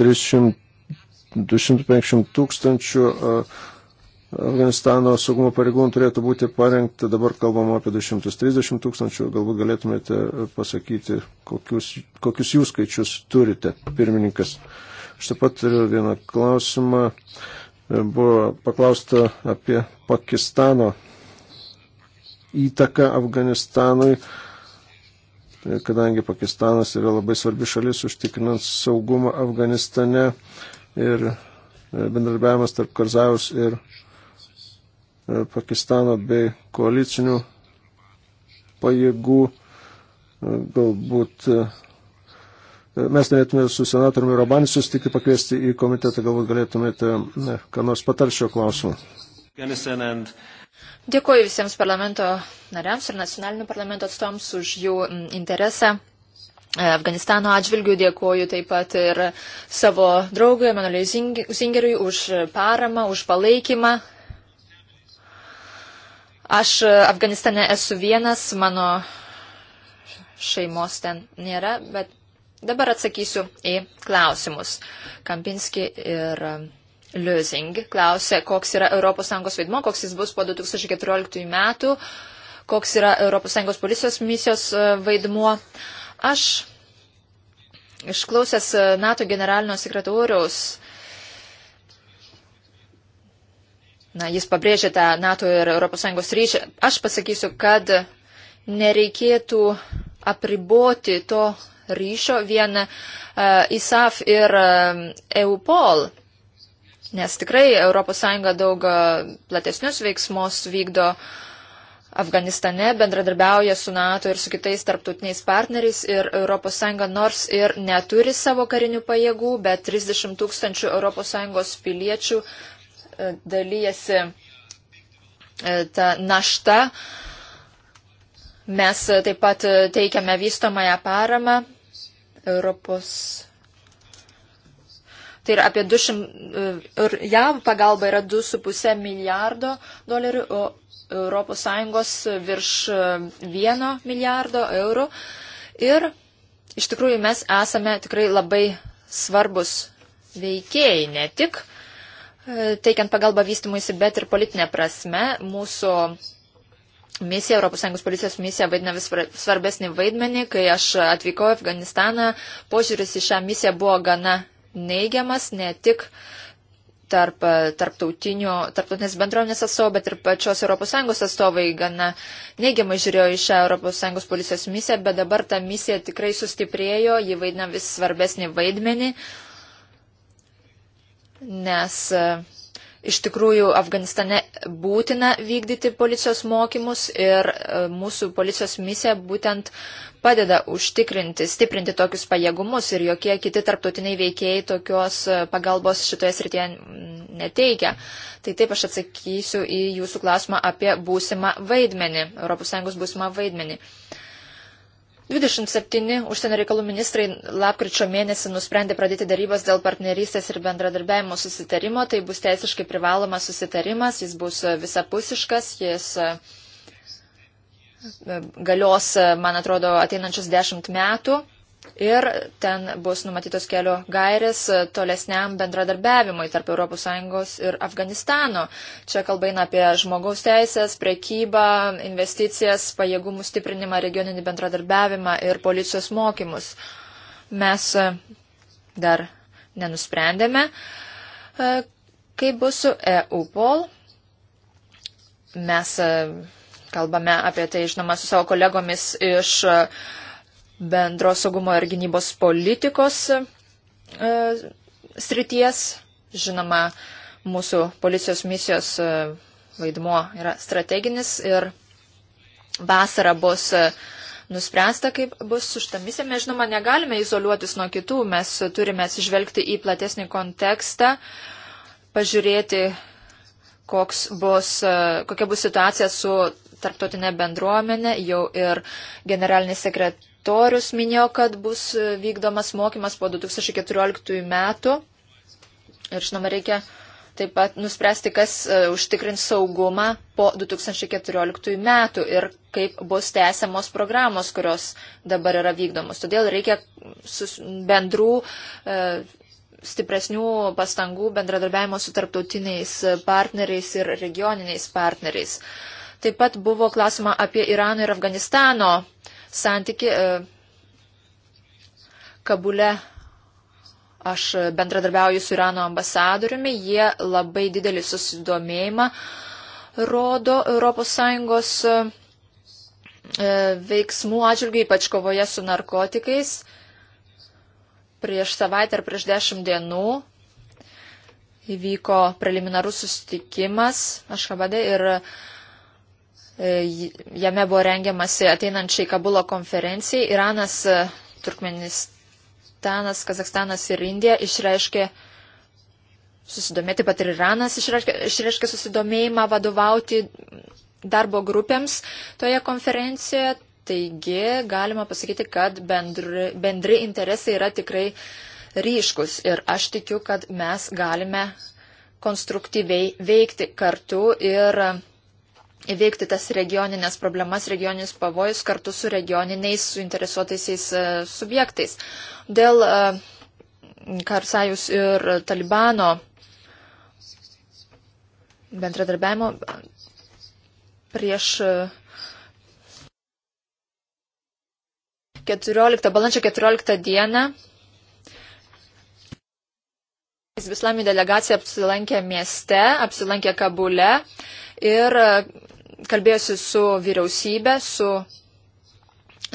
300, e, 250 tūkstančių e, Afganistano saugumo pareigūnų turėtų būti parengta, dabar kalbama apie 230 tūkstančių, galbūt galėtumėte pasakyti, kokius, kokius jūs skaičius turite, pirmininkas. Aš taip pat turiu vieną klausimą. Buvo paklausta apie Pakistano įtaką Afganistanui, e, kadangi Pakistanas yra labai svarbi šalis užtikrinant saugumą Afganistane ir e, bendradarbiavimas tarp Karzajus ir e, Pakistano bei koalicinių pajėgų galbūt mes norėtume su senatoriumi Robanį susitikti pakviesti į komitetą, galbūt galėtumėte ne, ką nors pataršio klausimą. Dėkuoju visiems parlamento nariams ir nacionalinių parlamento atstovams už jų interesą. E, Afganistano atžvilgių dėkuoju taip pat ir savo draugui Emanueliui Zingeriui už paramą, už palaikymą. Aš Afganistane esu vienas, mano šeimos ten nėra, bet dabar atsakysiu į klausimus. Kampinski ir. Liuzing klausė, koks yra ES vaidmo, koks jis bus po 2014 metų, koks yra ES policijos misijos e, vaidmuo. Aš išklausęs e, NATO generalinio sekretoriaus, na, jis pabrėžė tą NATO ir ES ryšį, aš pasakysiu, kad nereikėtų apriboti to ryšio vien uh, ISAF ir uh, EUPOL Nes tikrai ES daug platesnius veiksmus vykdo Afganistane, bendradarbiauja su NATO ir su kitais tarptautiniais partneriais ir ES nors ir neturi savo karinių pajėgų, bet 30 tūkstančių ES piliečių e, dalyjasi e, tą naštą. Mes e, taip pat teikiame vystomąją paramą Europos tai yra apie 200, ir e, JAV pagalba yra 2,5 milijardo dolerių, o ES virš 1 e, milijardo eurų. Ir iš tikrųjų mes esame tikrai labai svarbus veikėjai, ne tik e, teikiant pagalbą vystimuisi, bet ir politinė prasme. Mūsų misija, ES policijos misija vaidina vis svarbesnį vaidmenį. Kai aš atvykau į Afganistaną, požiūris į šią misiją buvo gana neigiamas ne tik tarp e, tarptautinės bendruomenės atstovų, bet ir pačios ES atstovai gana neigiamai žiūrėjo į šią ES policijos misiją, bet dabar ta misija tikrai sustiprėjo, ji vaidina vis svarbesnį vaidmenį, nes uh, Iš tikrųjų, Afganistane būtina vykdyti policijos mokymus ir e, mūsų policijos misija būtent padeda užtikrinti, stiprinti tokius pajėgumus ir jokie kiti tarptautiniai veikėjai tokios e, pagalbos šitoje srityje neteikia. Tai taip aš atsakysiu į jūsų klausimą apie būsimą vaidmenį, ES būsimą vaidmenį. Uh, 27 užsienio reikalų ministrai lapkričio mėnesį nusprendė pradėti darybas dėl partnerystės ir bendradarbiavimo susitarimo. Tai bus teisiškai privalomas susitarimas, jis bus visapusiškas, jis e, galios, e, man atrodo, ateinančius dešimt metų. Ir ten bus numatytos kelio gairės tolesniam bendradarbiavimui tarp ES ir Afganistano. Čia kalba eina apie žmogaus teisės, prekybą, investicijas, pajėgumų stiprinimą, regioninį bendradarbiavimą ir policijos mokymus. Mes e, dar nenusprendėme, e, kaip bus su EUPOL. Mes e, kalbame apie tai, žinoma, su savo kolegomis iš uh, bendros saugumo ir gynybos politikos e, srities. Žinoma, mūsų policijos misijos e, vaidmuo yra strateginis ir vasara bus e, nuspręsta, kaip bus su šitą misiją. Mes, žinoma, negalime izoliuotis nuo kitų, mes turime atsižvelgti į platesnį kontekstą, pažiūrėti, koks bus, e, kokia bus situacija su tarptautinė bendruomenė, jau ir generalinis sekretorius sekretorius minėjo, kad bus e, vykdomas mokymas po 2014 metų. Ir žinoma, reikia taip pat nuspręsti, kas e, užtikrins saugumą po 2014 metų ir kaip bus tęsiamos programos, kurios dabar yra vykdomos. Todėl reikia bendrų e, stipresnių pastangų bendradarbiavimo su tarptautiniais partneriais ir regioniniais partneriais. Taip pat buvo klausima apie Irano ir Afganistano uh, santyki. E, Kabule aš bendradarbiauju su Irano ambasadoriumi, jie labai didelį susidomėjimą rodo ES e, veiksmų atžvilgių, ypač kovoje su narkotikais. Prieš savaitę ar prieš dešimt dienų įvyko preliminarus susitikimas Ašhabade ir uh, E, jame buvo rengiamasi ateinančiai Kabulo konferencijai. Iranas, e, Turkmenistanas, Kazakstanas ir Indija išreiškė susidomėti, taip pat ir Iranas išreiškė, išreiškė susidomėjimą vadovauti darbo grupėms toje konferencijoje. Taigi galima pasakyti, kad bendri, bendri interesai yra tikrai ryškus ir aš tikiu, kad mes galime konstruktyviai veikti kartu ir įveikti tas regioninės problemas, regioninius pavojus kartu su regioniniais suinteresuotaisiais e, subjektais. Dėl e, Karsajus ir Talibano bendradarbiavimo prieš 14, e, balandžio 14 dieną Islami delegacija apsilankė mieste, apsilankė Kabule ir kalbėjusi su vyriausybė, su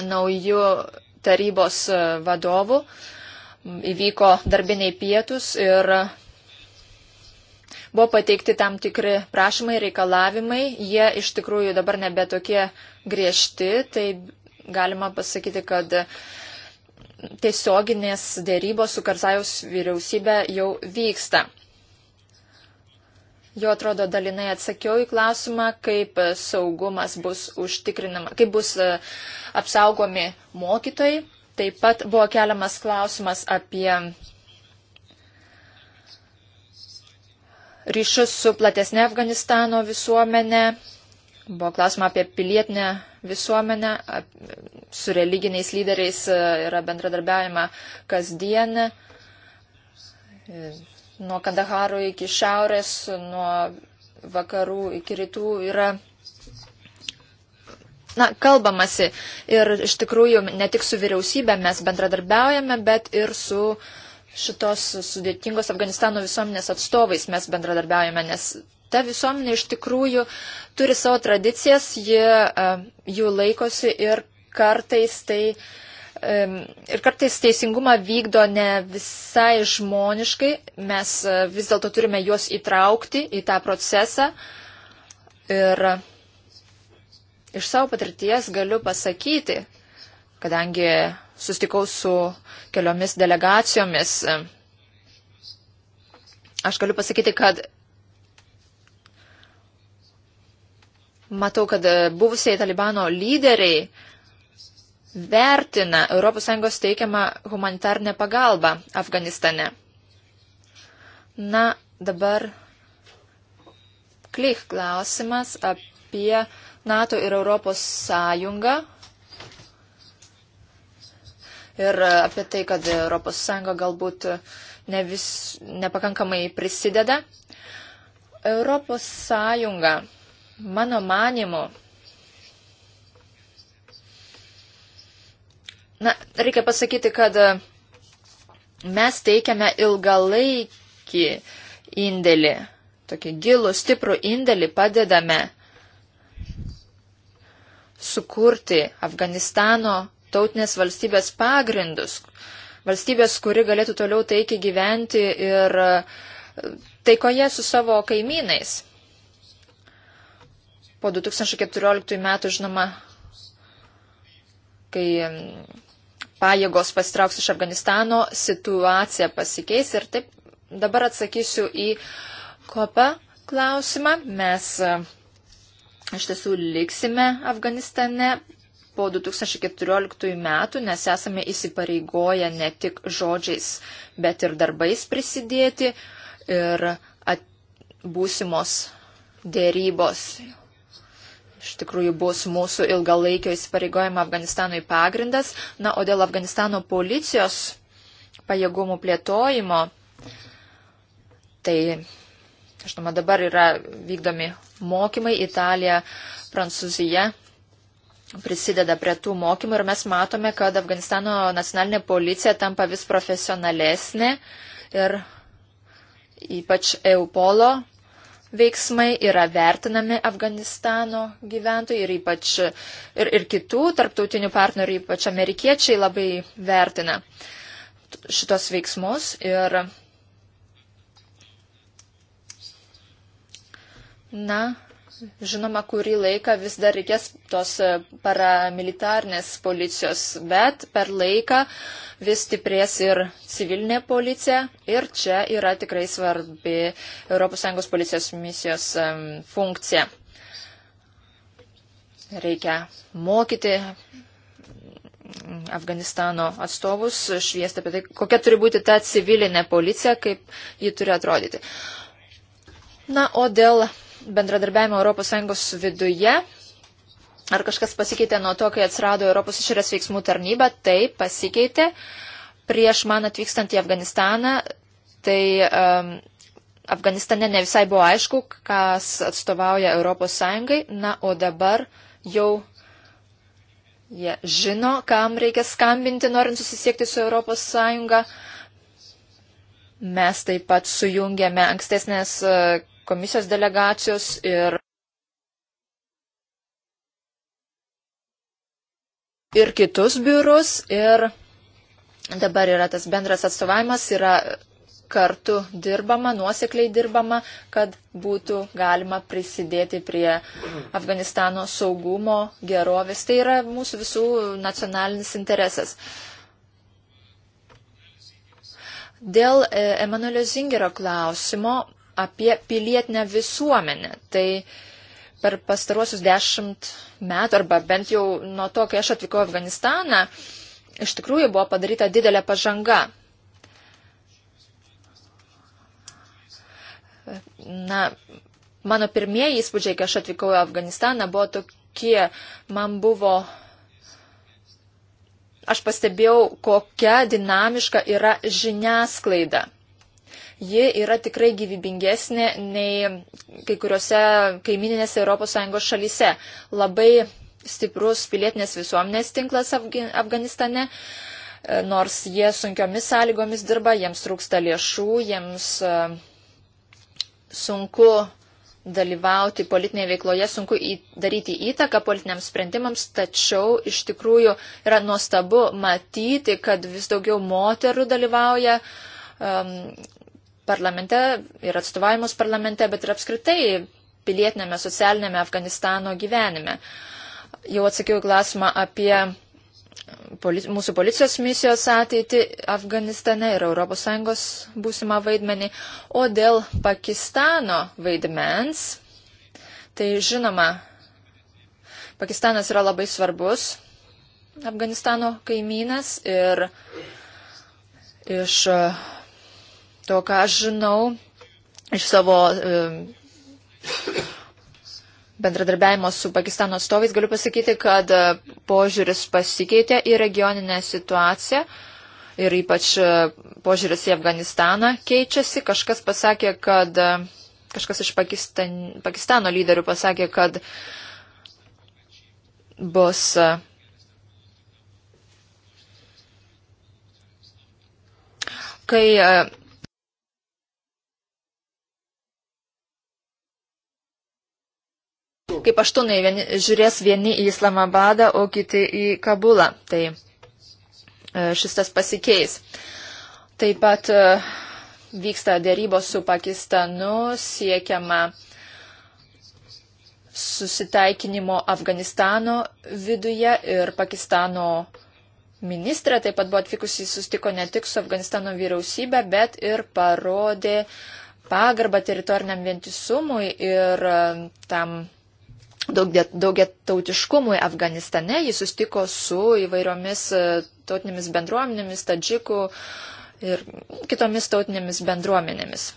nauju tarybos e, vadovu. Įvyko darbiniai pietus ir buvo pateikti tam tikri prašymai, reikalavimai. Jie iš tikrųjų dabar nebe tokie griežti, tai galima pasakyti, kad tiesioginės dėrybos su Karzajaus vyriausybė jau vyksta. Jo atrodo dalinai atsakiau į klausimą, kaip e, saugumas bus užtikrinama, kaip bus e, apsaugomi mokytojai. Taip pat buvo keliamas klausimas apie ryšius su platesne Afganistano visuomenė. Buvo klausima apie pilietinę visuomenę, su religiniais lyderiais e, yra bendradarbiavima kasdien nuo Kandaharo iki šiaurės, nuo vakarų iki rytų yra. Na, kalbamasi ir iš tikrųjų ne tik su vyriausybė mes bendradarbiaujame, bet ir su šitos sudėtingos Afganistano visuomenės atstovais mes bendradarbiaujame, nes ta visuomenė iš tikrųjų turi savo tradicijas, jie, e, jų laikosi ir kartais tai uh, ir kartais teisingumą vykdo ne visai žmoniškai, mes e, vis dėlto turime juos įtraukti į tą procesą. Ir iš savo patirties galiu pasakyti, kadangi sustikau su keliomis delegacijomis, e, aš galiu pasakyti, kad matau, kad e, buvusiai Talibano lyderiai vertina ES teikiamą humanitarnę pagalbą Afganistane. Na, dabar klik klausimas apie NATO ir Europos Sąjungą. Ir apie tai, kad Europos Sąjunga galbūt ne vis, nepakankamai prisideda. Europos Sąjunga, mano manimu, Na, reikia pasakyti, kad e, mes teikiame ilgalaikį indėlį, tokį gilų, stiprų indėlį padedame sukurti Afganistano tautinės valstybės pagrindus, valstybės, kuri galėtų toliau taikiai gyventi ir e, taikoje su savo kaimynais. Po 2014 metų, žinoma, kai pajėgos pasitrauks iš Afganistano, situacija pasikeis ir taip dabar atsakysiu į kopą klausimą. Mes e, iš tiesų liksime Afganistane po 2014 metų, nes esame įsipareigoję ne tik žodžiais, bet ir darbais prisidėti ir at, būsimos dėrybos iš tikrųjų bus mūsų ilgalaikio įsipareigojimo Afganistanui pagrindas. Na, o dėl Afganistano policijos pajėgumų plėtojimo, tai, žinoma, dabar yra vykdomi mokymai Italija, Prancūzija prisideda prie tų mokymų ir mes matome, kad Afganistano nacionalinė policija tampa vis profesionalesnė ir ypač EUPOLO veiksmai yra vertinami Afganistano gyventojai ir ypač ir, ir kitų tarptautinių partnerių, ypač amerikiečiai labai vertina šitos veiksmus ir Na, žinoma, kurį laiką vis dar reikės tos e, paramilitarnės policijos, bet per laiką vis stiprės ir civilinė policija ir čia yra tikrai svarbi ES policijos misijos funkcija. Reikia mokyti Afganistano atstovus, šviesti apie tai, kokia turi būti ta civilinė policija, kaip ji turi atrodyti. Na, o dėl bendradarbiavimo ES viduje. Ar kažkas pasikeitė nuo to, kai atsirado Europos išorės veiksmų tarnyba? Taip, pasikeitė. Prieš man atvykstant į Afganistaną, tai um, Afganistane ne visai buvo aišku, kas atstovauja Europos Sąjungai. Na, o dabar jau jie ja, žino, kam reikia skambinti, norint susisiekti su Europos Sąjunga. Mes taip pat sujungėme ankstesnės komisijos delegacijos ir, ir kitus biurus. Ir dabar yra tas bendras atstovavimas, yra kartu dirbama, nuosekliai dirbama, kad būtų galima prisidėti prie Afganistano saugumo, gerovės. Tai yra mūsų visų nacionalinis interesas. Dėl e, Emanuelio Zingerio klausimo apie pilietinę visuomenę. Tai per pastaruosius dešimt metų, arba bent jau nuo to, kai aš atvykau į Afganistaną, iš tikrųjų buvo padaryta didelė pažanga. Na, mano pirmieji įspūdžiai, kai aš atvykau į Afganistaną, buvo tokie, man buvo aš pastebėjau, kokia dinamiška yra žiniasklaida ji yra tikrai gyvybingesnė nei kai kuriuose kaimininėse ES šalyse. Labai stiprus pilietinės visuomenės tinklas Afganistane e, nors jie sunkiomis sąlygomis dirba, jiems trūksta lėšų, jiems e, sunku dalyvauti politinėje veikloje, sunku į, daryti įtaką politiniams sprendimams, tačiau iš tikrųjų yra nuostabu matyti, kad vis daugiau moterų dalyvauja um, parlamente ir atstovavimus parlamente, bet ir apskritai pilietinėme, socialinėme Afganistano gyvenime. Jau atsakiau klausimą apie polic mūsų policijos misijos ateitį Afganistane ir ES būsimą vaidmenį. O dėl Pakistano vaidmens, tai žinoma, Pakistanas yra labai svarbus Afganistano kaimynas ir iš to, ką aš žinau iš savo bendradarbiavimo su Pakistano atstovais, galiu pasakyti, kad e, požiūris pasikeitė į regioninę situaciją ir ypač e, požiūris į Afganistaną keičiasi. Kažkas pasakė, kad e, kažkas iš Pakistan, Pakistano lyderių pasakė, kad bus kai kaip aštunai vieni, žiūrės vieni į Islamabadą, o kiti į Kabulą. Tai e, šis tas pasikeis. Taip pat e, vyksta dėrybos su Pakistanu, siekiama susitaikinimo Afganistano viduje ir Pakistano ministrė taip pat buvo atvykusi, sustiko ne tik su Afganistano vyriausybė, bet ir parodė pagarbą teritoriniam vientisumui ir e, tam daugiatautiškumui Afganistane. Jis sustiko su įvairiomis e, tautinėmis bendruomenėmis, tadžikų ir kitomis tautinėmis bendruomenėmis.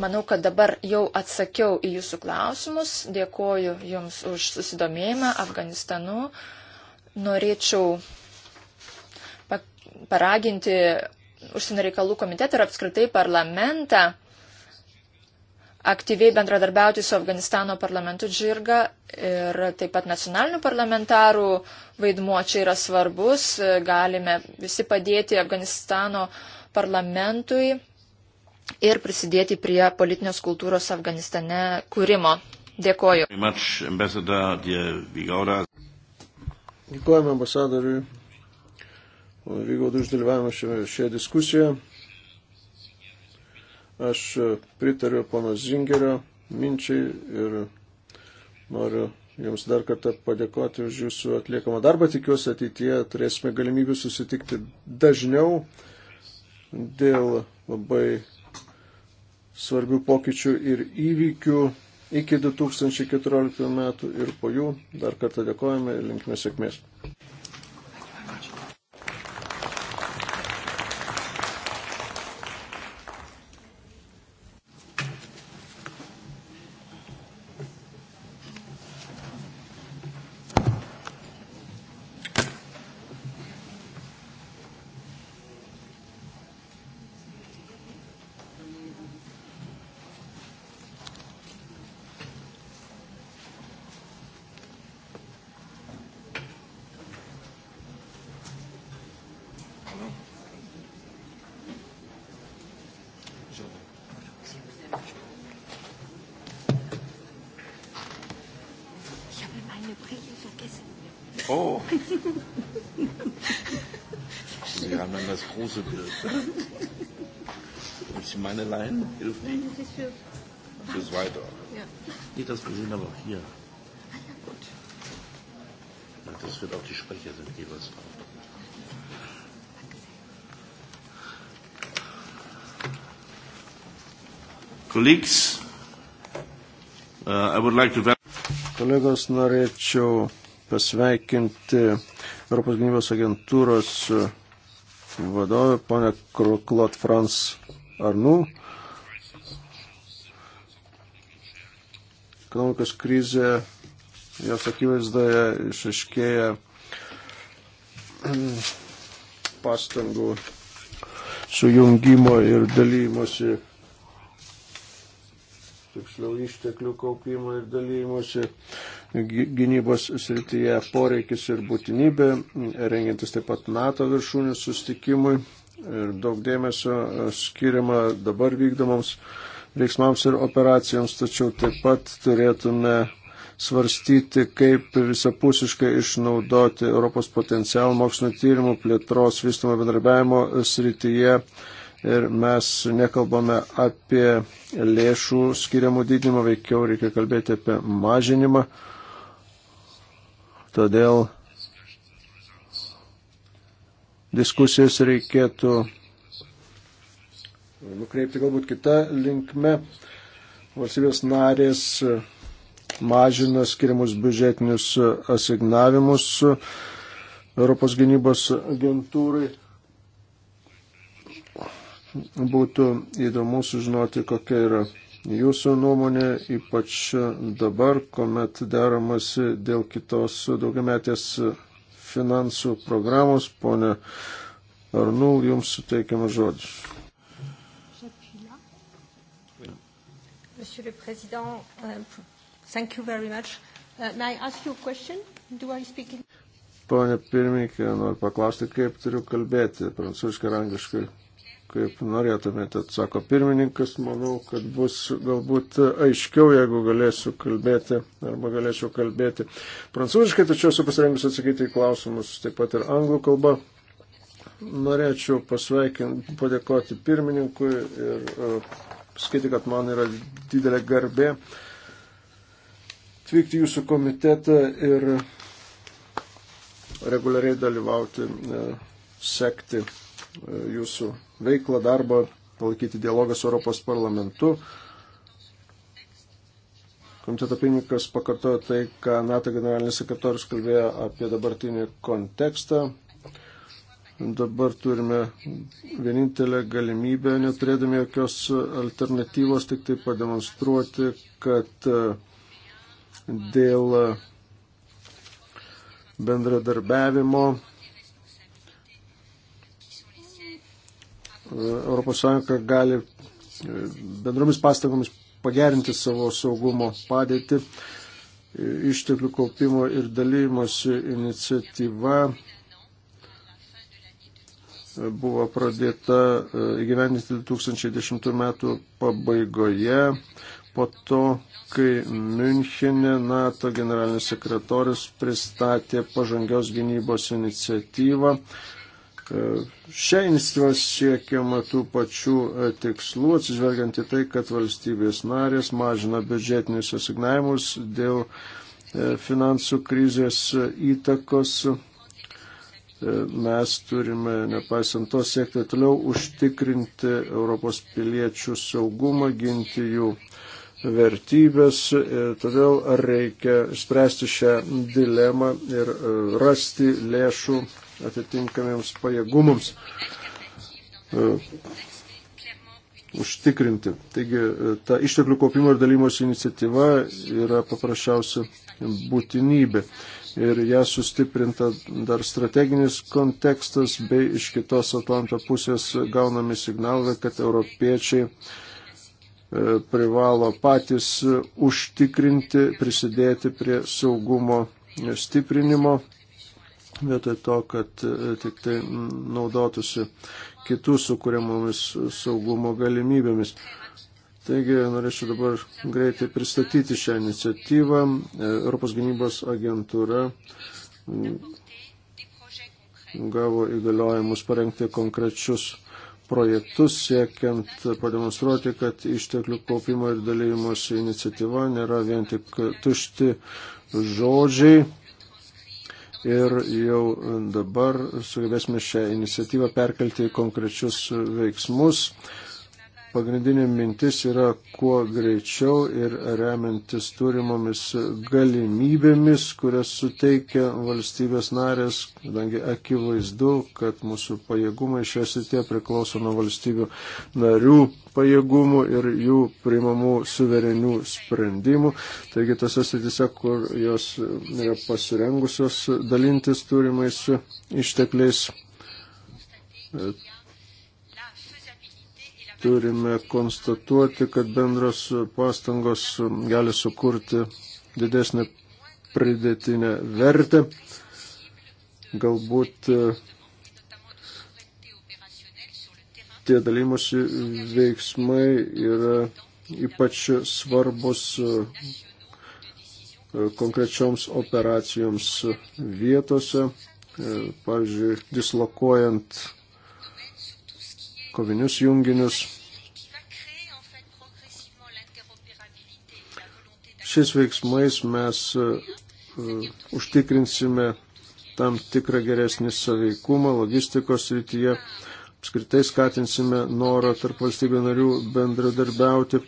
Manau, kad dabar jau atsakiau į jūsų klausimus. Dėkoju Jums už susidomėjimą Afganistanu. Norėčiau paraginti užsienio reikalų komitetą ir apskritai parlamentą aktyviai bendradarbiauti su Afganistano parlamentu Džirga ir taip pat nacionalinių parlamentarų vaidmuo čia yra svarbus. Galime visi padėti Afganistano parlamentui ir prisidėti prie politinės kultūros Afganistane kūrimo. Dėkoju. Dėkojame ambasadoriui Vygaudui už dalyvavimą šioje diskusijoje. Aš pritariu pono Zingerio minčiai ir noriu Jums dar kartą padėkoti už Jūsų atliekamą darbą. Tikiuosi ateityje turėsime galimybių susitikti dažniau dėl labai svarbių pokyčių ir įvykių iki 2014 metų ir po jų. Dar kartą dėkojame ir linkime sėkmės. Nicht das Berlin, aber auch hier. Ah, gut. Ja, das wird auch die Sprecher sind jeweils drauf. Colleagues, uh, I would like to... Kolegos, norėčiau pasveikinti Europos gynybos agentūros uh, vadovę, ponę Klot Frans Arnų. ekonomikos krizė, jos akivaizdoje išaiškėja pastangų sujungimo ir dalymosi, tiksliau išteklių kaupimo ir dalymosi gynybos srityje poreikis ir būtinybė, rengiantis taip pat NATO viršūnių sustikimui ir daug dėmesio e, skiriama dabar vykdomoms veiksmams ir operacijoms, tačiau taip pat turėtume svarstyti, kaip visapusiškai išnaudoti Europos potencialą mokslinio tyrimų plėtros vystumo bendrabiavimo srityje. Ir mes nekalbame apie lėšų skiriamų didinimą, veikiau reikia kalbėti apie mažinimą. Todėl diskusijas reikėtų nukreipti galbūt kitą linkmę. Valstybės narės mažina skiriamus biudžetinius asignavimus Europos gynybos agentūrai. Būtų įdomu sužinoti, kokia yra Jūsų nuomonė, ypač dabar, kuomet deramasi dėl kitos daugiametės finansų programos, ponė Arnul, jums suteikiamas žodis. Monsieur le Président. Um, thank you very much. Uh, may I ask you a question? Do I speak in... Pone pirmininkė, noriu paklausti, kaip turiu kalbėti prancūziškai ir angliškai. Kaip norėtumėte, atsako pirmininkas, manau, kad bus galbūt aiškiau, jeigu galėsiu kalbėti arba galėčiau kalbėti prancūziškai, tačiau esu pasirengus atsakyti į klausimus taip pat ir anglų kalba. Norėčiau pasveikinti, padėkoti pirmininkui ir uh, pasakyti, kad man yra didelė garbė atvykti jūsų komitetą ir reguliariai dalyvauti, e, sekti e, jūsų veiklą, darbą, palaikyti dialogą su Europos parlamentu. Komiteto pirmininkas pakartojo tai, ką NATO generalinis sekretorius kalbėjo apie dabartinį kontekstą, Dabar turime vienintelę galimybę, neturėdami jokios alternatyvos, tik tai pademonstruoti, kad e, dėl e, bendradarbiavimo ES gali e, bendromis pastangomis pagerinti savo saugumo padėtį. Išteklių kaupimo ir dalymosi iniciatyva buvo pradėta e, įgyvendinti 2010 metų pabaigoje, po to, kai Münchenė NATO generalinis sekretorius pristatė pažangios gynybos iniciatyvą. E, šią iniciatyvą siekiama tų pačių e, tikslų, atsižvelgiant į tai, kad valstybės narės mažina biudžetinius asignavimus dėl finansų krizės įtakos E, mes turime, nepaisant to, siekti toliau užtikrinti Europos piliečių saugumą, ginti jų vertybės ir e, todėl reikia spręsti šią dilemą ir e, rasti lėšų atitinkamiems pajėgumams užtikrinti. Taigi ta išteklių kaupimo ir dalymosi iniciatyva yra paprasčiausia būtinybė ir ją sustiprinta dar strateginis kontekstas, bei iš kitos Atlanto pusės gaunami signalai, kad europiečiai e, privalo patys užtikrinti, prisidėti prie saugumo stiprinimo, vietoj to, kad e, tik tai naudotųsi kitų sukūriamomis saugumo galimybėmis. Taigi norėčiau dabar greitai pristatyti šią iniciatyvą. E, Europos gynybos agentūra mm, gavo įgaliojimus parengti konkrečius projektus, siekiant pademonstruoti, kad išteklių kaupimo ir dalymosi iniciatyva nėra vien tik tušti žodžiai. Ir jau dabar sugebėsime šią iniciatyvą perkelti į konkrečius veiksmus. Pagrindinė mintis yra kuo greičiau ir remiantis turimomis galimybėmis, kurias suteikia valstybės narės, kadangi akivaizdu, kad mūsų pajėgumai šioje srityje priklauso nuo valstybių narių pajėgumų ir jų priimamų suverenių sprendimų. Taigi tose srityse, kur jos yra pasirengusios dalintis turimais ištekliais, turime konstatuoti, kad bendros pastangos gali sukurti didesnį pridėtinę vertę. Galbūt e, tie dalymosi veiksmai yra ypač svarbus e, konkrečioms operacijoms vietose, e, pavyzdžiui, dislokuojant kovinius junginius. Šiais veiksmais mes e, e, užtikrinsime tam tikrą geresnį saveikumą logistikos rytyje, apskritai skatinsime norą tarp valstybių narių bendradarbiauti.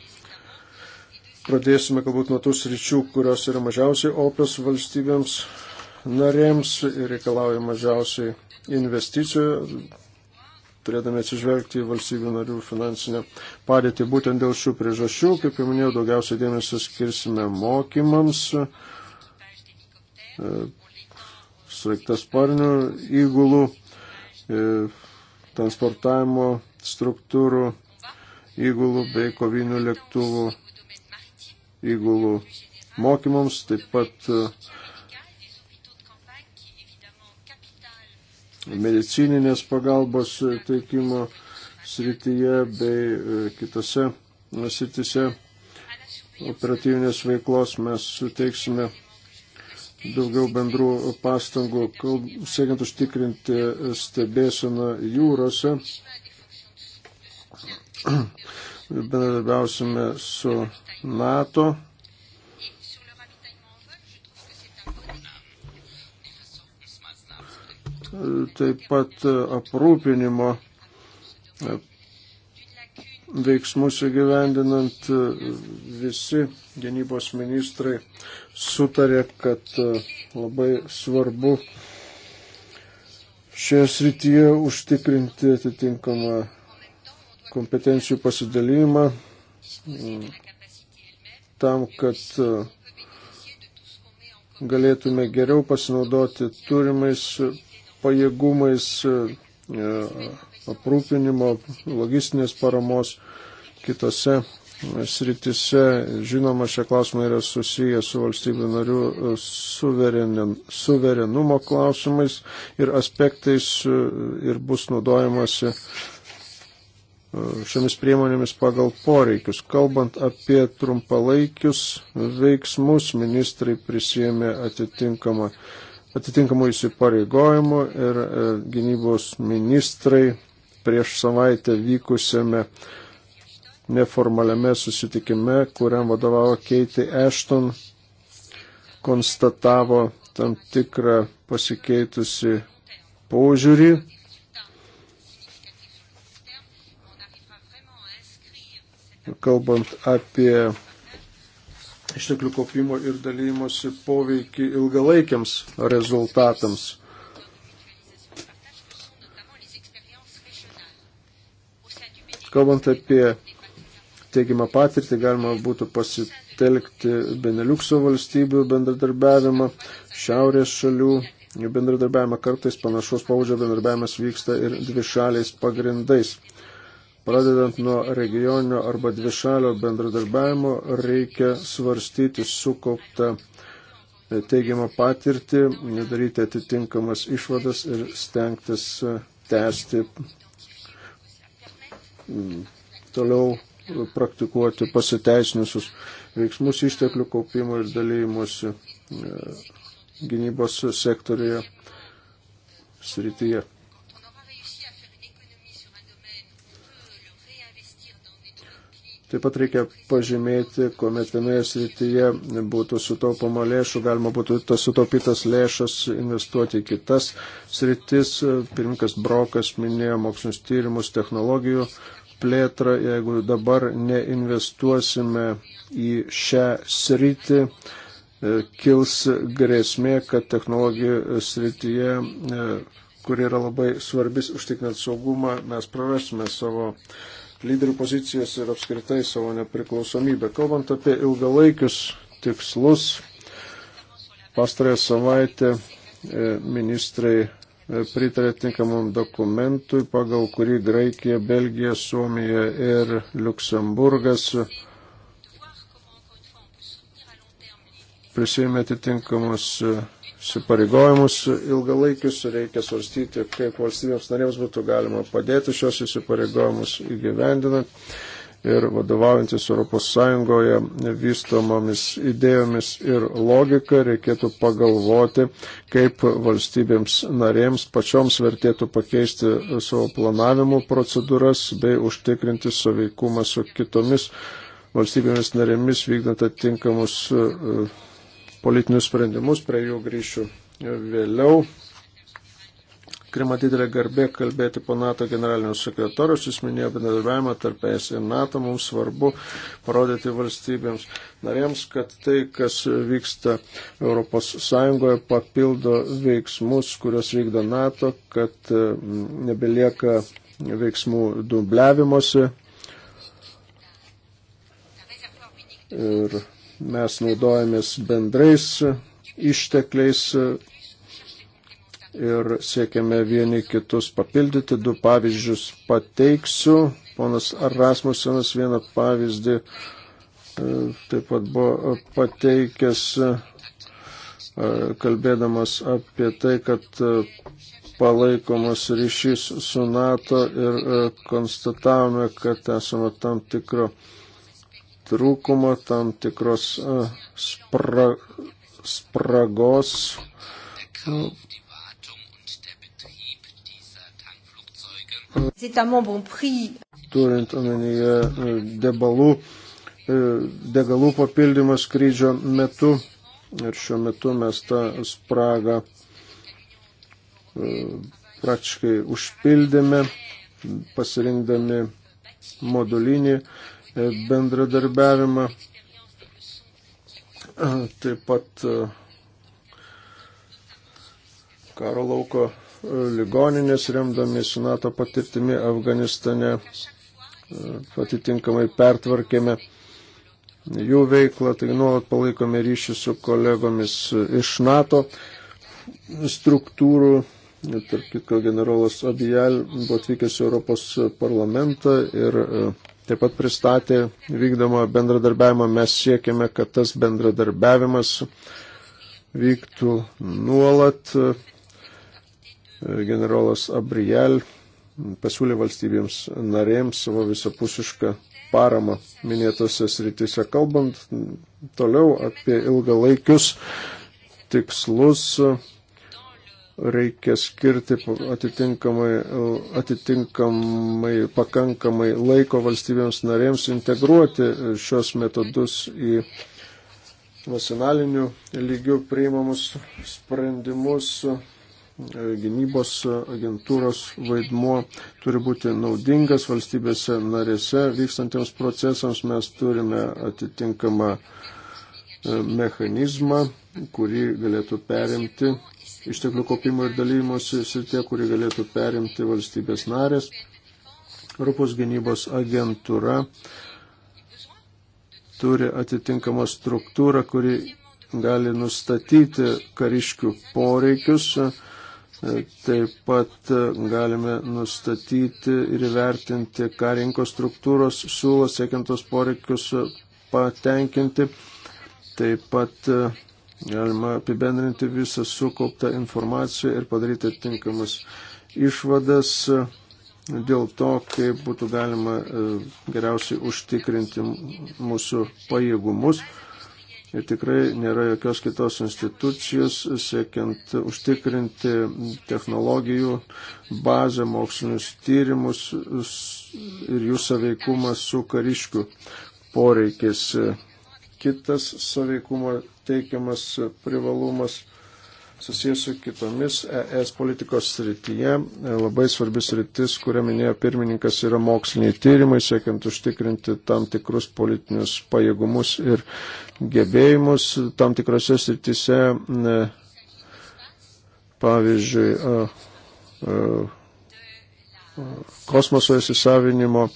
Pradėsime galbūt nuo tų sričių, kurios yra mažiausiai opios valstybėms narėms ir reikalauja mažiausiai investicijų turėdami atsižvelgti į valstybių narių finansinę padėtį. Būtent dėl šių priežasčių, kaip jau minėjau, daugiausia dėmesio skirsime mokymams, e, sraigtasparnių įgulų, e, transportavimo struktūrų įgulų bei kovinių lėktuvų įgulų mokymams, taip pat e, medicininės pagalbos teikimo srityje bei e, kitose srityse operatyvinės veiklos mes suteiksime daugiau bendrų pastangų, kalb, siekiant užtikrinti stebėseną jūrose. Bendradarbiausime su NATO taip pat aprūpinimo veiksmus įgyvendinant visi gynybos ministrai sutarė, kad labai svarbu šioje srityje užtikrinti atitinkamą kompetencijų pasidalymą tam, kad galėtume geriau pasinaudoti turimais pajėgumais, e, e, aprūpinimo, logistinės paramos kitose e, sritise. Žinoma, šie klausimai yra susiję su valstybių narių suverenumo klausimais ir aspektais ir bus naudojamasi šiomis priemonėmis pagal poreikius. Kalbant apie trumpalaikius veiksmus, ministrai prisėmė atitinkamą atitinkamų įsipareigojimų ir e, gynybos ministrai prieš savaitę vykusiame neformaliame susitikime, kuriam vadovavo Keiti Ashton, konstatavo tam tikrą pasikeitusi požiūrį. Kalbant apie išteklių kopimo ir dalymosi poveikį ilgalaikiams rezultatams. Kalbant apie teigiamą patirtį, galima būtų pasitelkti Beneliukso valstybių bendradarbiavimą, šiaurės šalių bendradarbiavimą, kartais panašaus paudžio bendradarbiavimas vyksta ir dvišaliais pagrindais pradedant nuo regioninio arba dvišalio bendradarbiavimo, reikia svarstyti sukauptą e, teigiamą patirtį, daryti atitinkamas išvadas ir stengtis e, tęsti toliau praktikuoti pasiteisinusius veiksmus išteklių kaupimo ir dalymosi e, gynybos sektorijoje srityje. Taip pat reikia pažymėti, kuomet vienoje srityje būtų sutaupama lėšų, galima būtų tas sutaupytas lėšas investuoti į kitas sritis. Pirmininkas Brokas minėjo mokslinius tyrimus, technologijų plėtrą. Jeigu dabar neinvestuosime į šią sritį, e, kils grėsmė, kad technologijų srityje e, kuri yra labai svarbis užtikrinant saugumą, mes prarasime savo uh, lyderių pozicijas ir apskritai savo nepriklausomybę. Kalbant apie ilgalaikius tikslus, pastarąją savaitę e, ministrai e, pritarė tinkamam dokumentui, pagal kurį Graikija, Belgija, Suomija ir Luksemburgas prisėmė atitinkamus e, įsipareigojimus ilgalaikius, reikia svarstyti, kaip valstybėms narėms būtų galima padėti šios įsipareigojimus įgyvendinant ir vadovaujantis ES vystomomis idėjomis ir logika reikėtų pagalvoti, kaip valstybėms narėms pačioms vertėtų pakeisti savo planavimo procedūras bei užtikrinti saveikumą su kitomis valstybėmis narėmis vykdant atitinkamus uh, politinius sprendimus, prie jų grįšiu vėliau. Krima didelė garbė kalbėti po NATO generalinio sekretorius, jis minėjo bendradarbiavimą tarp ES ir NATO, mums svarbu parodyti valstybėms narėms, kad tai, kas vyksta ES, papildo veiksmus, kurios vykdo NATO, kad nebelieka veiksmų dubliavimuose. Ir mes naudojamės bendrais ištekliais ir siekiame vieni kitus papildyti. Du pavyzdžius pateiksiu. Ponas Rasmusenas vieną pavyzdį e, taip pat buvo pateikęs, e, kalbėdamas apie tai, kad e, palaikomas ryšys su NATO ir konstatavome, kad esame tam tikro trūkumą, tam tikros spra, spragos. Turint omenyje debalų, degalų papildymą skrydžio metu ir šiuo metu mes tą spragą praktiškai užpildėme, pasirinkdami modulinį bendradarbiavimą. Taip pat e, karo lauko e, ligoninės remdami su NATO patirtimi Afganistane e, atitinkamai pertvarkėme jų veiklą, tai nuolat palaikome ryšį su kolegomis iš NATO struktūrų. Tarp kitko generolas Abijal buvo atvykęs į Europos parlamentą ir taip pat pristatė vykdomą bendradarbiavimą. Mes siekiame, kad tas bendradarbiavimas vyktų nuolat. Generolas Abrijel pasiūlė valstybėms narėms savo visapusišką paramą minėtose srityse. Kalbant toliau apie ilgalaikius tikslus, reikia skirti atitinkamai, atitinkamai pakankamai laiko valstybėms narėms integruoti šios metodus į nacionalinių lygių priimamus sprendimus. Gynybos agentūros vaidmuo turi būti naudingas valstybėse narėse vykstantiems procesams. Mes turime atitinkamą mechanizmą, kurį galėtų perimti išteklių kopimo ir dalymosi srityje, kurį galėtų perimti valstybės narės. Europos gynybos agentūra turi atitinkamą struktūrą, kuri gali nustatyti kariškių poreikius. Taip pat galime nustatyti ir įvertinti, ką rinkos struktūros siūlo siekiant tos poreikius patenkinti. Taip pat Galima apibendrinti visą sukauptą informaciją ir padaryti tinkamas išvadas dėl to, kaip būtų galima e, geriausiai užtikrinti mūsų pajėgumus. Ir tikrai nėra jokios kitos institucijos, siekiant užtikrinti technologijų bazę, mokslinius tyrimus ir jų saveikumą su kariškių poreikis. Kitas saveikumo teikiamas privalumas susijęs su kitomis ES politikos srityje. Labai svarbis sritis, kurią minėjo pirmininkas, yra moksliniai tyrimai, siekiant užtikrinti tam tikrus politinius pajėgumus ir gebėjimus tam tikrose srityse. Pavyzdžiui, kosmoso įsisavinimo,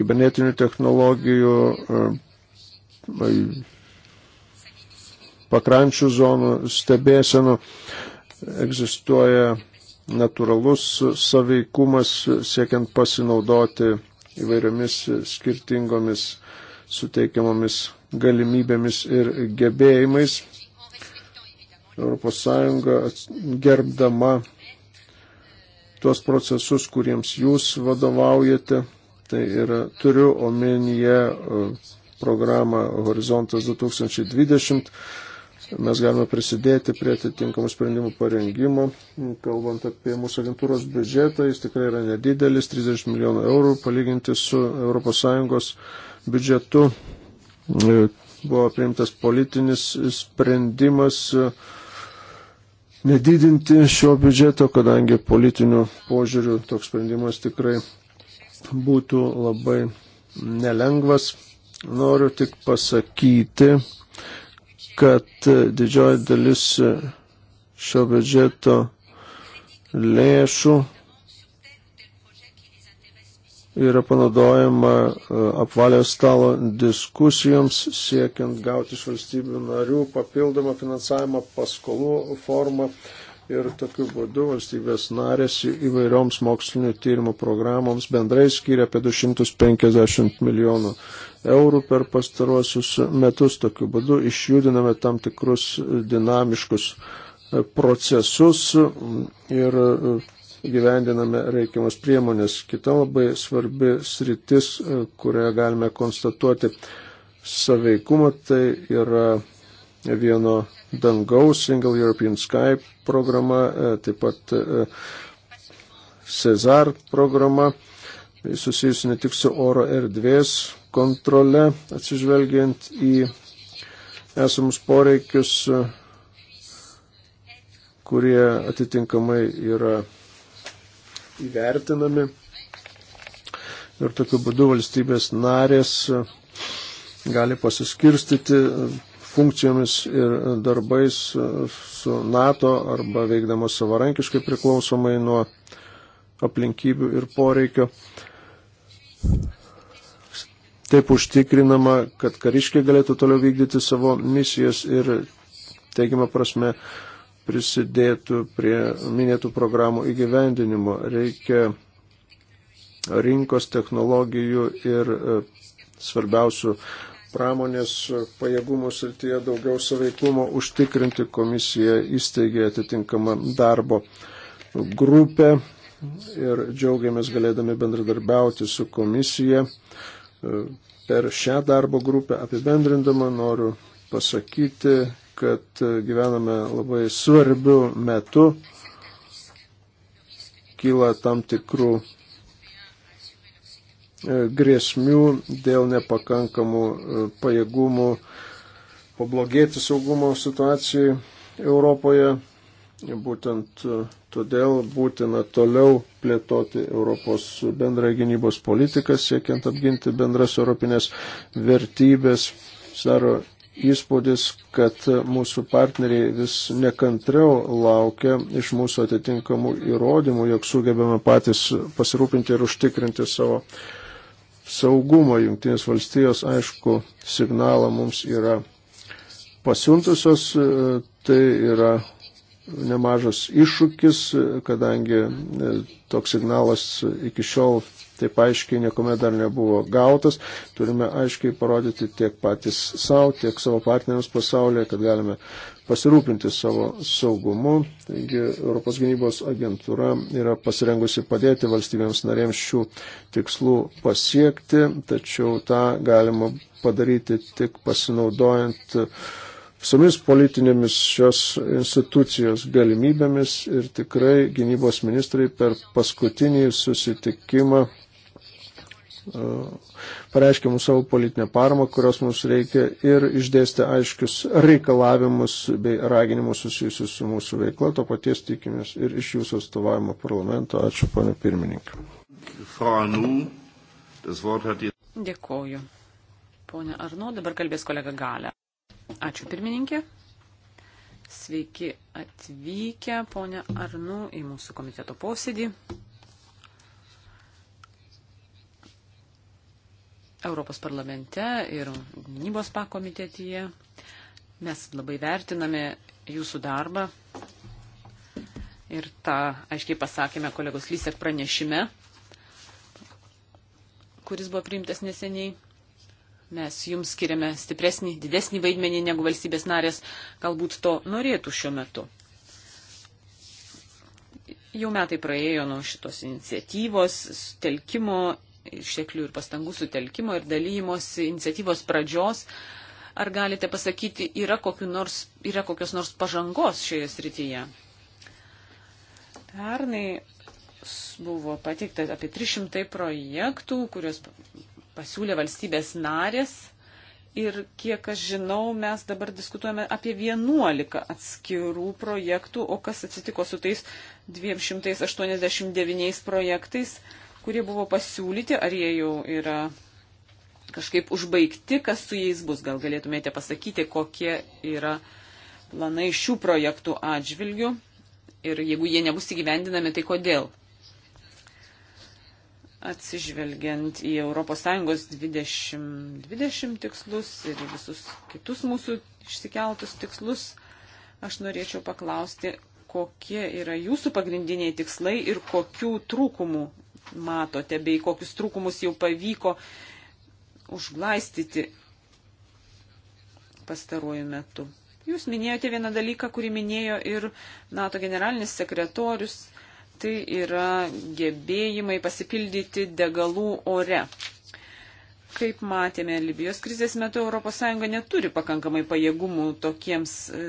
kibernetinių technologijų, pakrančių zonų stebėsenų egzistuoja natūralus saveikumas siekiant pasinaudoti įvairiomis skirtingomis suteikiamomis galimybėmis ir gebėjimais. ES gerbdama tuos procesus, kuriems jūs vadovaujate, tai yra turiu omenyje uh, programą Horizontas 2020. Mes galime prisidėti prie atitinkamų sprendimų parengimo. Kalbant apie mūsų agentūros biudžetą, jis tikrai yra nedidelis - 30 milijonų eurų palyginti su ES biudžetu. Buvo priimtas politinis sprendimas nedidinti šio biudžeto, kadangi politiniu požiūriu toks sprendimas tikrai būtų labai nelengvas. Noriu tik pasakyti, kad didžioji dalis šio biudžeto lėšų yra panaudojama e, apvalio stalo diskusijoms, siekiant gauti iš valstybių narių papildomą finansavimą paskolų formą ir tokiu būdu valstybės narės įvairioms mokslinio tyrimo programoms bendrai skiria apie 250 milijonų eurų eurų per pastaruosius metus. Tokiu būdu išjudiname tam tikrus dinamiškus procesus ir gyvendiname reikiamas priemonės. Kita labai svarbi sritis, kurioje galime konstatuoti saveikumą, tai yra vieno dangaus Single European Sky programa, taip pat Cezar programa, susijusi ne tik su oro erdvės kontrole, atsižvelgiant į esamus poreikius, kurie atitinkamai yra įvertinami. Ir tokiu būdu valstybės narės gali pasiskirstyti funkcijomis ir darbais su NATO arba veikdamos savarankiškai priklausomai nuo aplinkybių ir poreikio. Taip užtikrinama, kad kariškiai galėtų toliau vykdyti savo misijas ir teigiamą prasme prisidėtų prie minėtų programų įgyvendinimo. Reikia rinkos technologijų ir e, svarbiausių pramonės pajėgumų srityje daugiau saveikumo užtikrinti komisija įsteigė atitinkamą darbo grupę ir džiaugiamės galėdami bendradarbiauti su komisija E, per šią darbo grupę apibendrindama noriu pasakyti, kad e, gyvename labai svarbių metų, kyla tam tikrų e, grėsmių dėl nepakankamų pajėgumų pablogėti saugumo situacijai Europoje Būtent e, todėl būtina toliau plėtoti Europos bendrąją gynybos politiką, siekiant apginti bendras europinės vertybės. Saro įspūdis, kad mūsų partneriai vis nekantriau laukia iš mūsų atitinkamų įrodymų, jog sugebėme patys pasirūpinti ir užtikrinti savo saugumą. Junktinės valstijos, aišku, signalą mums yra pasiuntusios, e, tai yra nemažas iššūkis, kadangi e, toks signalas iki šiol taip aiškiai niekuomet dar nebuvo gautas. Turime aiškiai parodyti tiek patys savo, tiek savo partneriams pasaulyje, kad galime pasirūpinti savo saugumu. Taigi Europos gynybos agentūra yra pasirengusi padėti valstybėms narėms šių tikslų pasiekti, tačiau tą galima padaryti tik pasinaudojant uh, visomis politinėmis šios institucijos galimybėmis ir tikrai gynybos ministrai per paskutinį susitikimą e, pareiškė mums savo politinę paramą, kurios mums reikia ir išdėstė aiškius reikalavimus bei raginimus susijusius su mūsų veikla. To paties tikimės ir iš jūsų atstovavimo parlamento. Ačiū, ponė pirmininkė. Dėkoju. Pone Arno, dabar kalbės kolega Galė. Ačiū pirmininkė. Sveiki atvykę, ponia Arnu, į mūsų komiteto posėdį. Europos parlamente ir gynybos pakomitetyje. Mes labai vertiname jūsų darbą ir tą aiškiai pasakėme kolegos Lysek pranešime, kuris buvo priimtas neseniai. Mes jums skiriame stipresnį, didesnį vaidmenį, negu valstybės narės galbūt to norėtų šiuo metu. Jau metai praėjo nuo šitos iniciatyvos, sutelkimo, išteklių ir pastangų sutelkimo ir dalymosi iniciatyvos pradžios. Ar galite pasakyti, yra, nors, yra kokios nors pažangos šioje srityje? Pernai buvo pateikta apie 300 projektų, kuriuos pasiūlė valstybės narės ir kiek aš žinau, mes dabar diskutuojame apie 11 atskirų projektų, o kas atsitiko su tais 289 projektais, kurie buvo pasiūlyti, ar jie jau yra kažkaip užbaigti, kas su jais bus. Gal galėtumėte pasakyti, kokie yra planai šių projektų atžvilgių ir jeigu jie nebus įgyvendinami, tai kodėl? atsižvelgiant į ES 2020 tikslus ir visus kitus mūsų išsikeltus tikslus, aš norėčiau paklausti, kokie yra jūsų pagrindiniai tikslai ir kokių trūkumų matote, bei kokius trūkumus jau pavyko užglaistyti pastaruoju metu. Jūs minėjote vieną dalyką, kurį minėjo ir NATO generalinis sekretorius tai yra gebėjimai pasipildyti degalų ore. Kaip matėme, Libijos krizės metu ES neturi pakankamai pajėgumų tokiems, e,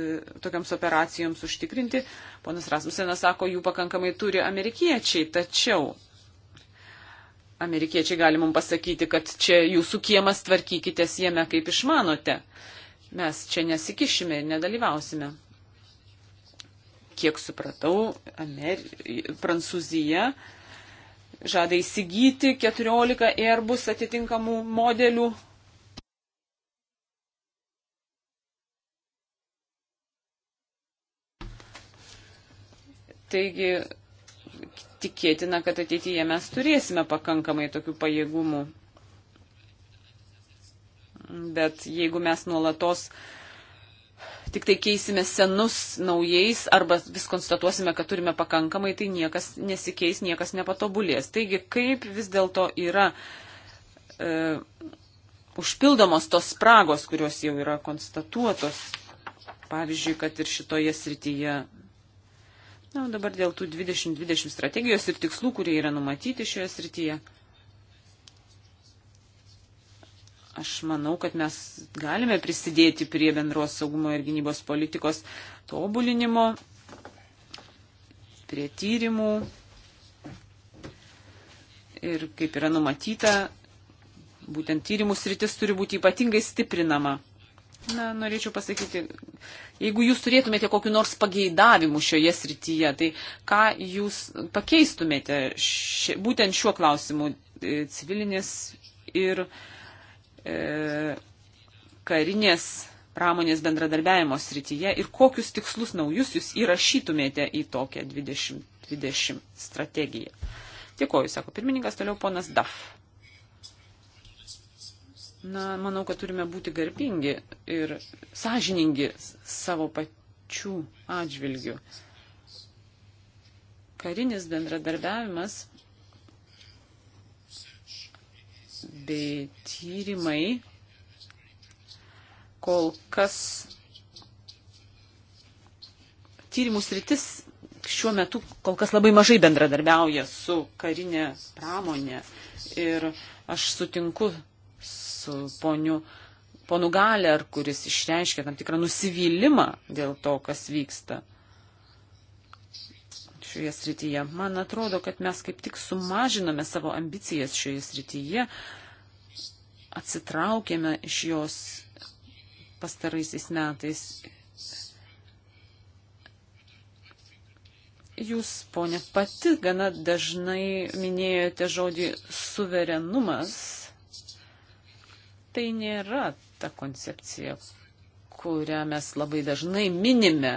tokiams operacijoms užtikrinti. Ponas Rasmusenas sako, jų pakankamai turi amerikiečiai, tačiau amerikiečiai gali mums pasakyti, kad čia jūsų kiemas tvarkykitės jame kaip išmanote. Mes čia nesikišime ir nedalyvausime kiek supratau, Amer... Prancūzija žada įsigyti 14 Airbus atitinkamų modelių. Taigi tikėtina, kad ateityje mes turėsime pakankamai tokių pajėgumų. Bet jeigu mes nuolatos uh, tik tai keisime senus naujais arba vis konstatuosime, kad turime pakankamai, tai niekas nesikeis, niekas nepatobulės. Taigi, kaip vis dėlto yra e, užpildomos tos spragos, kurios jau yra konstatuotos, pavyzdžiui, kad ir šitoje srityje. Na, dabar dėl tų 2020 strategijos ir tikslų, kurie yra numatyti šioje srityje. Aš manau, kad mes galime prisidėti prie bendros saugumo ir gynybos politikos tobulinimo, prie tyrimų ir kaip yra numatyta, būtent tyrimų sritis turi būti ypatingai stiprinama. Na, norėčiau pasakyti, jeigu jūs turėtumėte kokiu nors pageidavimu šioje srityje, tai ką jūs pakeistumėte ši, būtent šiuo klausimu e, civilinės ir uh, E, karinės pramonės bendradarbiavimo srityje ir kokius tikslus naujus jūs įrašytumėte į tokią 2020 strategiją. Dėkoju, sako pirmininkas, toliau ponas Daf. Na, manau, kad turime būti garbingi ir sąžiningi savo pačių atžvilgių. Karinis bendradarbiavimas bei tyrimai kol kas tyrimų sritis šiuo metu kol kas labai mažai bendradarbiauja su karinė pramonė. Ir aš sutinku su poniu, ponu Galer, kuris išreiškia tam tikrą nusivylimą dėl to, kas vyksta šioje srityje. Man atrodo, kad mes kaip tik sumažiname savo ambicijas šioje srityje, atsitraukėme iš jos pastaraisiais metais. Jūs, ponė, pati gana dažnai minėjote žodį suverenumas. Tai nėra ta koncepcija, kurią mes labai dažnai minime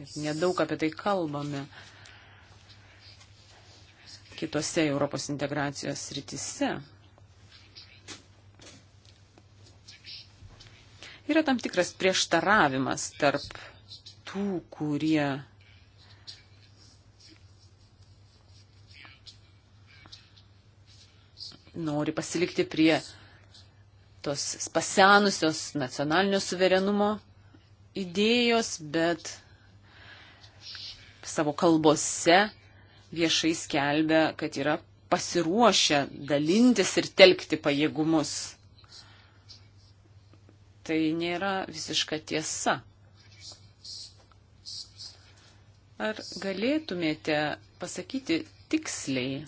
ir nedaug apie tai kalbame kitose Europos integracijos rytise. Yra tam tikras prieštaravimas tarp tų, kurie nori pasilikti prie tos pasenusios nacionalinio suverenumo idėjos, bet savo kalbose viešai skelbia, kad yra pasiruošę dalintis ir telkti pajėgumus. Tai nėra visiška tiesa. Ar galėtumėte pasakyti tiksliai,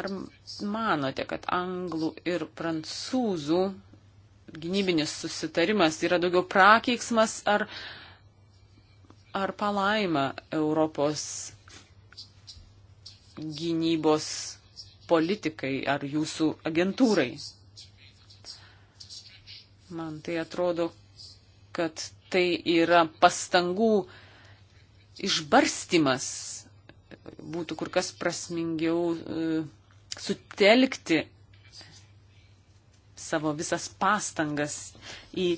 ar manote, kad anglų ir prancūzų gynybinis susitarimas yra daugiau prakeiksmas ar ar palaima Europos gynybos politikai ar jūsų agentūrai. Man tai atrodo, kad tai yra pastangų išbarstimas. Būtų kur kas prasmingiau e, sutelkti savo visas pastangas į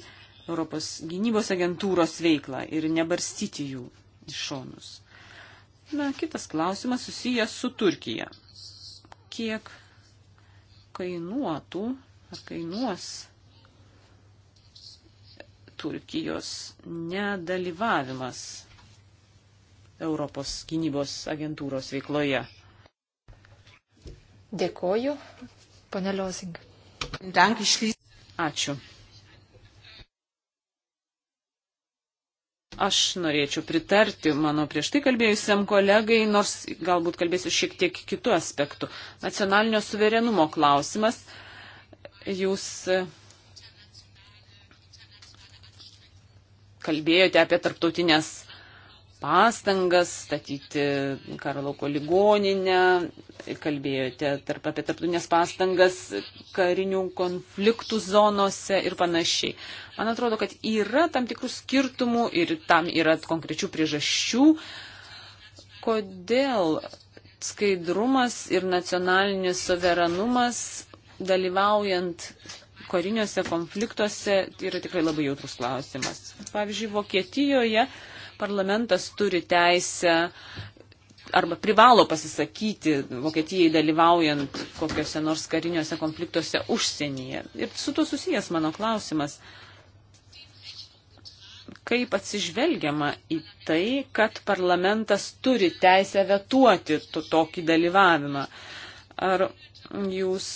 Europos gynybos agentūros veiklą ir nebarstyti jų iš šonus. Na, kitas klausimas susijęs su Turkija. Kiek kainuotų ar kainuos Turkijos nedalyvavimas Europos gynybos agentūros veikloje? Dėkoju, pane Liozing. Ačiū. Aš norėčiau pritarti mano prieš tai kalbėjusiam kolegai, nors galbūt kalbėsiu šiek tiek kitų aspektų. Nacionalinio suverenumo klausimas. Jūs e, kalbėjote apie tarptautinės pastangas statyti Karlauko ligoninę, kalbėjote tarp apie tarptautinės pastangas karinių konfliktų zonose ir panašiai. Man atrodo, kad yra tam tikrų skirtumų ir tam yra konkrečių priežasčių, kodėl skaidrumas ir nacionalinis suverenumas dalyvaujant kariniuose konfliktuose yra tikrai labai jautrus klausimas. Pavyzdžiui, Vokietijoje Parlamentas turi teisę arba privalo pasisakyti Vokietijai dalyvaujant kokiuose nors kariniuose konfliktuose užsienyje. Ir su to susijęs mano klausimas kaip atsižvelgiama į tai, kad parlamentas turi teisę vetuoti to, tokį dalyvavimą. Ar jūs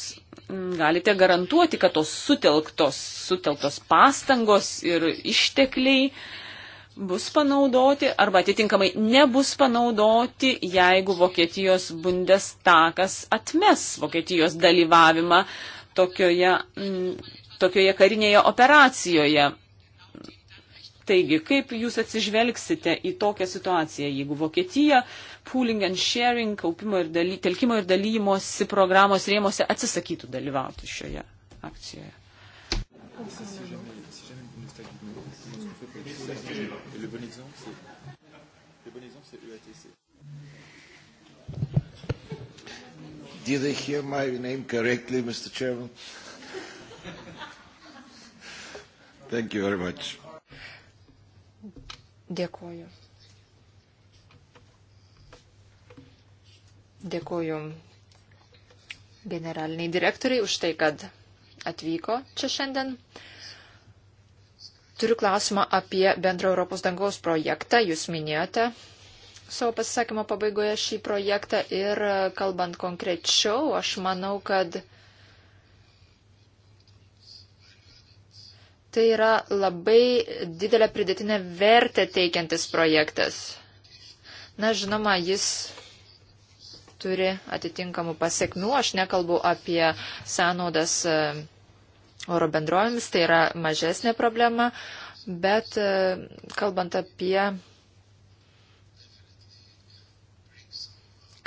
galite garantuoti, kad tos sutelktos, sutelktos pastangos ir ištekliai uh, bus panaudoti arba atitinkamai nebus panaudoti, jeigu Vokietijos bundestakas atmes Vokietijos dalyvavimą tokioje, mm, tokioje karinėje operacijoje. Taigi, kaip jūs atsižvelgsite į tokią situaciją, jeigu Vokietija pooling and sharing, kaupimo ir daly, telkimo ir dalymosi programos rėmose atsisakytų dalyvauti šioje akcijoje? Atsižvelgti. Le bon exemple, c'est le bon exemple, c'est EATC. Did I hear my name correctly, Mr. Chairman? Thank you very much. Dėkoju. Dėkoju generaliniai direktoriai už tai, kad atvyko čia šiandien. Turiu klausimą apie bendrą Europos dangaus projektą. Jūs minėjote savo pasisakymo pabaigoje šį projektą ir e, kalbant konkrečiau, aš manau, kad tai yra labai didelę pridėtinę vertę teikiantis projektas. Na, žinoma, jis turi atitinkamų pasiekmių. Aš nekalbu apie sąnaudas e, oro bendrovėmis, tai yra mažesnė problema, bet e, kalbant apie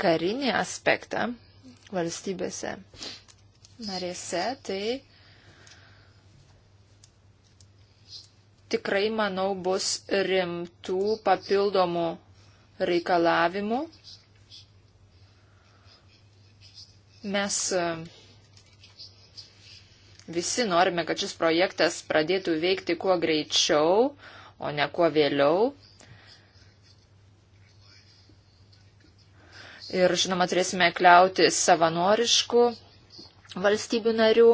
karinį aspektą valstybėse narėse, tai tikrai, manau, bus rimtų papildomų reikalavimų. Mes e, Visi norime, kad šis projektas pradėtų veikti kuo greičiau, o ne kuo vėliau. Ir, žinoma, turėsime kliauti savanoriškų valstybių narių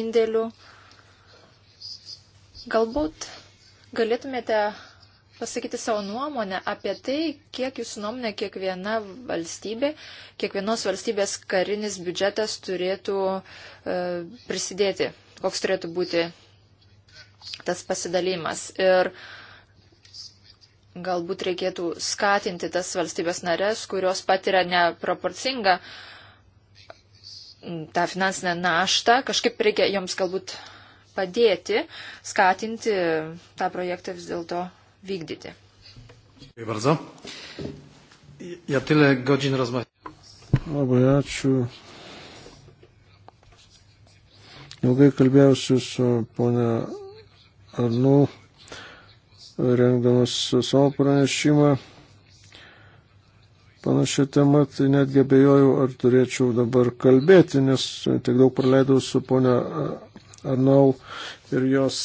indėlių. Galbūt galėtumėte pasakyti savo nuomonę apie tai, kiek jūsų nuomonė kiekviena valstybė, kiekvienos valstybės karinis biudžetas turėtų e, prisidėti, koks turėtų būti tas pasidalimas. Ir galbūt reikėtų skatinti tas valstybės narės, kurios patiria neproporcingą tą finansinę naštą, kažkaip reikia joms galbūt padėti, skatinti tą projektą vis dėlto vykdyti. Labai ačiū. Ilgai kalbėjausi su ponia Arnu, rengdamas savo pranešimą. Panašia tema, tai netgi abejoju, ar turėčiau dabar kalbėti, nes tiek daug praleidau su ponia Arnau ir jos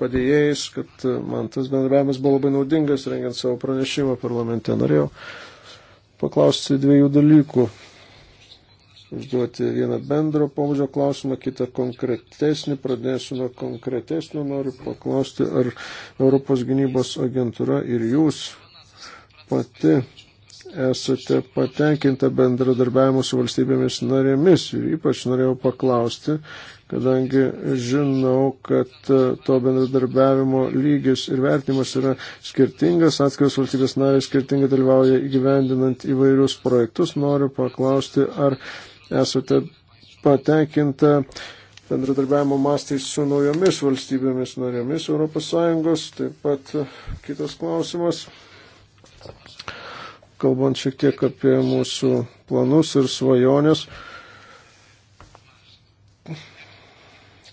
padėjėjais, kad e, man tas bendravimas buvo labai naudingas, rengiant savo pranešimą parlamente. Norėjau paklausti dviejų dalykų. Užduoti vieną bendro pobūdžio klausimą, kitą konkretesnį. Pradėsiu nuo konkretesnio. Noriu paklausti, ar Europos gynybos agentūra ir jūs pati esate patenkinta bendradarbiavimu su valstybėmis narėmis. Ir ypač norėjau paklausti, kadangi žinau, kad e, to bendradarbiavimo lygis ir vertimas yra skirtingas, atskiros valstybės narės skirtingai dalyvauja įgyvendinant įvairius projektus. Noriu paklausti, ar esate patenkinta bendradarbiavimo mastais su naujomis valstybėmis narėmis ES. Taip pat e, kitas klausimas, kalbant šiek tiek apie mūsų planus ir svajonės.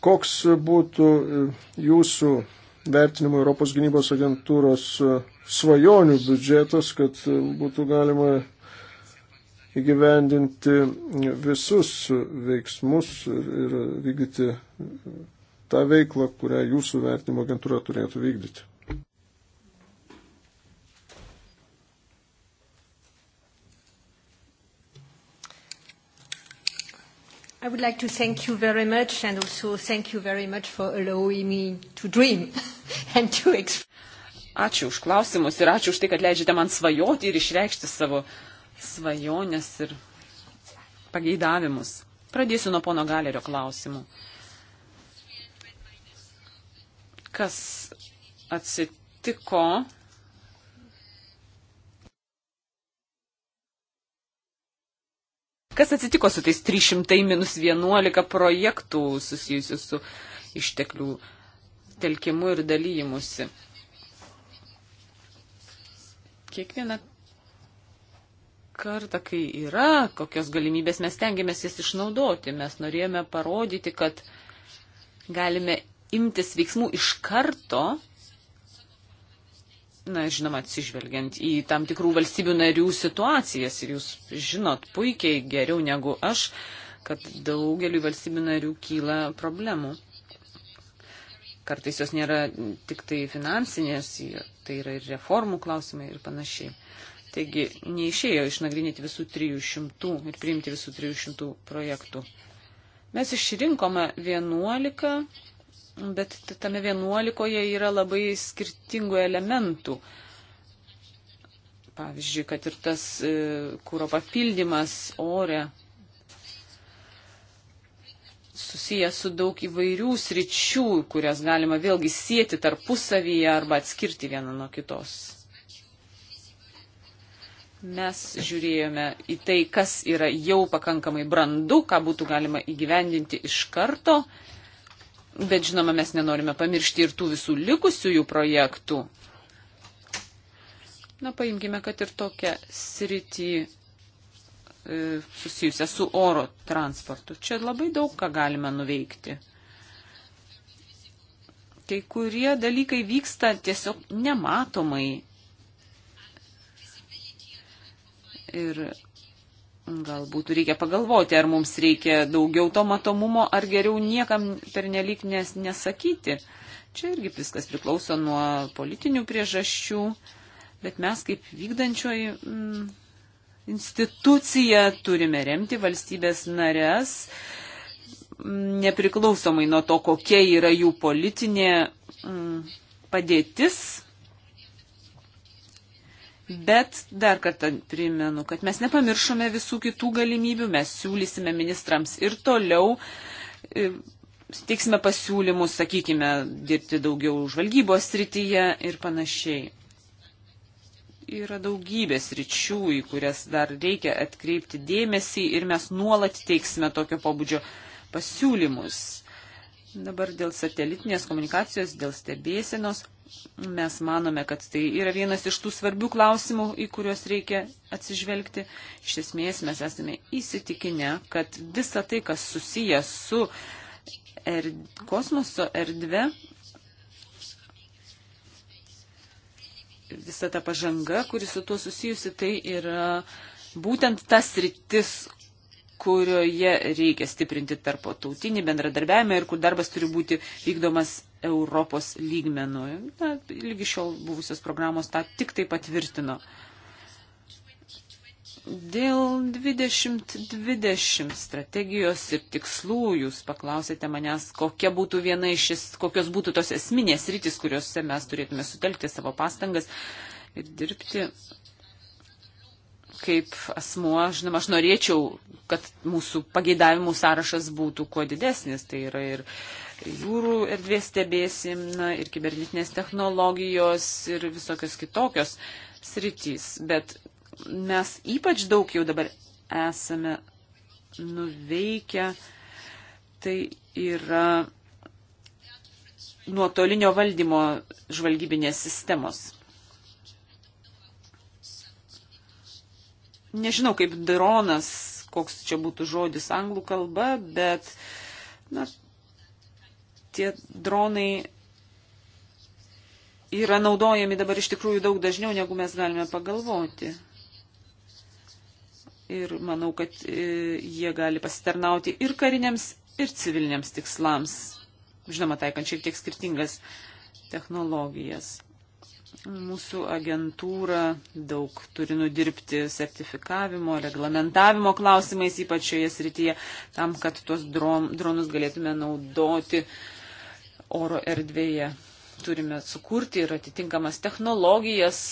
Koks būtų e, jūsų vertinimo Europos gynybos agentūros e, svajonių biudžetas, kad e, būtų galima įgyvendinti visus veiksmus ir, ir vykdyti tą veiklą, kurią jūsų vertinimo agentūra turėtų vykdyti. I would like to thank you very much and also thank you very much for allowing me to dream [laughs] and to express. Ačiū už klausimus ir ačiū už tai, kad leidžiate man svajoti ir išreikšti savo svajonės ir pageidavimus. Pradėsiu nuo pono Galerio klausimų. Kas atsitiko Kas atsitiko su tais 300 minus 11 projektų susijusių su išteklių telkimu ir dalyjimusi? Kiekvieną kartą, kai yra kokios galimybės, mes tengiamės jas išnaudoti. Mes norėjome parodyti, kad galime imtis veiksmų iš karto Na, žinoma, atsižvelgiant į tam tikrų valstybių narių situacijas ir jūs žinot puikiai geriau negu aš, kad daugeliu valstybių narių kyla problemų. Kartais jos nėra tik tai finansinės, tai yra ir reformų klausimai ir panašiai. Taigi neišėjo išnagrinėti visų 300 ir priimti visų 300 projektų. Mes išrinkome 11 bet tame vienuolikoje yra labai skirtingų elementų. Pavyzdžiui, kad ir tas e, kūro papildymas ore susijęs su daug įvairių sričių, kurias galima vėlgi sieti tarpusavyje arba atskirti vieną nuo kitos. Mes žiūrėjome į tai, kas yra jau pakankamai brandu, ką būtų galima įgyvendinti iš karto, uh, Bet žinoma, mes nenorime pamiršti ir tų visų likusiųjų projektų. Na, paimkime, kad ir tokią sritį e, susijusią su oro transportu. Čia labai daug ką galime nuveikti. Kai kurie dalykai vyksta tiesiog nematomai. Ir Galbūt reikia pagalvoti, ar mums reikia daugiau to matomumo, ar geriau niekam pernelyg nes, nesakyti. Čia irgi viskas priklauso nuo politinių priežasčių, bet mes kaip vykdančioji mm, institucija turime remti valstybės narės, mm, nepriklausomai nuo to, kokia yra jų politinė mm, padėtis Bet dar kartą primenu, kad mes nepamiršome visų kitų galimybių, mes siūlysime ministrams ir toliau, e, teiksime pasiūlymus, sakykime, dirbti daugiau žvalgybos srityje ir panašiai. Yra daugybės ryčių, į kurias dar reikia atkreipti dėmesį ir mes nuolat teiksime tokio pobūdžio pasiūlymus. Dabar dėl satelitinės komunikacijos, dėl stebėsienos mes manome, kad tai yra vienas iš tų svarbių klausimų, į kuriuos reikia atsižvelgti. Iš esmės mes esame įsitikinę, kad visa tai, kas susijęs su er, kosmoso erdve, visa ta pažanga, kuri su tuo susijusi, tai yra būtent tas rytis, kurioje reikia stiprinti tarpo tautinį bendradarbiavimą ir kur darbas turi būti vykdomas Europos lygmenu. Na, lygi šiol buvusios programos tą tik tai patvirtino. Dėl 2020 strategijos ir tikslų jūs paklausėte manęs, kokia būtų viena iš, es, kokios būtų tos esminės rytis, kuriuose mes turėtume sutelkti savo pastangas ir dirbti kaip asmuo, žinoma, aš norėčiau, kad mūsų pageidavimų sąrašas būtų kuo didesnis. Tai yra ir jūrų erdvės stebėsina, ir kibernetinės technologijos, ir visokios kitokios sritys. Bet mes ypač daug jau dabar esame nuveikę. Tai yra nuotolinio valdymo žvalgybinės sistemos. nežinau kaip dronas, koks čia būtų žodis anglų kalba, bet na, tie dronai yra naudojami dabar iš tikrųjų daug dažniau, negu mes galime pagalvoti. Ir manau, kad e, jie gali pasitarnauti ir kariniams, ir civiliniams tikslams. Žinoma, taikant šiek tiek skirtingas technologijas. Mūsų agentūra daug turi nudirbti sertifikavimo, reglamentavimo klausimais, ypač šioje srityje, tam, kad tuos dronus galėtume naudoti oro erdvėje. Turime sukurti ir atitinkamas technologijas,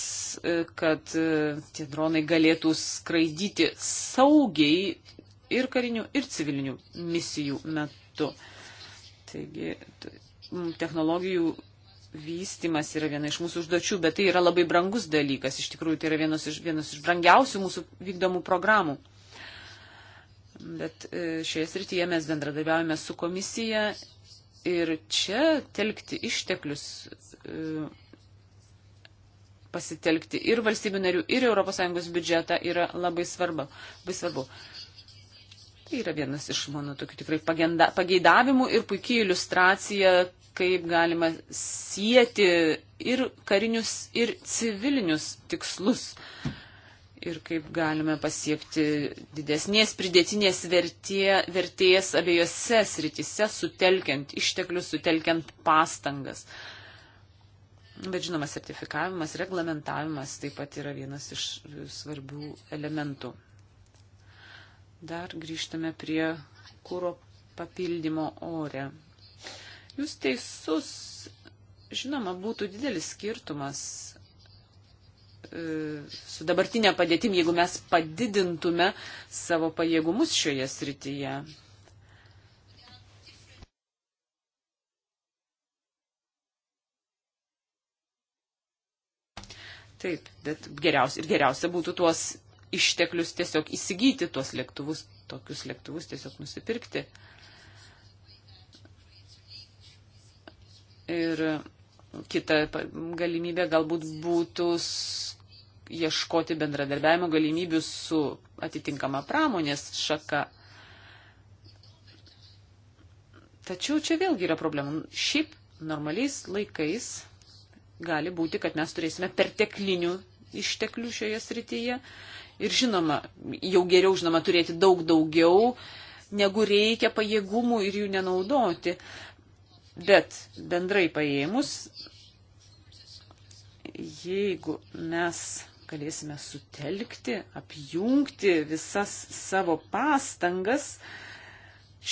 e, kad e, tie dronai galėtų skraidyti saugiai ir karinių, ir civilinių misijų metu. Taigi technologijų vystimas yra viena iš mūsų užduočių, bet tai yra labai brangus dalykas. Iš tikrųjų, tai yra vienas iš, vienas iš brangiausių mūsų vykdomų programų. Bet e, šioje srityje mes bendradarbiavame su komisija ir čia telkti išteklius, e, pasitelkti ir valstybių narių, ir ES biudžetą yra labai svarbu. Labai svarbu. Tai yra vienas iš mano tokių tikrai pagenda, pageidavimų ir puikiai iliustracija, kaip galima sieti ir karinius, ir civilinius tikslus. Ir kaip galime pasiekti didesnės pridėtinės vertė, vertės abiejose sritise, sutelkiant išteklius, sutelkiant pastangas. Bet žinoma, sertifikavimas, reglamentavimas taip pat yra vienas iš svarbių elementų. Dar grįžtame prie kūro papildymo ore. Jūs teisus, žinoma, būtų didelis skirtumas e, su dabartinė padėtim, jeigu mes padidintume savo pajėgumus šioje srityje. Taip, bet geriausia, ir geriausia būtų tuos išteklius tiesiog įsigyti tuos lėktuvus, tokius lėktuvus tiesiog nusipirkti. Ir kita galimybė galbūt būtų ieškoti bendradarbiavimo galimybių su atitinkama pramonės šaka. Tačiau čia vėlgi yra problema. Šiaip normaliais laikais gali būti, kad mes turėsime perteklinių išteklių šioje srityje Ir žinoma, jau geriau žinoma turėti daug daugiau, negu reikia pajėgumų ir jų nenaudoti. Bet bendrai paėmus, jeigu mes galėsime sutelkti, apjungti visas savo pastangas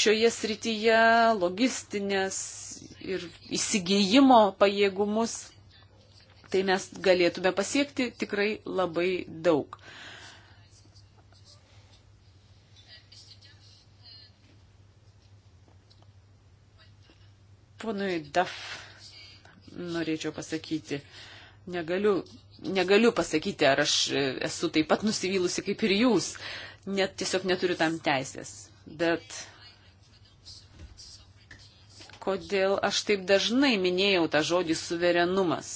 šioje srityje, logistinės ir įsigijimo pajėgumus, tai mes galėtume pasiekti tikrai labai daug. Ponui Daf norėčiau pasakyti, negaliu, negaliu pasakyti, ar aš e, esu taip pat nusivylusi kaip ir jūs. Net tiesiog neturiu tam teisės. Bet kodėl aš taip dažnai minėjau tą žodį suverenumas?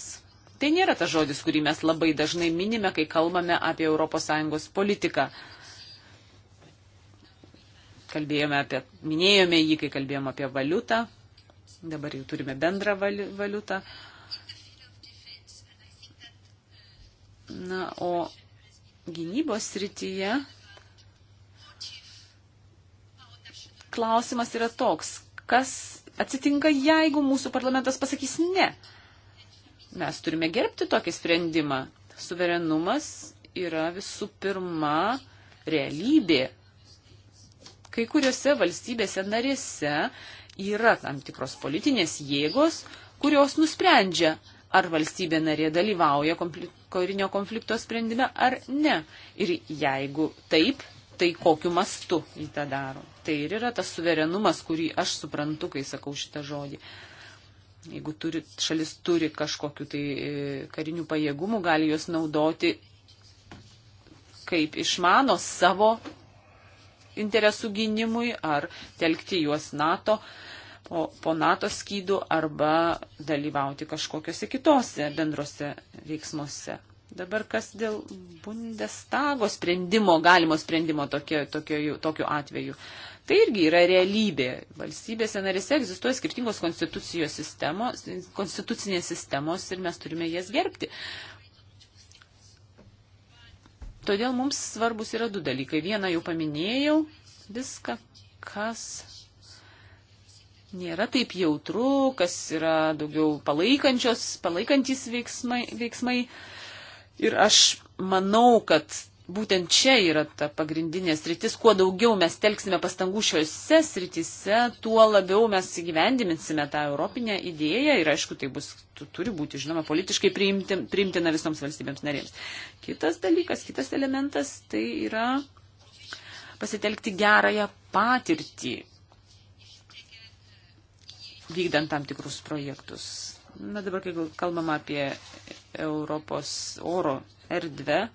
Tai nėra tas žodis, kurį mes labai dažnai minime, kai kalbame apie ES politiką. Kalbėjome apie, minėjome jį, kai kalbėjome apie valiutą, Dabar jau turime bendrą valiutą. Na, o gynybos srityje klausimas yra toks, kas atsitinka, jeigu mūsų parlamentas pasakys ne. Mes turime gerbti tokį sprendimą. Suverenumas yra visų pirma realybė. Kai kuriuose valstybėse narėse yra tam tikros politinės jėgos, kurios nusprendžia, ar valstybė narė dalyvauja konflik karinio konflikto sprendime ar ne. Ir jeigu taip, tai kokiu mastu jį tą daro. Tai ir yra tas suverenumas, kurį aš suprantu, kai sakau šitą žodį. Jeigu turi, šalis turi kažkokiu tai e, karinių pajėgumų, gali juos naudoti kaip išmano savo interesų gynimui ar telkti juos NATO, po, po NATO skydų arba dalyvauti kažkokiuose kitose bendrose veiksmuose. Dabar kas dėl Bundestago sprendimo, galimo sprendimo tokio, tokio, tokiu atveju. Tai irgi yra realybė. Valstybėse narėse egzistuoja skirtingos sistemos, konstitucinės sistemos ir mes turime jas gerbti. Todėl mums svarbus yra du dalykai. Vieną jau paminėjau, viską, kas nėra taip jautru, kas yra daugiau palaikančios, palaikantis veiksmai. veiksmai. Ir aš manau, kad būtent čia yra ta pagrindinė sritis. Kuo daugiau mes telksime pastangų šiuose sritise, tuo labiau mes įgyvendiminsime tą europinę idėją ir, aišku, tai bus, turi būti, žinoma, politiškai priimti, priimtina visoms valstybėms narėms. Kitas dalykas, kitas elementas tai yra pasitelkti gerąją patirtį vykdant tam tikrus projektus. Na dabar, kai kalbam apie Europos oro erdvę,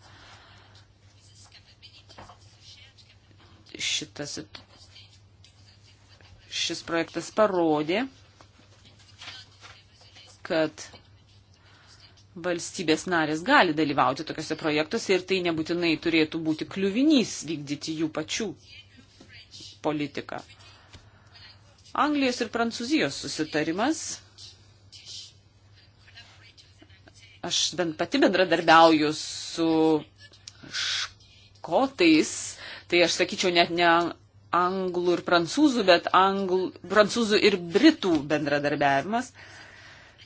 šitas, šis projektas parodė, kad valstybės narės gali dalyvauti tokiuose projektuose ir tai nebūtinai turėtų būti kliuvinys vykdyti jų pačių politiką. Anglijos ir Prancūzijos susitarimas. Aš bent pati bendradarbiauju su škotais tai aš sakyčiau net ne anglų ir prancūzų, bet anglų, prancūzų ir britų bendradarbiavimas.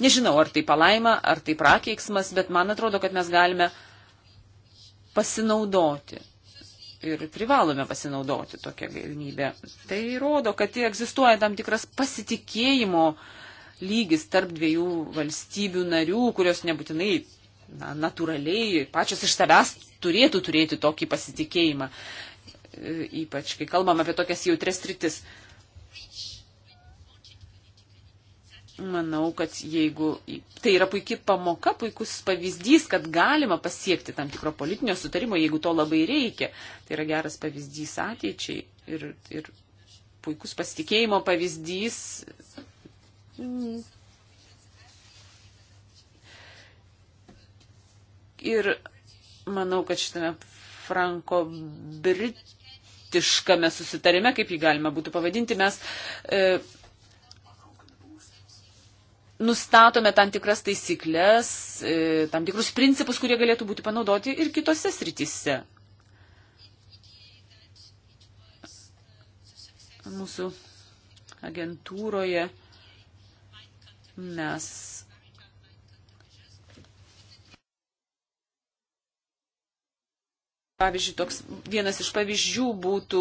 Nežinau, ar tai palaima, ar tai prakeiksmas, bet man atrodo, kad mes galime pasinaudoti ir privalome pasinaudoti tokią galimybę. Tai rodo, kad tai egzistuoja tam tikras pasitikėjimo lygis tarp dviejų valstybių narių, kurios nebūtinai na, natūraliai pačios iš savęs turėtų turėti tokį pasitikėjimą ypač kai kalbam apie tokias jautres rytis. Manau, kad jeigu tai yra puikia pamoka, puikus pavyzdys, kad galima pasiekti tam tikro politinio sutarimo, jeigu to labai reikia. Tai yra geras pavyzdys ateičiai ir, ir puikus pasitikėjimo pavyzdys Ir manau, kad šitame franko-britų politiškame susitarime, kaip jį galima būtų pavadinti, mes e, nustatome tam tikras taisyklės, e, tam tikrus principus, kurie galėtų būti panaudoti ir kitose srityse. Mūsų agentūroje mes Pavyzdžiui, toks vienas iš pavyzdžių būtų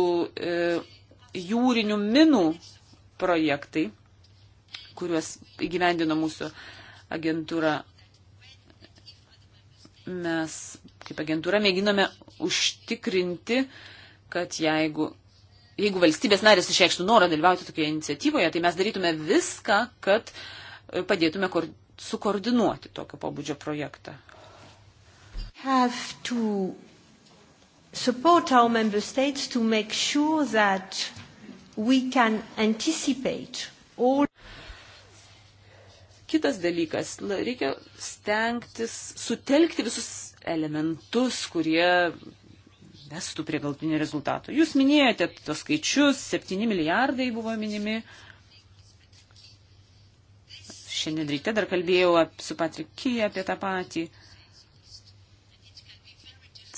e, jūrinių minų projektai, kuriuos įgyvendino mūsų agentūra. Mes kaip agentūra mėginame užtikrinti, kad jeigu, jeigu valstybės narės išreikštų norą dalyvauti tokioje iniciatyvoje, tai mes darytume viską, kad padėtume kor, sukoordinuoti tokio pobūdžio projektą. Have to support our member states to make sure that we can anticipate all Kitas dalykas, reikia stengtis sutelkti visus elementus, kurie vestų prie galtinio rezultato. Jūs minėjote tos skaičius, 7 milijardai buvo minimi. Šiandien ryte dar kalbėjau su Patrikija apie tą patį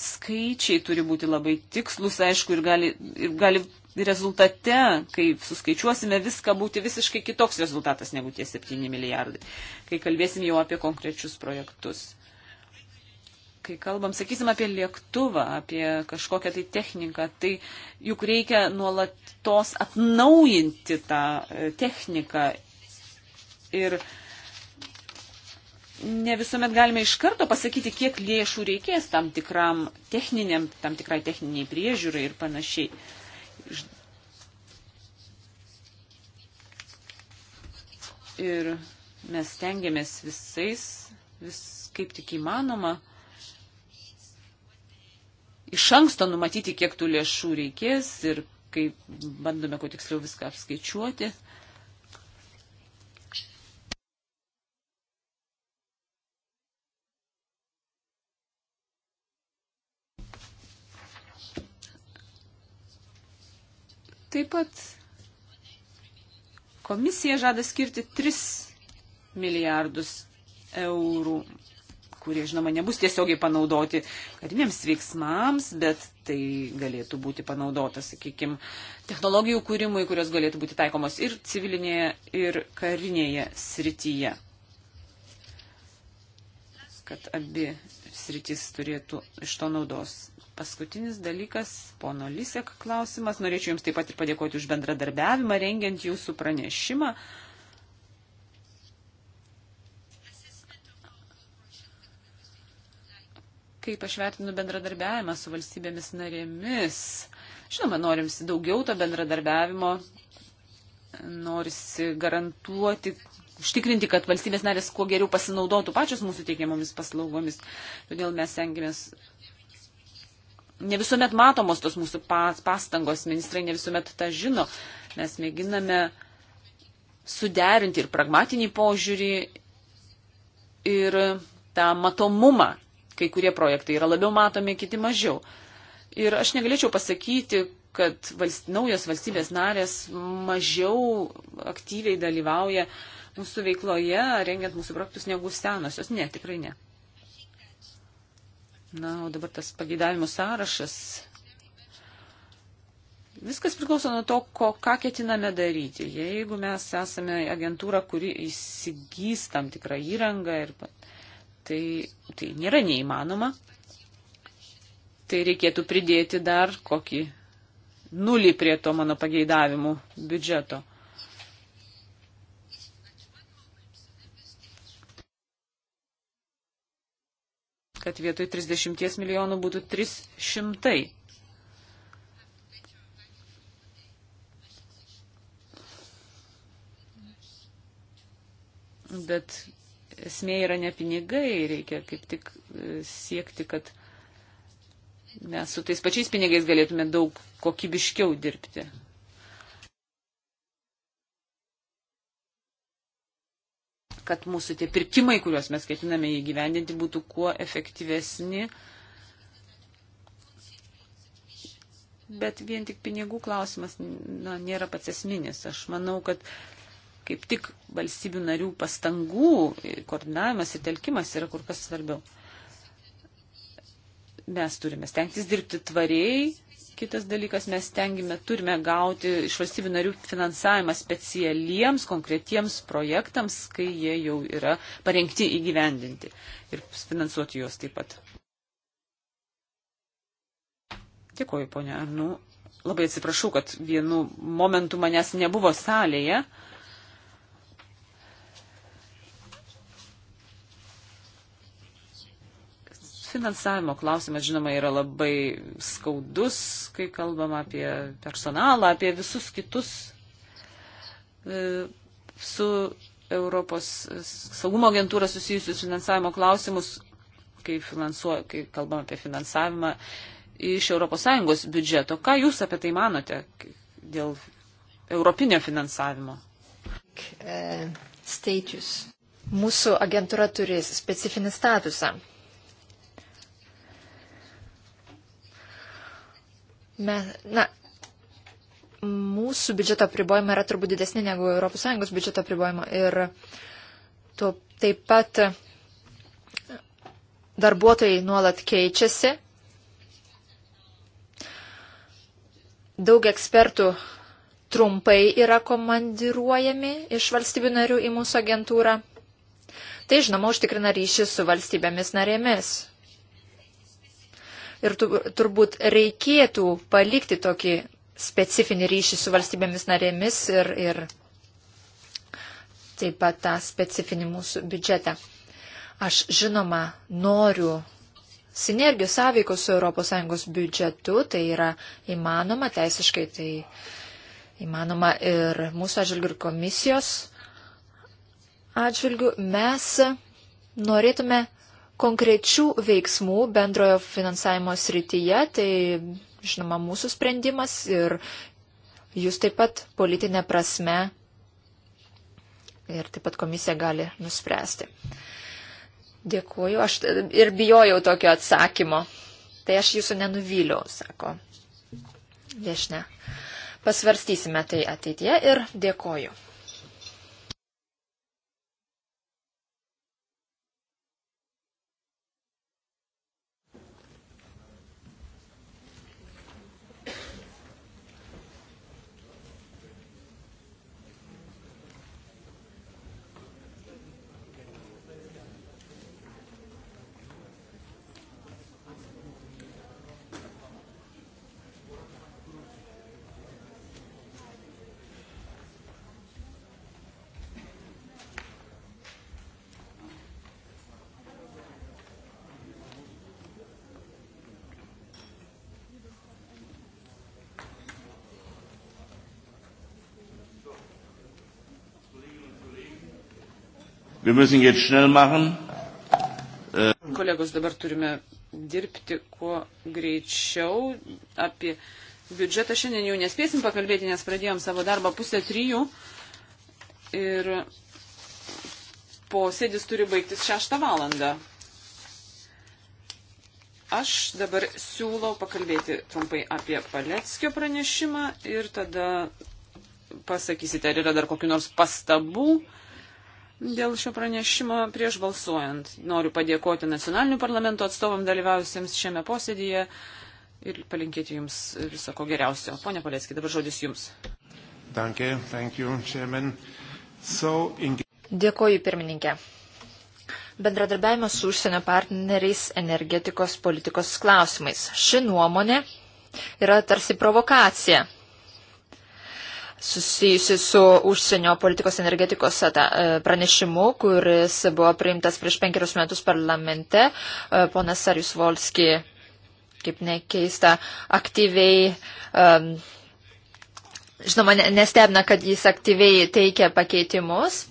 skaičiai turi būti labai tikslus, aišku, ir gali, ir gali rezultate, kai suskaičiuosime viską, būti visiškai kitoks rezultatas negu tie 7 milijardai, kai kalbėsim jau apie konkrečius projektus. Kai kalbam, sakysim, apie lėktuvą, apie kažkokią tai techniką, tai juk reikia nuolatos atnaujinti tą e, techniką ir ne visuomet galime iš karto pasakyti, kiek lėšų reikės tam tikram techniniam, tam tikrai techniniai priežiūrai ir panašiai. Ir mes tengiamės visais, vis kaip tik įmanoma, iš anksto numatyti, kiek tų lėšų reikės ir kaip bandome, kuo tiksliau viską apskaičiuoti. Taip pat komisija žada skirti 3 milijardus eurų, kurie, žinoma, nebus tiesiogiai panaudoti kariniams veiksmams, bet tai galėtų būti panaudota, sakykime, technologijų kūrimui, kurios galėtų būti taikomos ir civilinėje, ir karinėje srityje. Kad abi sritys turėtų iš to naudos paskutinis dalykas, pono Lisek klausimas. Norėčiau Jums taip pat ir padėkoti už bendradarbiavimą, rengiant Jūsų pranešimą. Kaip aš vertinu bendradarbiavimą su valstybėmis narėmis. Žinoma, norimsi daugiau to bendradarbiavimo, norisi garantuoti užtikrinti, kad valstybės narės kuo geriau pasinaudotų pačios mūsų teikiamomis paslaugomis. Todėl mes stengiamės ne visuomet matomos tos mūsų pastangos, ministrai ne visuomet tą žino. Mes mėginame suderinti ir pragmatinį požiūrį, ir tą matomumą. Kai kurie projektai yra labiau matomi, kiti mažiau. Ir aš negalėčiau pasakyti, kad valst, naujos valstybės narės mažiau aktyviai dalyvauja mūsų veikloje, rengiant mūsų projektus negu senosios. Ne, tikrai ne. Na, o dabar tas pageidavimų sąrašas. Viskas priklauso nuo to, ko, ką ketiname daryti. Jeigu mes esame agentūra, kuri įsigys tam tikrą įrangą, ir, tai, tai nėra neįmanoma. Tai reikėtų pridėti dar kokį nulį prie to mano pageidavimų biudžeto. kad vietoj 30 milijonų būtų 300. Bet esmė yra ne pinigai, reikia kaip tik e, siekti, kad mes su tais pačiais pinigais galėtume daug kokybiškiau dirbti. kad mūsų tie pirkimai, kuriuos mes ketiname įgyvendinti, būtų kuo efektyvesni. Bet vien tik pinigų klausimas na, nėra pats esminis. Aš manau, kad kaip tik valstybių narių pastangų koordinavimas ir telkimas yra kur kas svarbiau. Mes turime stengtis dirbti tvariai, Kitas dalykas, mes tengime, turime gauti iš valstybių narių finansavimą specialiems, konkretiems projektams, kai jie jau yra parengti įgyvendinti ir finansuoti juos taip pat. Dėkuoju, ponia Arnu. Labai atsiprašau, kad vienu momentu manęs nebuvo salėje. Uh, Finansavimo klausimas, žinoma, yra labai skaudus, kai kalbam apie personalą, apie visus kitus e, su Europos saugumo agentūra susijusius finansavimo klausimus, kai, finansuo, kai kalbam apie finansavimą iš ES biudžeto. Ką Jūs apie tai manote dėl europinio finansavimo? Status. Mūsų agentūra turi specifinį statusą. Mes, na, mūsų biudžeto apribojimai yra turbūt didesni negu ES biudžeto apribojimai. Ir tu taip pat darbuotojai nuolat keičiasi. Daug ekspertų trumpai yra komandiruojami iš valstybių narių į mūsų agentūrą. Tai, žinoma, užtikrina ryšį su valstybėmis narėmis ir turbūt reikėtų palikti tokį specifinį ryšį su valstybėmis narėmis ir, ir taip pat tą specifinį mūsų biudžetą. Aš žinoma noriu sinergijos sąveikos su ES biudžetu, tai yra įmanoma teisiškai, tai įmanoma ir mūsų atžvilgių ir komisijos atžvilgių. Mes norėtume konkrečių veiksmų bendrojo finansavimo srityje, tai žinoma mūsų sprendimas ir jūs taip pat politinė prasme ir taip pat komisija gali nuspręsti. Dėkuoju, aš ir bijojau tokio atsakymo. Tai aš jūsų nenuvyliau, sako viešne. Pasvarstysime tai ateityje ir dėkoju. Wir müssen jetzt schnell machen. Äh, Kolegos, dabar turime dirbti kuo greičiau. Apie biudžetą šiandien jau nespėsim pakalbėti, nes pradėjom savo darbą pusę trijų. Ir posėdis turi baigtis šeštą valandą. Aš dabar siūlau pakalbėti trumpai apie Paleckio pranešimą ir tada pasakysite, ar yra dar kokiu nors pastabu. Uh, Dėl šio pranešimo prieš balsuojant noriu padėkoti nacionalinių parlamento atstovam dalyvavusiems šiame posėdėje ir palinkėti jums viso ko geriausio. Pone Palecki, dabar žodis jums. Danke, thank you, chairman. So, in... Dėkoju, pirmininkė. Bendradarbiavimas su užsienio partneriais energetikos politikos klausimais. Ši nuomonė yra tarsi provokacija susijusi su užsienio politikos energetikos e, pranešimu, kuris buvo priimtas prieš penkerius metus parlamente. E, ponas Sarius Volski, kaip nekeista, aktyviai. Um, Žinoma, nestebna, kad jis aktyviai teikia pakeitimus.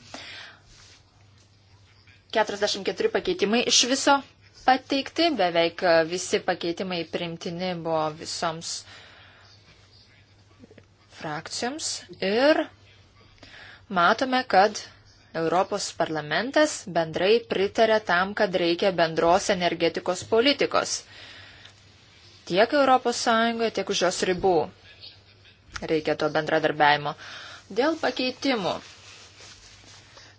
44 pakeitimai iš viso pateikti, beveik visi pakeitimai primtini buvo visoms frakcijoms ir matome, kad Europos parlamentas bendrai pritarė tam, kad reikia bendros energetikos politikos tiek ES, tiek už jos ribų. Reikia to bendradarbiajimo. Dėl pakeitimų.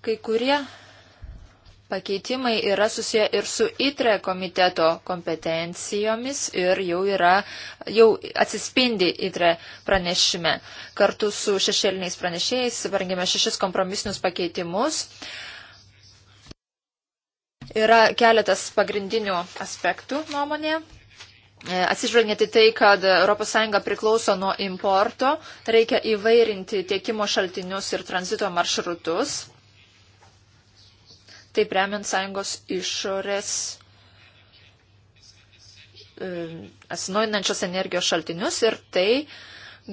Kai kurie pakeitimai yra susiję ir su ITRE komiteto kompetencijomis ir jau, yra, jau atsispindi ITRE pranešime. Kartu su šešėliniais pranešėjais parengėme šešis kompromisinius pakeitimus. Yra keletas pagrindinių aspektų nuomonė. E, atsižvelgiant į tai, kad ES priklauso nuo importo, reikia įvairinti tiekimo šaltinius ir tranzito maršrutus taip remiant sąjungos išorės e, atsinaujinančios energijos šaltinius ir tai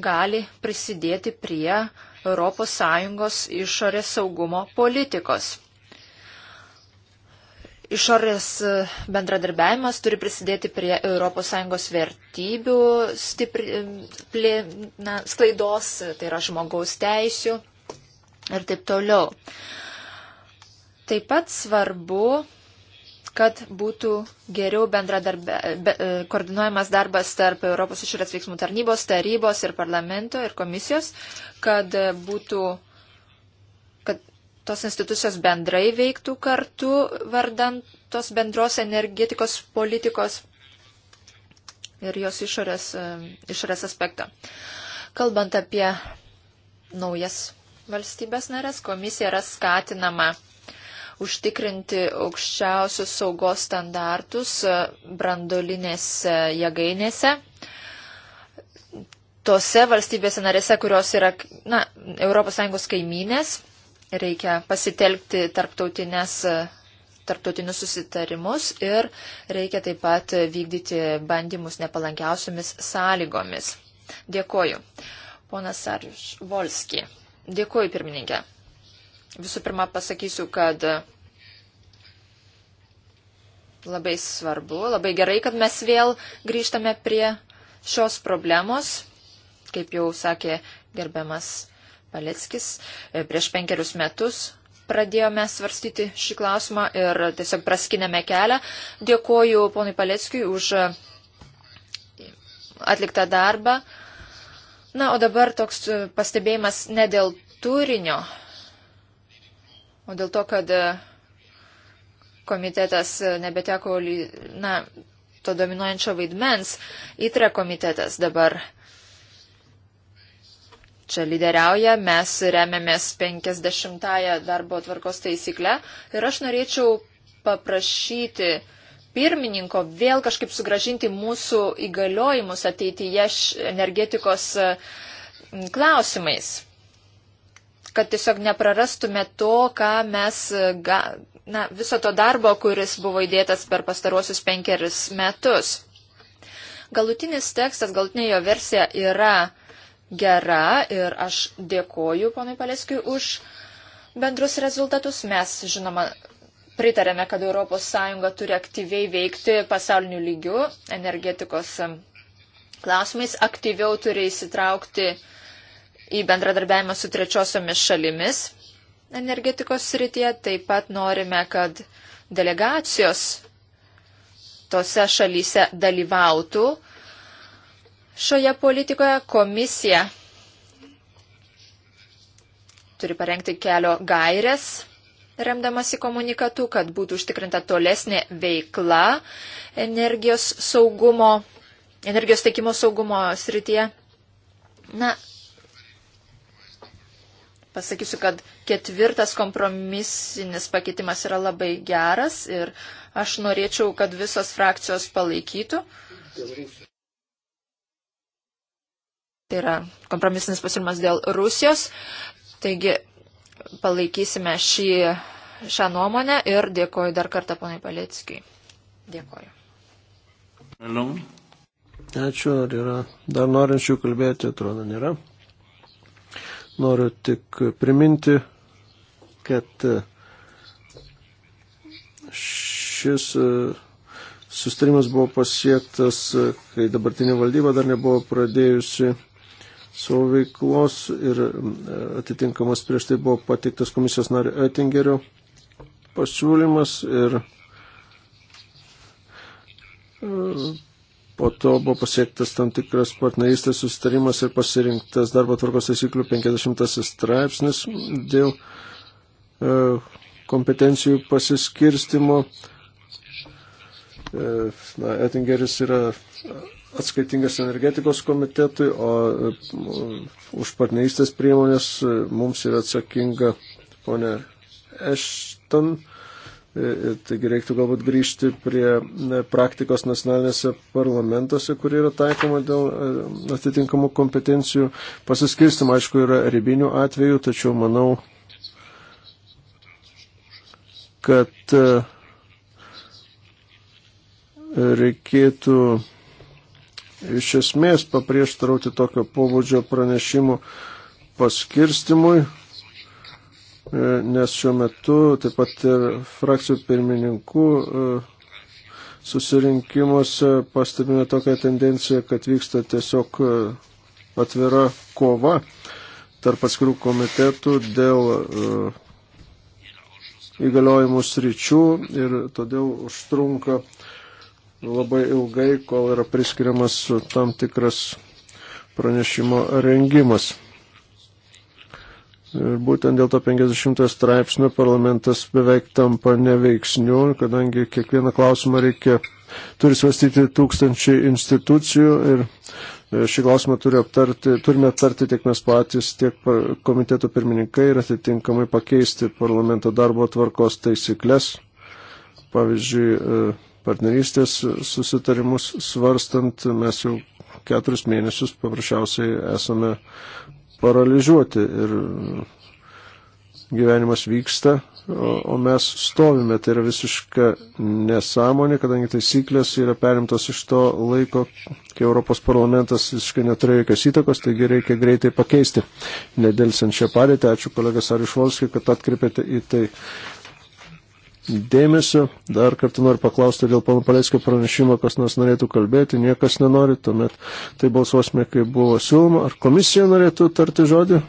gali prisidėti prie ES išorės saugumo politikos. Išorės e, bendradarbiavimas turi prisidėti prie ES vertybių stipri, e, plė, na, sklaidos, tai yra žmogaus teisių ir taip toliau. Uh, Taip pat svarbu, kad būtų geriau be, e, koordinuojamas darbas tarp Europos išorės veiksmų tarnybos, tarybos ir parlamento ir komisijos, kad būtų kad tos institucijos bendrai veiktų kartu vardant tos bendros energetikos politikos ir jos išorės, e, išorės aspektą. Kalbant apie naujas valstybės narės, komisija yra skatinama užtikrinti aukščiausius saugos standartus e, brandolinėse jėgainėse. Tose valstybėse narėse, kurios yra na, ES kaimynės, reikia pasitelkti tarptautinės e, tarptautinius susitarimus ir reikia taip pat vykdyti bandymus nepalankiausiamis sąlygomis. Dėkoju. Ponas Sarius Volski. Dėkoju, pirmininkė. Visų pirma, pasakysiu, kad labai svarbu, labai gerai, kad mes vėl grįžtame prie šios problemos, kaip jau sakė gerbiamas Paleckis, e, prieš penkerius metus pradėjome svarstyti šį klausimą ir tiesiog praskinėme kelią. Dėkoju ponui Paleckiui už atliktą darbą. Na, o dabar toks e, pastebėjimas ne dėl turinio, o dėl to, kad e, komitetas e, nebeteko na, to dominuojančio vaidmens, įtre komitetas dabar čia lyderiauja, mes remiamės 50-ąją darbo tvarkos taisyklę ir aš norėčiau paprašyti pirmininko vėl kažkaip sugražinti mūsų įgaliojimus ateityje energetikos e, klausimais kad tiesiog neprarastume to, ką mes, ga, na, viso to darbo, kuris buvo įdėtas per pastaruosius penkerius metus. Galutinis tekstas, galutinė jo versija yra gera ir aš dėkoju ponui Paleskiui už bendrus rezultatus. Mes, žinoma, pritarėme, kad ES turi aktyviai veikti pasauliniu lygiu energetikos um, klausimais, aktyviau turi įsitraukti uh, į bendradarbiavimą su trečiosiomis šalimis energetikos srityje. Taip pat norime, kad delegacijos tose šalyse dalyvautų šioje politikoje. Komisija turi parengti kelio gairias remdamasi komunikatu, kad būtų užtikrinta tolesnė veikla energijos saugumo, energijos teikimo saugumo srityje. Na, pasakysiu, kad ketvirtas kompromisinis pakeitimas yra labai geras ir aš norėčiau, kad visos frakcijos palaikytų. Tai yra kompromisinis pasiūlymas dėl Rusijos. Taigi palaikysime šį, šią nuomonę ir dėkoju dar kartą ponai Palieckiai. Dėkoju. Hello. Ačiū, ar yra dar norinčių kalbėti, atrodo, nėra. Noriu tik priminti, kad e, šis e, sustarimas buvo pasiektas, e, kai dabartinė valdyba dar nebuvo pradėjusi savo veiklos ir atitinkamas prieš tai buvo pateiktas komisijos nario Oettingerio pasiūlymas ir Po to buvo pasiektas tam tikras partnerystės sustarimas ir pasirinktas darbo tvarkos taisyklių 50 straipsnis dėl e, kompetencijų pasiskirstimo. E, na, Ettingeris yra atskaitingas energetikos komitetui, o e, už partnerystės priemonės mums yra atsakinga ponė Ešton. E, E, e, taigi reiktų galbūt grįžti prie e, praktikos nacionalinėse parlamentuose, kur yra taikoma dėl atitinkamų kompetencijų pasiskirstimą. Aišku, yra ribinių atvejų, tačiau manau, kad reikėtų iš esmės paprieštarauti tokio pobūdžio pranešimų paskirstimui E, nes šiuo metu taip pat ir frakcijų pirmininkų e, susirinkimuose pastebime tokią tendenciją, kad vyksta tiesiog e, atvira kova tarp atskirų komitetų dėl įgaliojimų sričių ir todėl užtrunka labai ilgai, kol yra priskiriamas tam tikras pranešimo rengimas. Ir būtent dėl to 50 straipsnio parlamentas beveik tampa neveiksniu, kadangi kiekvieną klausimą reikia, turi svastyti tūkstančiai institucijų ir e, šį klausimą turi aptarti, turime aptarti tiek mes patys, tiek komiteto pirmininkai ir atitinkamai pakeisti parlamento darbo tvarkos taisyklės. Pavyzdžiui, e, partnerystės susitarimus svarstant mes jau keturis mėnesius paprasčiausiai esame paralyžiuoti ir gyvenimas vyksta, o, o mes stovime. Tai yra visiška nesąmonė, kadangi taisyklės yra perimtos iš to laiko, kai Europos parlamentas visiškai neturėjo jokios įtakos, taigi reikia greitai pakeisti. Nedėlsiant šią padėtį, ačiū kolegas Arišvolskiai, kad atkreipėte į tai dėmesio. Dar kartą noriu paklausti dėl pono Paleckio pranešimo, kas nors norėtų kalbėti, niekas nenori, tuomet tai balsuosime, kaip buvo siūloma. Ar komisija norėtų tarti žodį?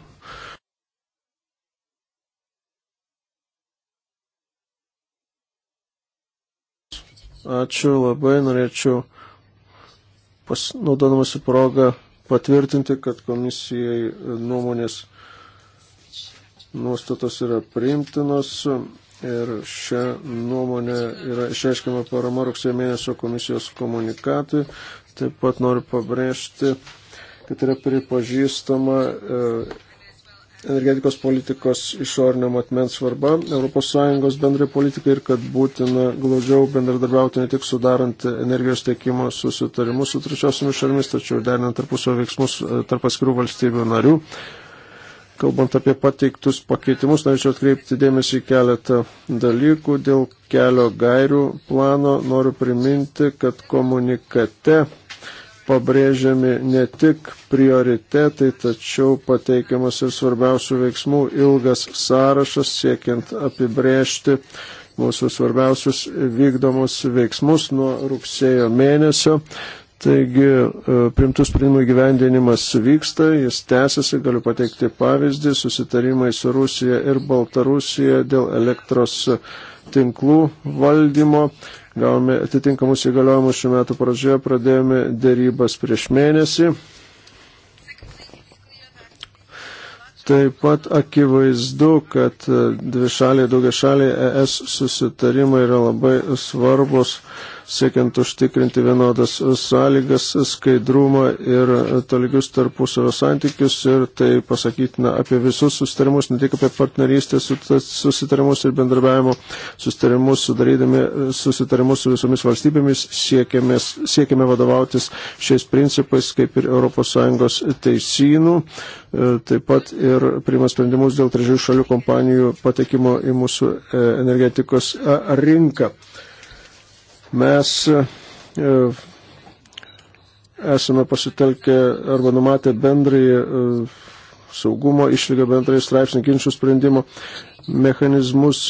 Ačiū labai, norėčiau pasinaudodamas į progą patvirtinti, kad komisijai nuomonės nuostatos yra priimtinos. Ir šią nuomonę yra išreiškiama parama rugsėjo mėnesio komisijos komunikatui. Taip pat noriu pabrėžti, kad yra pripažįstama e, energetikos politikos išorinio matmens svarba ES bendrai politikai ir kad būtina glaudžiau bendradarbiauti ne tik sudarant energijos tiekimo susitarimus su trečiosiomis šalimis, tačiau derinant tarpusio veiksmus e, tarp atskirų valstybių narių. Kalbant apie pateiktus pakeitimus, norėčiau atkreipti dėmesį į keletą dalykų dėl kelio gairių plano. Noriu priminti, kad komunikate pabrėžiami ne tik prioritetai, tačiau pateikiamas ir svarbiausių veiksmų ilgas sąrašas siekiant apibrėžti mūsų svarbiausius vykdomus veiksmus nuo rugsėjo mėnesio. Taigi, e, primtų sprendimų gyvendinimas vyksta, jis tęsiasi, galiu pateikti pavyzdį, susitarimai su Rusija ir Baltarusija dėl elektros tinklų valdymo. Gavome atitinkamus įgaliojimus šių metų pradžioje, pradėjome dėrybas prieš mėnesį. Taip pat akivaizdu, kad dvišaliai, daugiašaliai ES susitarimai yra labai svarbus. Uh, siekiant užtikrinti vienodas sąlygas, skaidrumą ir tolygius tarpusavio santykius ir tai pasakytina apie visus susitarimus, ne tik apie partnerystės susitarimus ir bendrabiavimo susitarimus, sudarydami susitarimus su visomis valstybėmis, siekiame, siekiame vadovautis šiais principais kaip ir ES teisynų, e, taip pat ir priima sprendimus dėl trečiųjų šalių kompanijų patekimo į mūsų e, energetikos e, rinką. Mes e, e, esame pasitelkę arba numatę bendrąjį e, saugumo išlygą, bendrąjį straipsnį ginčių sprendimo mechanizmus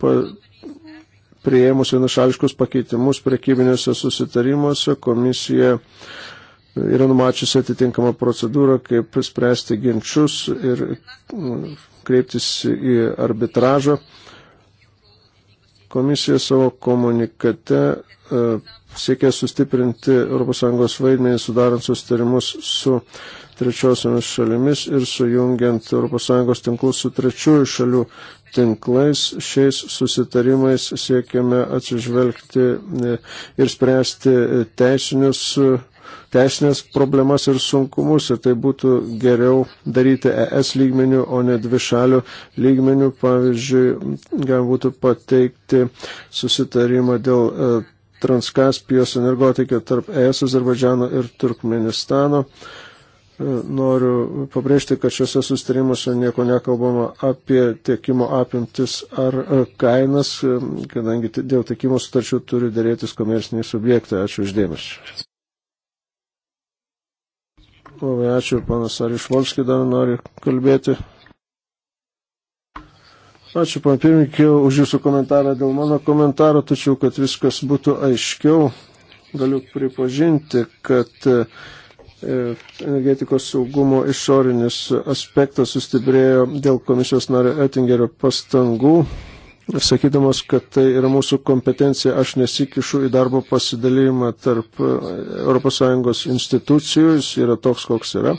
pa, prieimus vienašališkus pakeitimus prekybinėse susitarimuose komisija yra numačiusi atitinkamą procedūrą, kaip spręsti ginčius ir kreiptis į arbitražą Komisija savo komunikate e, siekia sustiprinti ES vaidmenį sudarant sustarimus su trečiosiomis šalimis ir sujungiant ES tinklus su trečiųjų šalių tinklais. Šiais susitarimais siekiame atsižvelgti e, ir spręsti teisinius teisinės problemas ir sunkumus ir tai būtų geriau daryti ES lygmenių, o ne dvišalių lygmenių. Pavyzdžiui, galima būtų pateikti susitarimą dėl e, Transkaspijos energotikio tarp ES, Azerbaidžiano ir Turkmenistano. E, noriu pabrėžti, kad šiuose sustarimuose nieko nekalbama apie tiekimo apimtis ar e, kainas, e, kadangi dėl tiekimo sutarčių turi dėrėtis komerciniai subjektai. Ačiū uždėmesi. Labai ačiū, panas Arišvolski dar nori kalbėti. Ačiū, pan pirmininkė, už jūsų komentarą. Dėl mano komentaro, tačiau, kad viskas būtų aiškiau, galiu pripažinti, kad e, energetikos saugumo išorinis aspektas sustiprėjo dėl komisijos nario Ettingerio pastangų sakydamas, kad tai yra mūsų kompetencija, aš nesikišu į darbo pasidalymą tarp ES institucijų, jis yra toks, koks yra,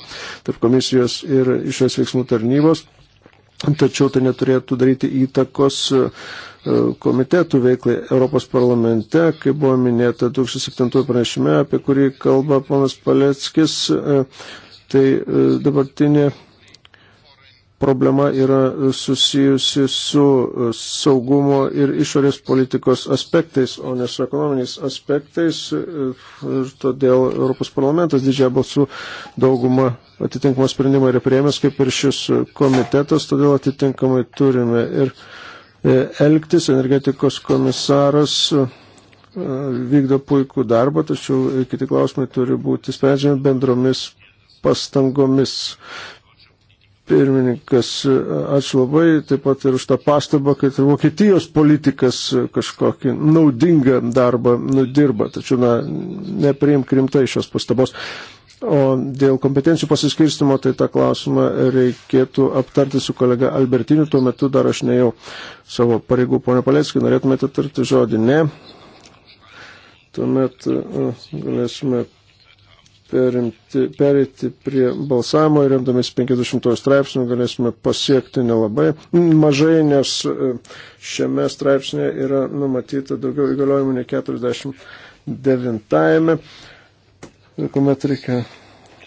tarp komisijos ir išvės veiksmų tarnybos, tačiau tai neturėtų daryti įtakos e, komitetų veiklai Europos parlamente, kaip buvo minėta 2007 pranešime, apie kurį kalba ponas Paleckis, e, tai e, dabartinė problema yra susijusi su e, saugumo ir išorės politikos aspektais, o ne su ekonominiais aspektais. E, ir todėl Europos parlamentas didžiąją balsų daugumą atitinkamą sprendimą yra prieimęs, kaip ir šis komitetas, todėl atitinkamai turime ir e, elgtis. Energetikos komisaras vykdo puikų darbą, tačiau kiti klausimai turi būti sprendžiami bendromis pastangomis. Pirmininkas, ačiū labai, taip pat ir už tą pastabą, kad ir Vokietijos politikas kažkokį naudingą darbą nudirba, tačiau, na, nepriimk rimtai šios pastabos. O dėl kompetencijų pasiskirstimo, tai tą klausimą reikėtų aptarti su kolega Albertiniu, tuo metu dar aš nejau savo pareigų, ponia Paleckį, norėtumėte tarti žodį ne. Tuomet uh, galėsime perimti, perėti prie balsavimo ir remdamės 50 straipsnių galėsime pasiekti nelabai mažai, nes e, šiame straipsnėje yra numatyta daugiau įgaliojimų nei 49-ame, kuomet reikia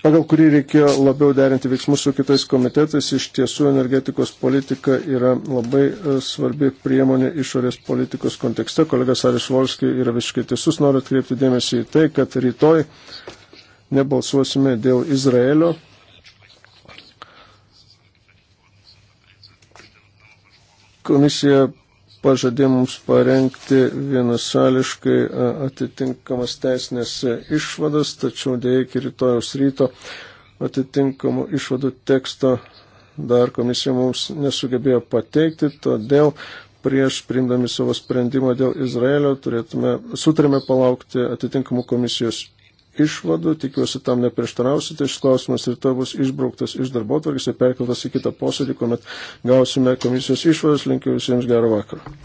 pagal kurį reikėjo labiau derinti veiksmus su kitais komitetais. Iš tiesų energetikos politika yra labai e, svarbi priemonė išorės politikos kontekste. Kolegas Aris Volski yra visiškai tiesus, noriu atkreipti dėmesį į tai, kad rytoj nebalsuosime dėl Izraelio. Komisija pažadė mums parengti vienasališkai atitinkamas teisinės išvadas, tačiau dėja iki rytojaus ryto atitinkamų išvadų teksto dar komisija mums nesugebėjo pateikti, todėl prieš priimdami savo sprendimą dėl Izraelio turėtume, sutarėme palaukti atitinkamų komisijos išvadų, tikiuosi tam neprieštarausite, šis klausimas rytoj bus išbrauktas iš darbo tvarkės ir perkeltas į kitą posėdį, kuomet gausime komisijos išvadas, linkiu visiems gerą vakarą.